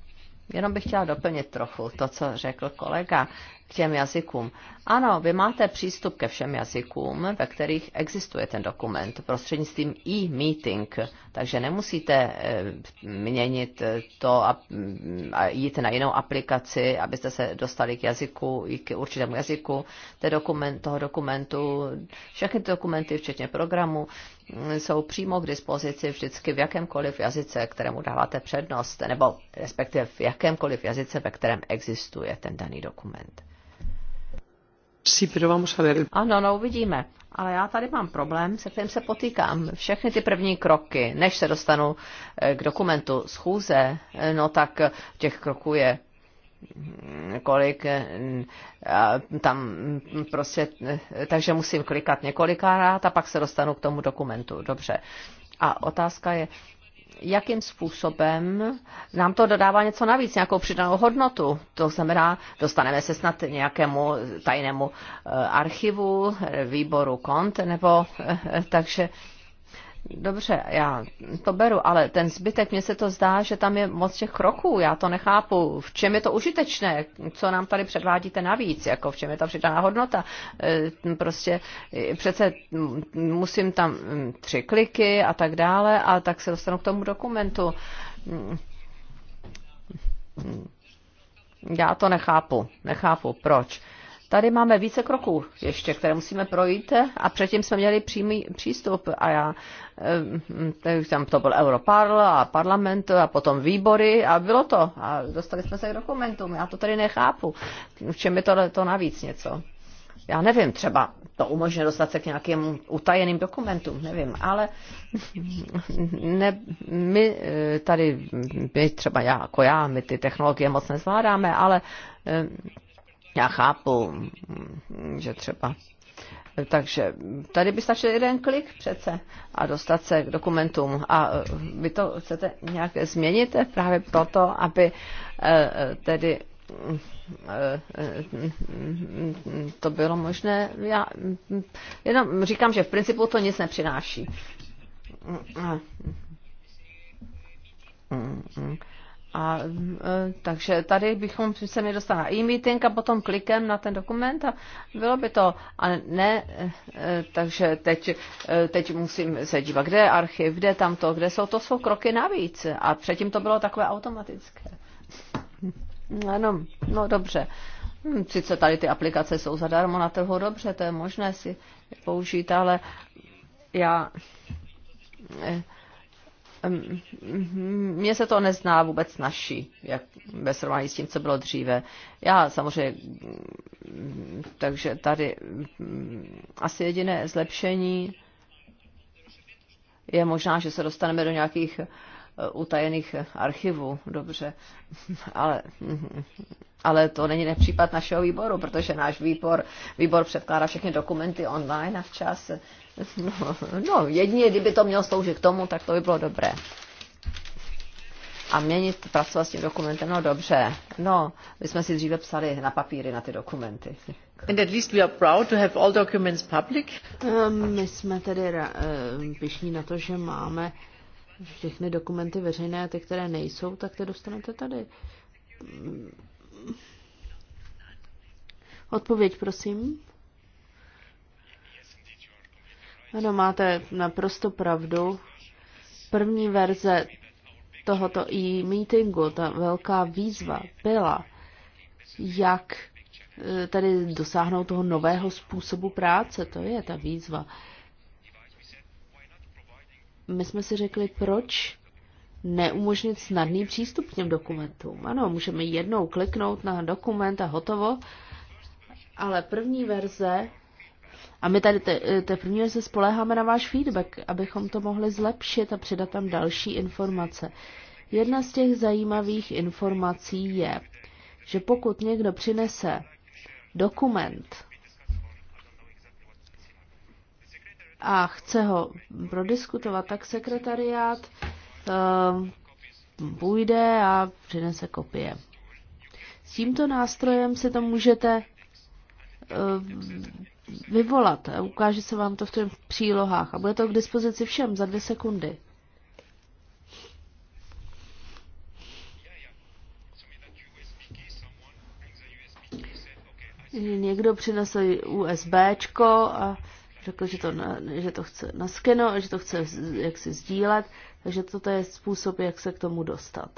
Jenom bych chtěla doplnit trochu to, co řekl kolega k těm jazykům. Ano, vy máte přístup ke všem jazykům, ve kterých existuje ten dokument prostřednictvím e-meeting, takže nemusíte eh, měnit to mm, a jít na jinou aplikaci, abyste se dostali k jazyku, k určitému jazyku té dokument, toho dokumentu. Všechny ty dokumenty, včetně programu, mm, jsou přímo k dispozici vždycky v jakémkoliv jazyce, kterému dáváte přednost, nebo respektive v jakémkoliv jazyce, ve kterém existuje ten daný dokument. Sí, pero vamos a ver. Ano, no, uvidíme. Ale já tady mám problém, se kterým se potýkám. Všechny ty první kroky, než se dostanu eh, k dokumentu schůze, eh, no tak eh, těch kroků je mm, kolik tam mm, prostě, takže musím klikat několikrát a pak se dostanu k tomu dokumentu. Dobře. A otázka je, jakým způsobem nám to dodává něco navíc, nějakou přidanou hodnotu. To znamená, dostaneme se snad nějakému tajnému eh, archivu, eh, výboru kont, nebo eh, takže Dobře, já to beru, ale ten zbytek, mně se to zdá, že tam je moc těch kroků, já to nechápu. V čem je to užitečné? Co nám tady předvádíte navíc? Jako v čem je ta přidaná hodnota? E, prostě e, přece musím tam mm, tři kliky a tak dále, a tak se dostanu k tomu dokumentu. Mm. Já to nechápu, nechápu, proč. Tady máme více kroků ještě, které musíme projít a předtím jsme měli přímý přístup a já Eh, tam to byl Europarl a parlament a potom výbory a bylo to. A dostali jsme se k dokumentům. Já to tady nechápu. V čem je to, to navíc něco? Já nevím, třeba to umožňuje dostat se k nějakým utajeným dokumentům, nevím, ale [LAUGHS] ne, my eh, tady, my třeba já jako já, my ty technologie moc nezvládáme, ale eh, já chápu, že třeba takže tady by stačil jeden klik přece a dostat se k dokumentům. A e, vy to chcete nějak změnit právě proto, aby e, tedy e, to bylo možné. Já jenom říkám, že v principu to nic nepřináší. A, eh, takže tady bychom se mi dostali na e-meeting a potom klikem na ten dokument a bylo by to. A ne, eh, eh, takže teď, teď musím se dívat, kde je archiv, kde je tamto, kde jsou, to jsou kroky navíc. A předtím to bylo takové automatické. [LAUGHS] Ano, no dobře. Hm, sice tady ty aplikace jsou zadarmo na trhu, dobře, to je možné si použít, ale já mně se to nezná vůbec naší, jak ve srovnání s tím, co bylo dříve. Já samozřejmě, takže tady mm, asi jediné zlepšení je možná, že se dostaneme do nějakých eh, utajených archivů, dobře, [LAUGHS] ale, mm, ale to není nepřípad našeho výboru, protože náš výbor, výbor předkládá všechny dokumenty online a včas, No, no jedině, kdyby to mělo sloužit k tomu, tak to by bylo dobré. A měnit, pracovat s tím dokumentem, no dobře. No, my jsme si dříve psali na papíry na ty dokumenty. And at least we are proud to have all documents public. Um, my jsme tedy uh, pišní na to, že máme všechny dokumenty veřejné a ty, které nejsou, tak ty dostanete tady. Odpověď, prosím. Ano, máte naprosto pravdu. První verze tohoto e-meetingu, ta velká výzva byla, jak e, tady dosáhnout toho nového způsobu práce. To je ta výzva. My jsme si řekli, proč neumožnit snadný přístup k těm dokumentům. Ano, můžeme jednou kliknout na dokument a hotovo, ale první verze a my tady te, teprve se spoléháme na váš feedback, abychom to mohli zlepšit a přidat tam další informace. Jedna z těch zajímavých informací je, že pokud někdo přinese dokument a chce ho prodiskutovat, tak sekretariát uh, půjde a přinese kopie. S tímto nástrojem si to můžete eh, vyvolat. Ukáže se vám to v těch přílohách a bude to k dispozici všem za dvě sekundy. Někdo přinesl USBčko a řekl, že to, na, že to chce naskeno, že to chce jaksi sdílet, takže toto je způsob, jak se k tomu dostat.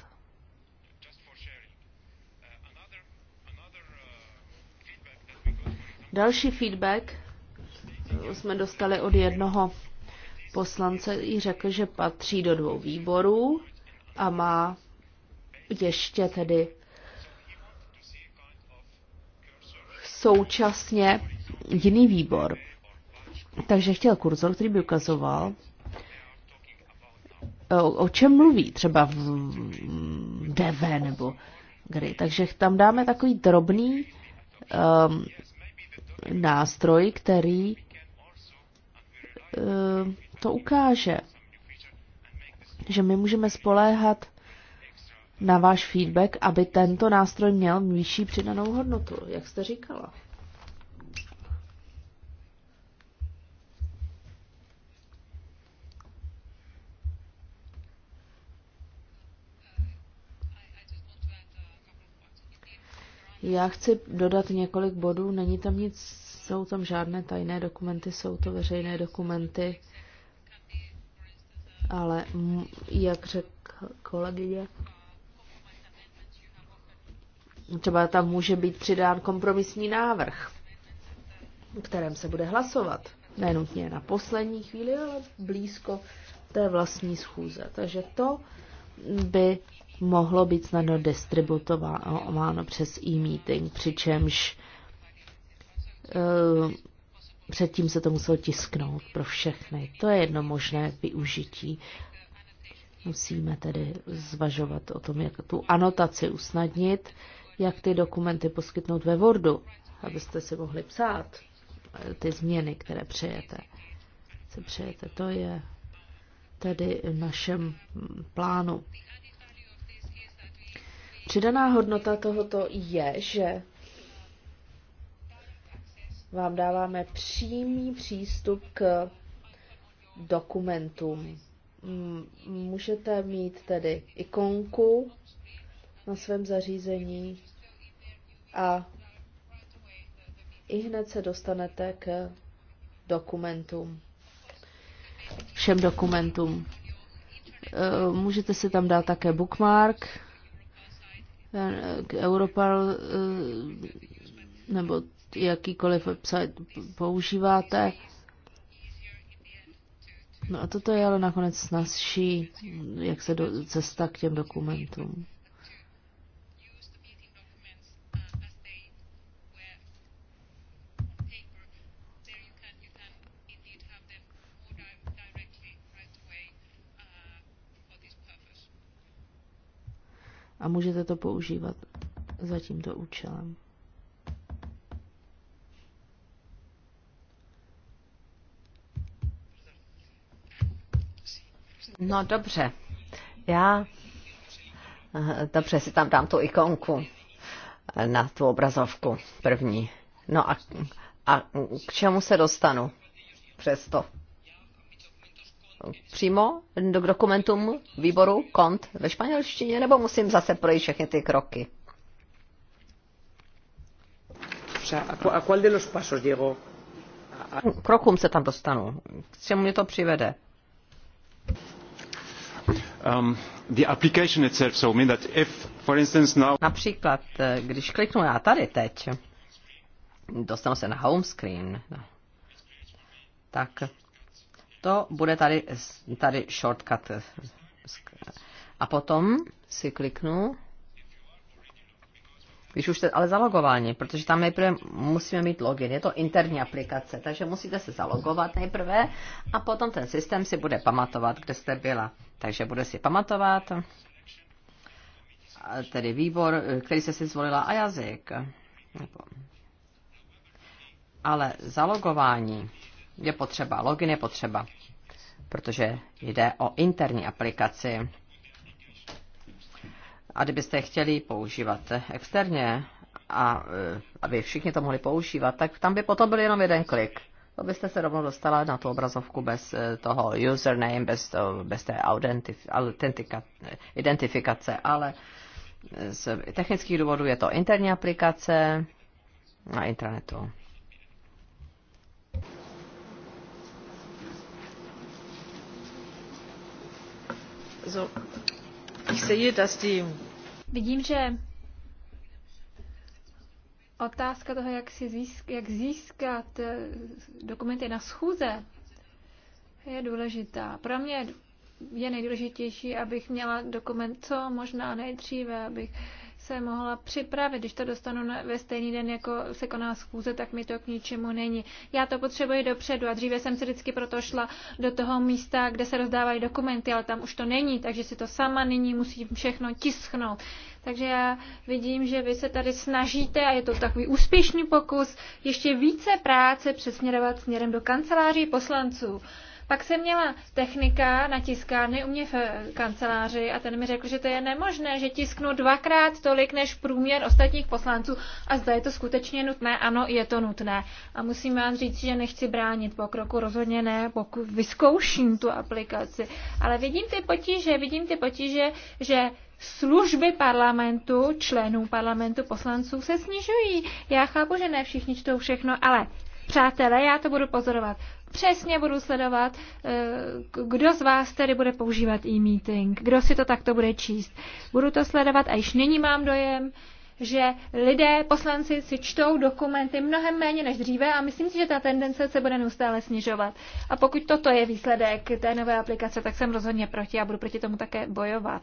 Další feedback jsme dostali od jednoho poslance, i řekl, že patří do dvou výborů a má ještě tedy současně jiný výbor. Takže chtěl kurzor, který by ukazoval, o, o čem mluví třeba v DV nebo kdy. Takže tam dáme takový drobný um, nástroj, který eh, to ukáže. Že my můžeme spoléhat na váš feedback, aby tento nástroj měl vyšší přidanou hodnotu, jak jste říkala. Já chci dodat několik bodů, není tam nic, jsou tam žádné tajné dokumenty, jsou to veřejné dokumenty, ale jak řekl kolegyně, třeba tam může být přidán kompromisní návrh, o kterém se bude hlasovat. Nenutně na poslední chvíli, ale blízko té vlastní schůze. Takže to by mohlo být snadno distributováno přes e-meeting, přičemž eh, předtím se to muselo tisknout pro všechny. To je jedno možné využití. Musíme tedy zvažovat o tom, jak tu anotaci usnadnit, jak ty dokumenty poskytnout ve Wordu, abyste si mohli psát eh, ty změny, které přejete. Co přejete, to je tedy v našem hm, plánu. Přidaná hodnota tohoto je, že vám dáváme přímý přístup k dokumentům. Můžete mít tedy ikonku na svém zařízení a i hned se dostanete k dokumentům. Všem dokumentům. E, můžete si tam dát také bookmark, k Europal eh, nebo jakýkoliv website používáte. No a toto je ale nakonec snazší, jak se do, cesta k těm dokumentům. a můžete to používat za tímto účelem. No dobře, já eh, dobře si tam dám tu ikonku na tu obrazovku první. No a, a k čemu se dostanu přesto? přímo do dokumentům výboru kont ve španělštině, nebo musím zase projít všechny ty kroky? A Krokům se tam dostanu. K čemu mě to přivede? Um, the application itself, so mean that if, for instance, now... Například, eh, když kliknu já tady teď, dostanu se na home screen, tak to bude tady, tady shortcut. A potom si kliknu, když už jste ale zalogováni, protože tam nejprve musíme mít login, je to interní aplikace, takže musíte se zalogovat nejprve a potom ten systém si bude pamatovat, kde jste byla. Takže bude si pamatovat tedy výbor, který se si zvolila a jazyk. Ale zalogování je potřeba, login je potřeba, protože jde o interní aplikaci. A kdybyste chtěli používat externě, a eh, aby všichni to mohli používat, tak tam by potom byl jenom jeden klik. To byste se rovnou dostala na tu obrazovku bez eh, toho username, bez, to, bez té identifikace, ale eh, z technických důvodů je to interní aplikace na intranetu. Vidím, že otázka toho, jak, si získ, jak získat eh, dokumenty na schůze, je důležitá. Pro mě je nejdůležitější, abych měla dokument co možná nejdříve, abych se mohla připravit. Když to dostanu na, ve stejný den, jako se koná schůze, tak mi to k ničemu není. Já to potřebuji dopředu a dříve jsem si vždycky proto šla do toho místa, kde se rozdávají dokumenty, ale tam už to není, takže si to sama nyní musím všechno tisknout. Takže já vidím, že vy se tady snažíte a je to takový úspěšný pokus ještě více práce přesměrovat směrem do kanceláří poslanců. Pak jsem měla technika na tiskárny u mě v eh, kanceláři a ten mi řekl, že to je nemožné, že tisknu dvakrát tolik než průměr ostatních poslanců a zda je to skutečně nutné. Ano, je to nutné. A musím vám říct, že nechci bránit pokroku, rozhodně ne, pokud vyzkouším tu aplikaci. Ale vidím ty potíže, vidím ty potíže, že služby parlamentu, členů parlamentu, poslanců se snižují. Já chápu, že ne všichni čtou všechno, ale Přátelé, já to budu pozorovat přesně budu sledovat, eh, kdo z vás tedy bude používat e-meeting, kdo si to takto bude číst. Budu to sledovat a již nyní mám dojem, že lidé, poslanci si čtou dokumenty mnohem méně než dříve a myslím si, že ta tendence se bude neustále snižovat. A pokud toto je výsledek té nové aplikace, tak jsem rozhodně proti a budu proti tomu také bojovat.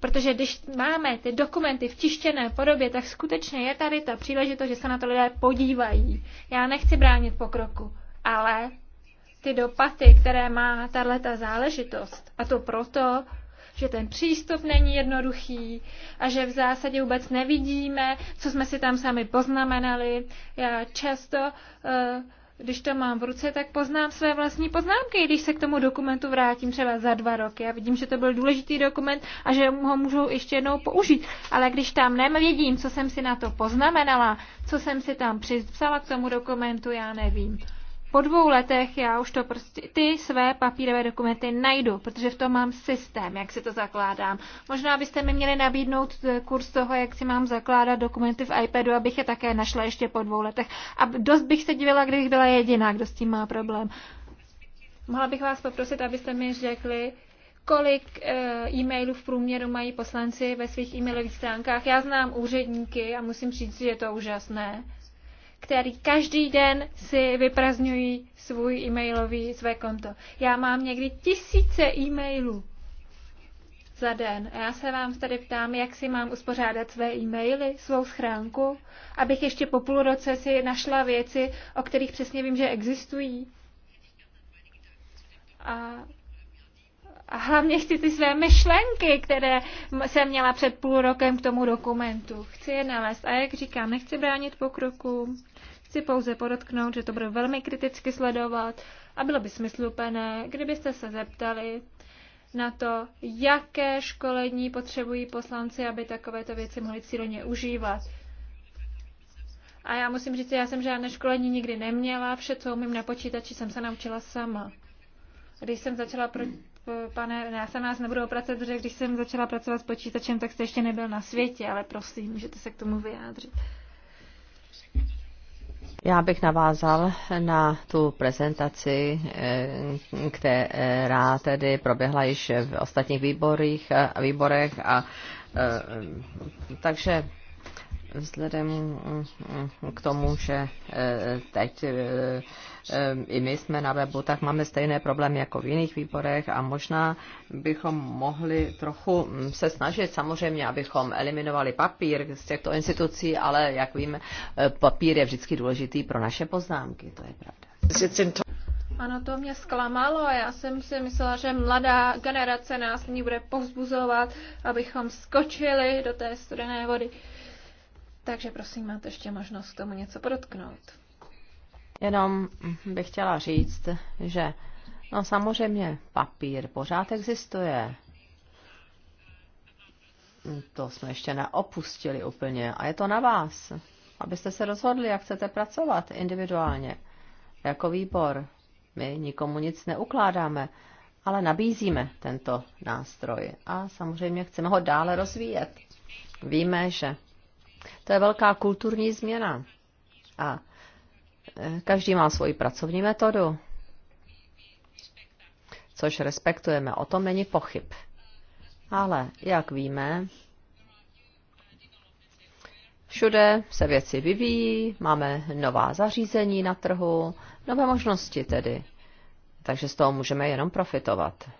Protože když máme ty dokumenty v tištěné podobě, tak skutečně je tady ta příležitost, že se na to lidé podívají. Já nechci bránit pokroku ale ty dopady, které má tato záležitost, a to proto, že ten přístup není jednoduchý a že v zásadě vůbec nevidíme, co jsme si tam sami poznamenali. Já často, eh, když to mám v ruce, tak poznám své vlastní poznámky, když se k tomu dokumentu vrátím třeba za dva roky. Já vidím, že to byl důležitý dokument a že ho můžu ještě jednou použít. Ale když tam nevědím, co jsem si na to poznamenala, co jsem si tam připsala k tomu dokumentu, já nevím po dvou letech já už to prostě, ty své papírové dokumenty najdu, protože v tom mám systém, jak si to zakládám. Možná byste mi měli nabídnout eh, kurz toho, jak si mám zakládat dokumenty v iPadu, abych je také našla ještě po dvou letech. A dost bych se divila, kdybych byla jediná, kdo s tím má problém. Mohla bych vás poprosit, abyste mi řekli, kolik eh, e-mailů v průměru mají poslanci ve svých e-mailových stránkách. Já znám úředníky a musím říct, že je to úžasné který každý den si vyprazňují svůj e-mailový, své konto. Já mám někdy tisíce e-mailů za den. A já se vám tady ptám, jak si mám uspořádat své e-maily, svou schránku, abych ještě po půl roce si našla věci, o kterých přesně vím, že existují. A a hlavně chci ty své myšlenky, které jsem měla před půl rokem k tomu dokumentu. Chci je nalézt. A jak říkám, nechci bránit pokroku. Chci pouze podotknout, že to budu velmi kriticky sledovat a bylo by smysluplné, kdybyste se zeptali na to, jaké školení potřebují poslanci, aby takovéto věci mohli cíleně užívat. A já musím říct, já jsem žádné školení nikdy neměla, vše, co umím na počítači, jsem se naučila sama. Když jsem začala pro pane, já jsem vás nebudu opracovat, protože když jsem začala pracovat s počítačem, tak jste ještě nebyl na světě, ale prosím, můžete se k tomu vyjádřit. Já bych navázal na tu prezentaci, eh, která tedy proběhla již v ostatních výborích, eh, výborech. A, eh, takže vzhledem mm, mm, k tomu, že teď i my jsme na webu, tak máme stejné problémy jako v jiných výborech a možná bychom mohli trochu mm, se snažit samozřejmě, abychom eliminovali papír z těchto institucí, ale jak víme, e, papír je vždycky důležitý pro naše poznámky, to je pravda. Ano, to mě zklamalo a já jsem si myslela, že mladá generace nás nyní bude povzbuzovat, abychom skočili do té studené vody. Takže prosím, máte ještě možnost k tomu něco podotknout. Jenom bych chtěla říct, že no samozřejmě papír pořád existuje. To jsme ještě neopustili úplně a je to na vás, abyste se rozhodli, jak chcete pracovat individuálně. Jako výbor my nikomu nic neukládáme, ale nabízíme tento nástroj a samozřejmě chceme ho dále rozvíjet. Víme, že to je velká kulturní změna a Každý má svoji pracovní metodu, což respektujeme, o tom není pochyb. Ale, jak víme, všude se věci vyvíjí, máme nová zařízení na trhu, nové možnosti tedy. Takže z toho můžeme jenom profitovat.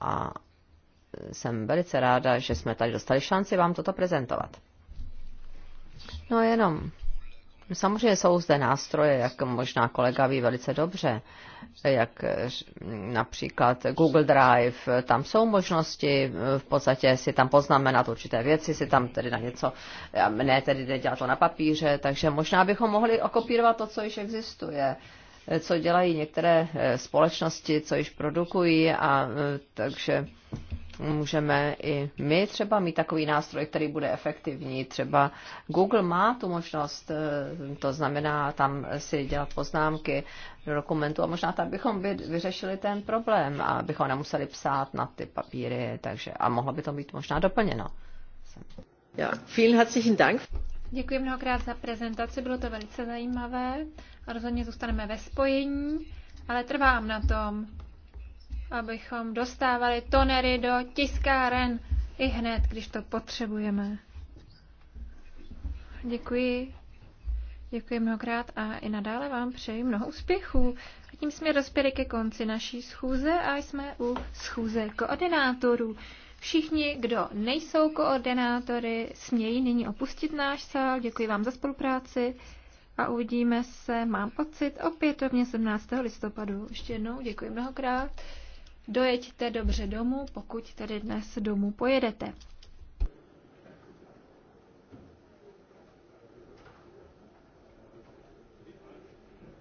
A jsem velice ráda, že jsme tady dostali šanci vám toto prezentovat. No jenom Samozřejmě jsou zde nástroje, jak možná kolega ví velice dobře, jak například Google Drive, tam jsou možnosti v podstatě si tam poznamenat určité věci, si tam tedy na něco, ne tedy nedělat to na papíře, takže možná bychom mohli okopírovat to, co již existuje co dělají některé eh, společnosti, co již produkují a eh, takže můžeme i my třeba mít takový nástroj, který bude efektivní. Třeba Google má tu možnost, eh, to znamená tam si dělat poznámky do dokumentu a možná tak bychom vyřešili ten problém a bychom nemuseli psát na ty papíry, takže a mohlo by to být možná doplněno. Ja, vielen herzlichen Dank. Děkuji mnohokrát za prezentaci, bylo to velice zajímavé a rozhodně zůstaneme ve spojení, ale trvám na tom, abychom dostávali tonery do tiskáren i hned, když to potřebujeme. Děkuji. Děkuji mnohokrát a i nadále vám přeji mnoho úspěchů. A tím jsme dospěli ke konci naší schůze a jsme u schůze koordinátorů. Všichni, kdo nejsou koordinátory, smějí nyní opustit náš sál. Děkuji vám za spolupráci a uvidíme se, mám pocit, opětovně 17. listopadu. Ještě jednou děkuji mnohokrát. Dojeďte dobře domů, pokud tedy dnes domů pojedete.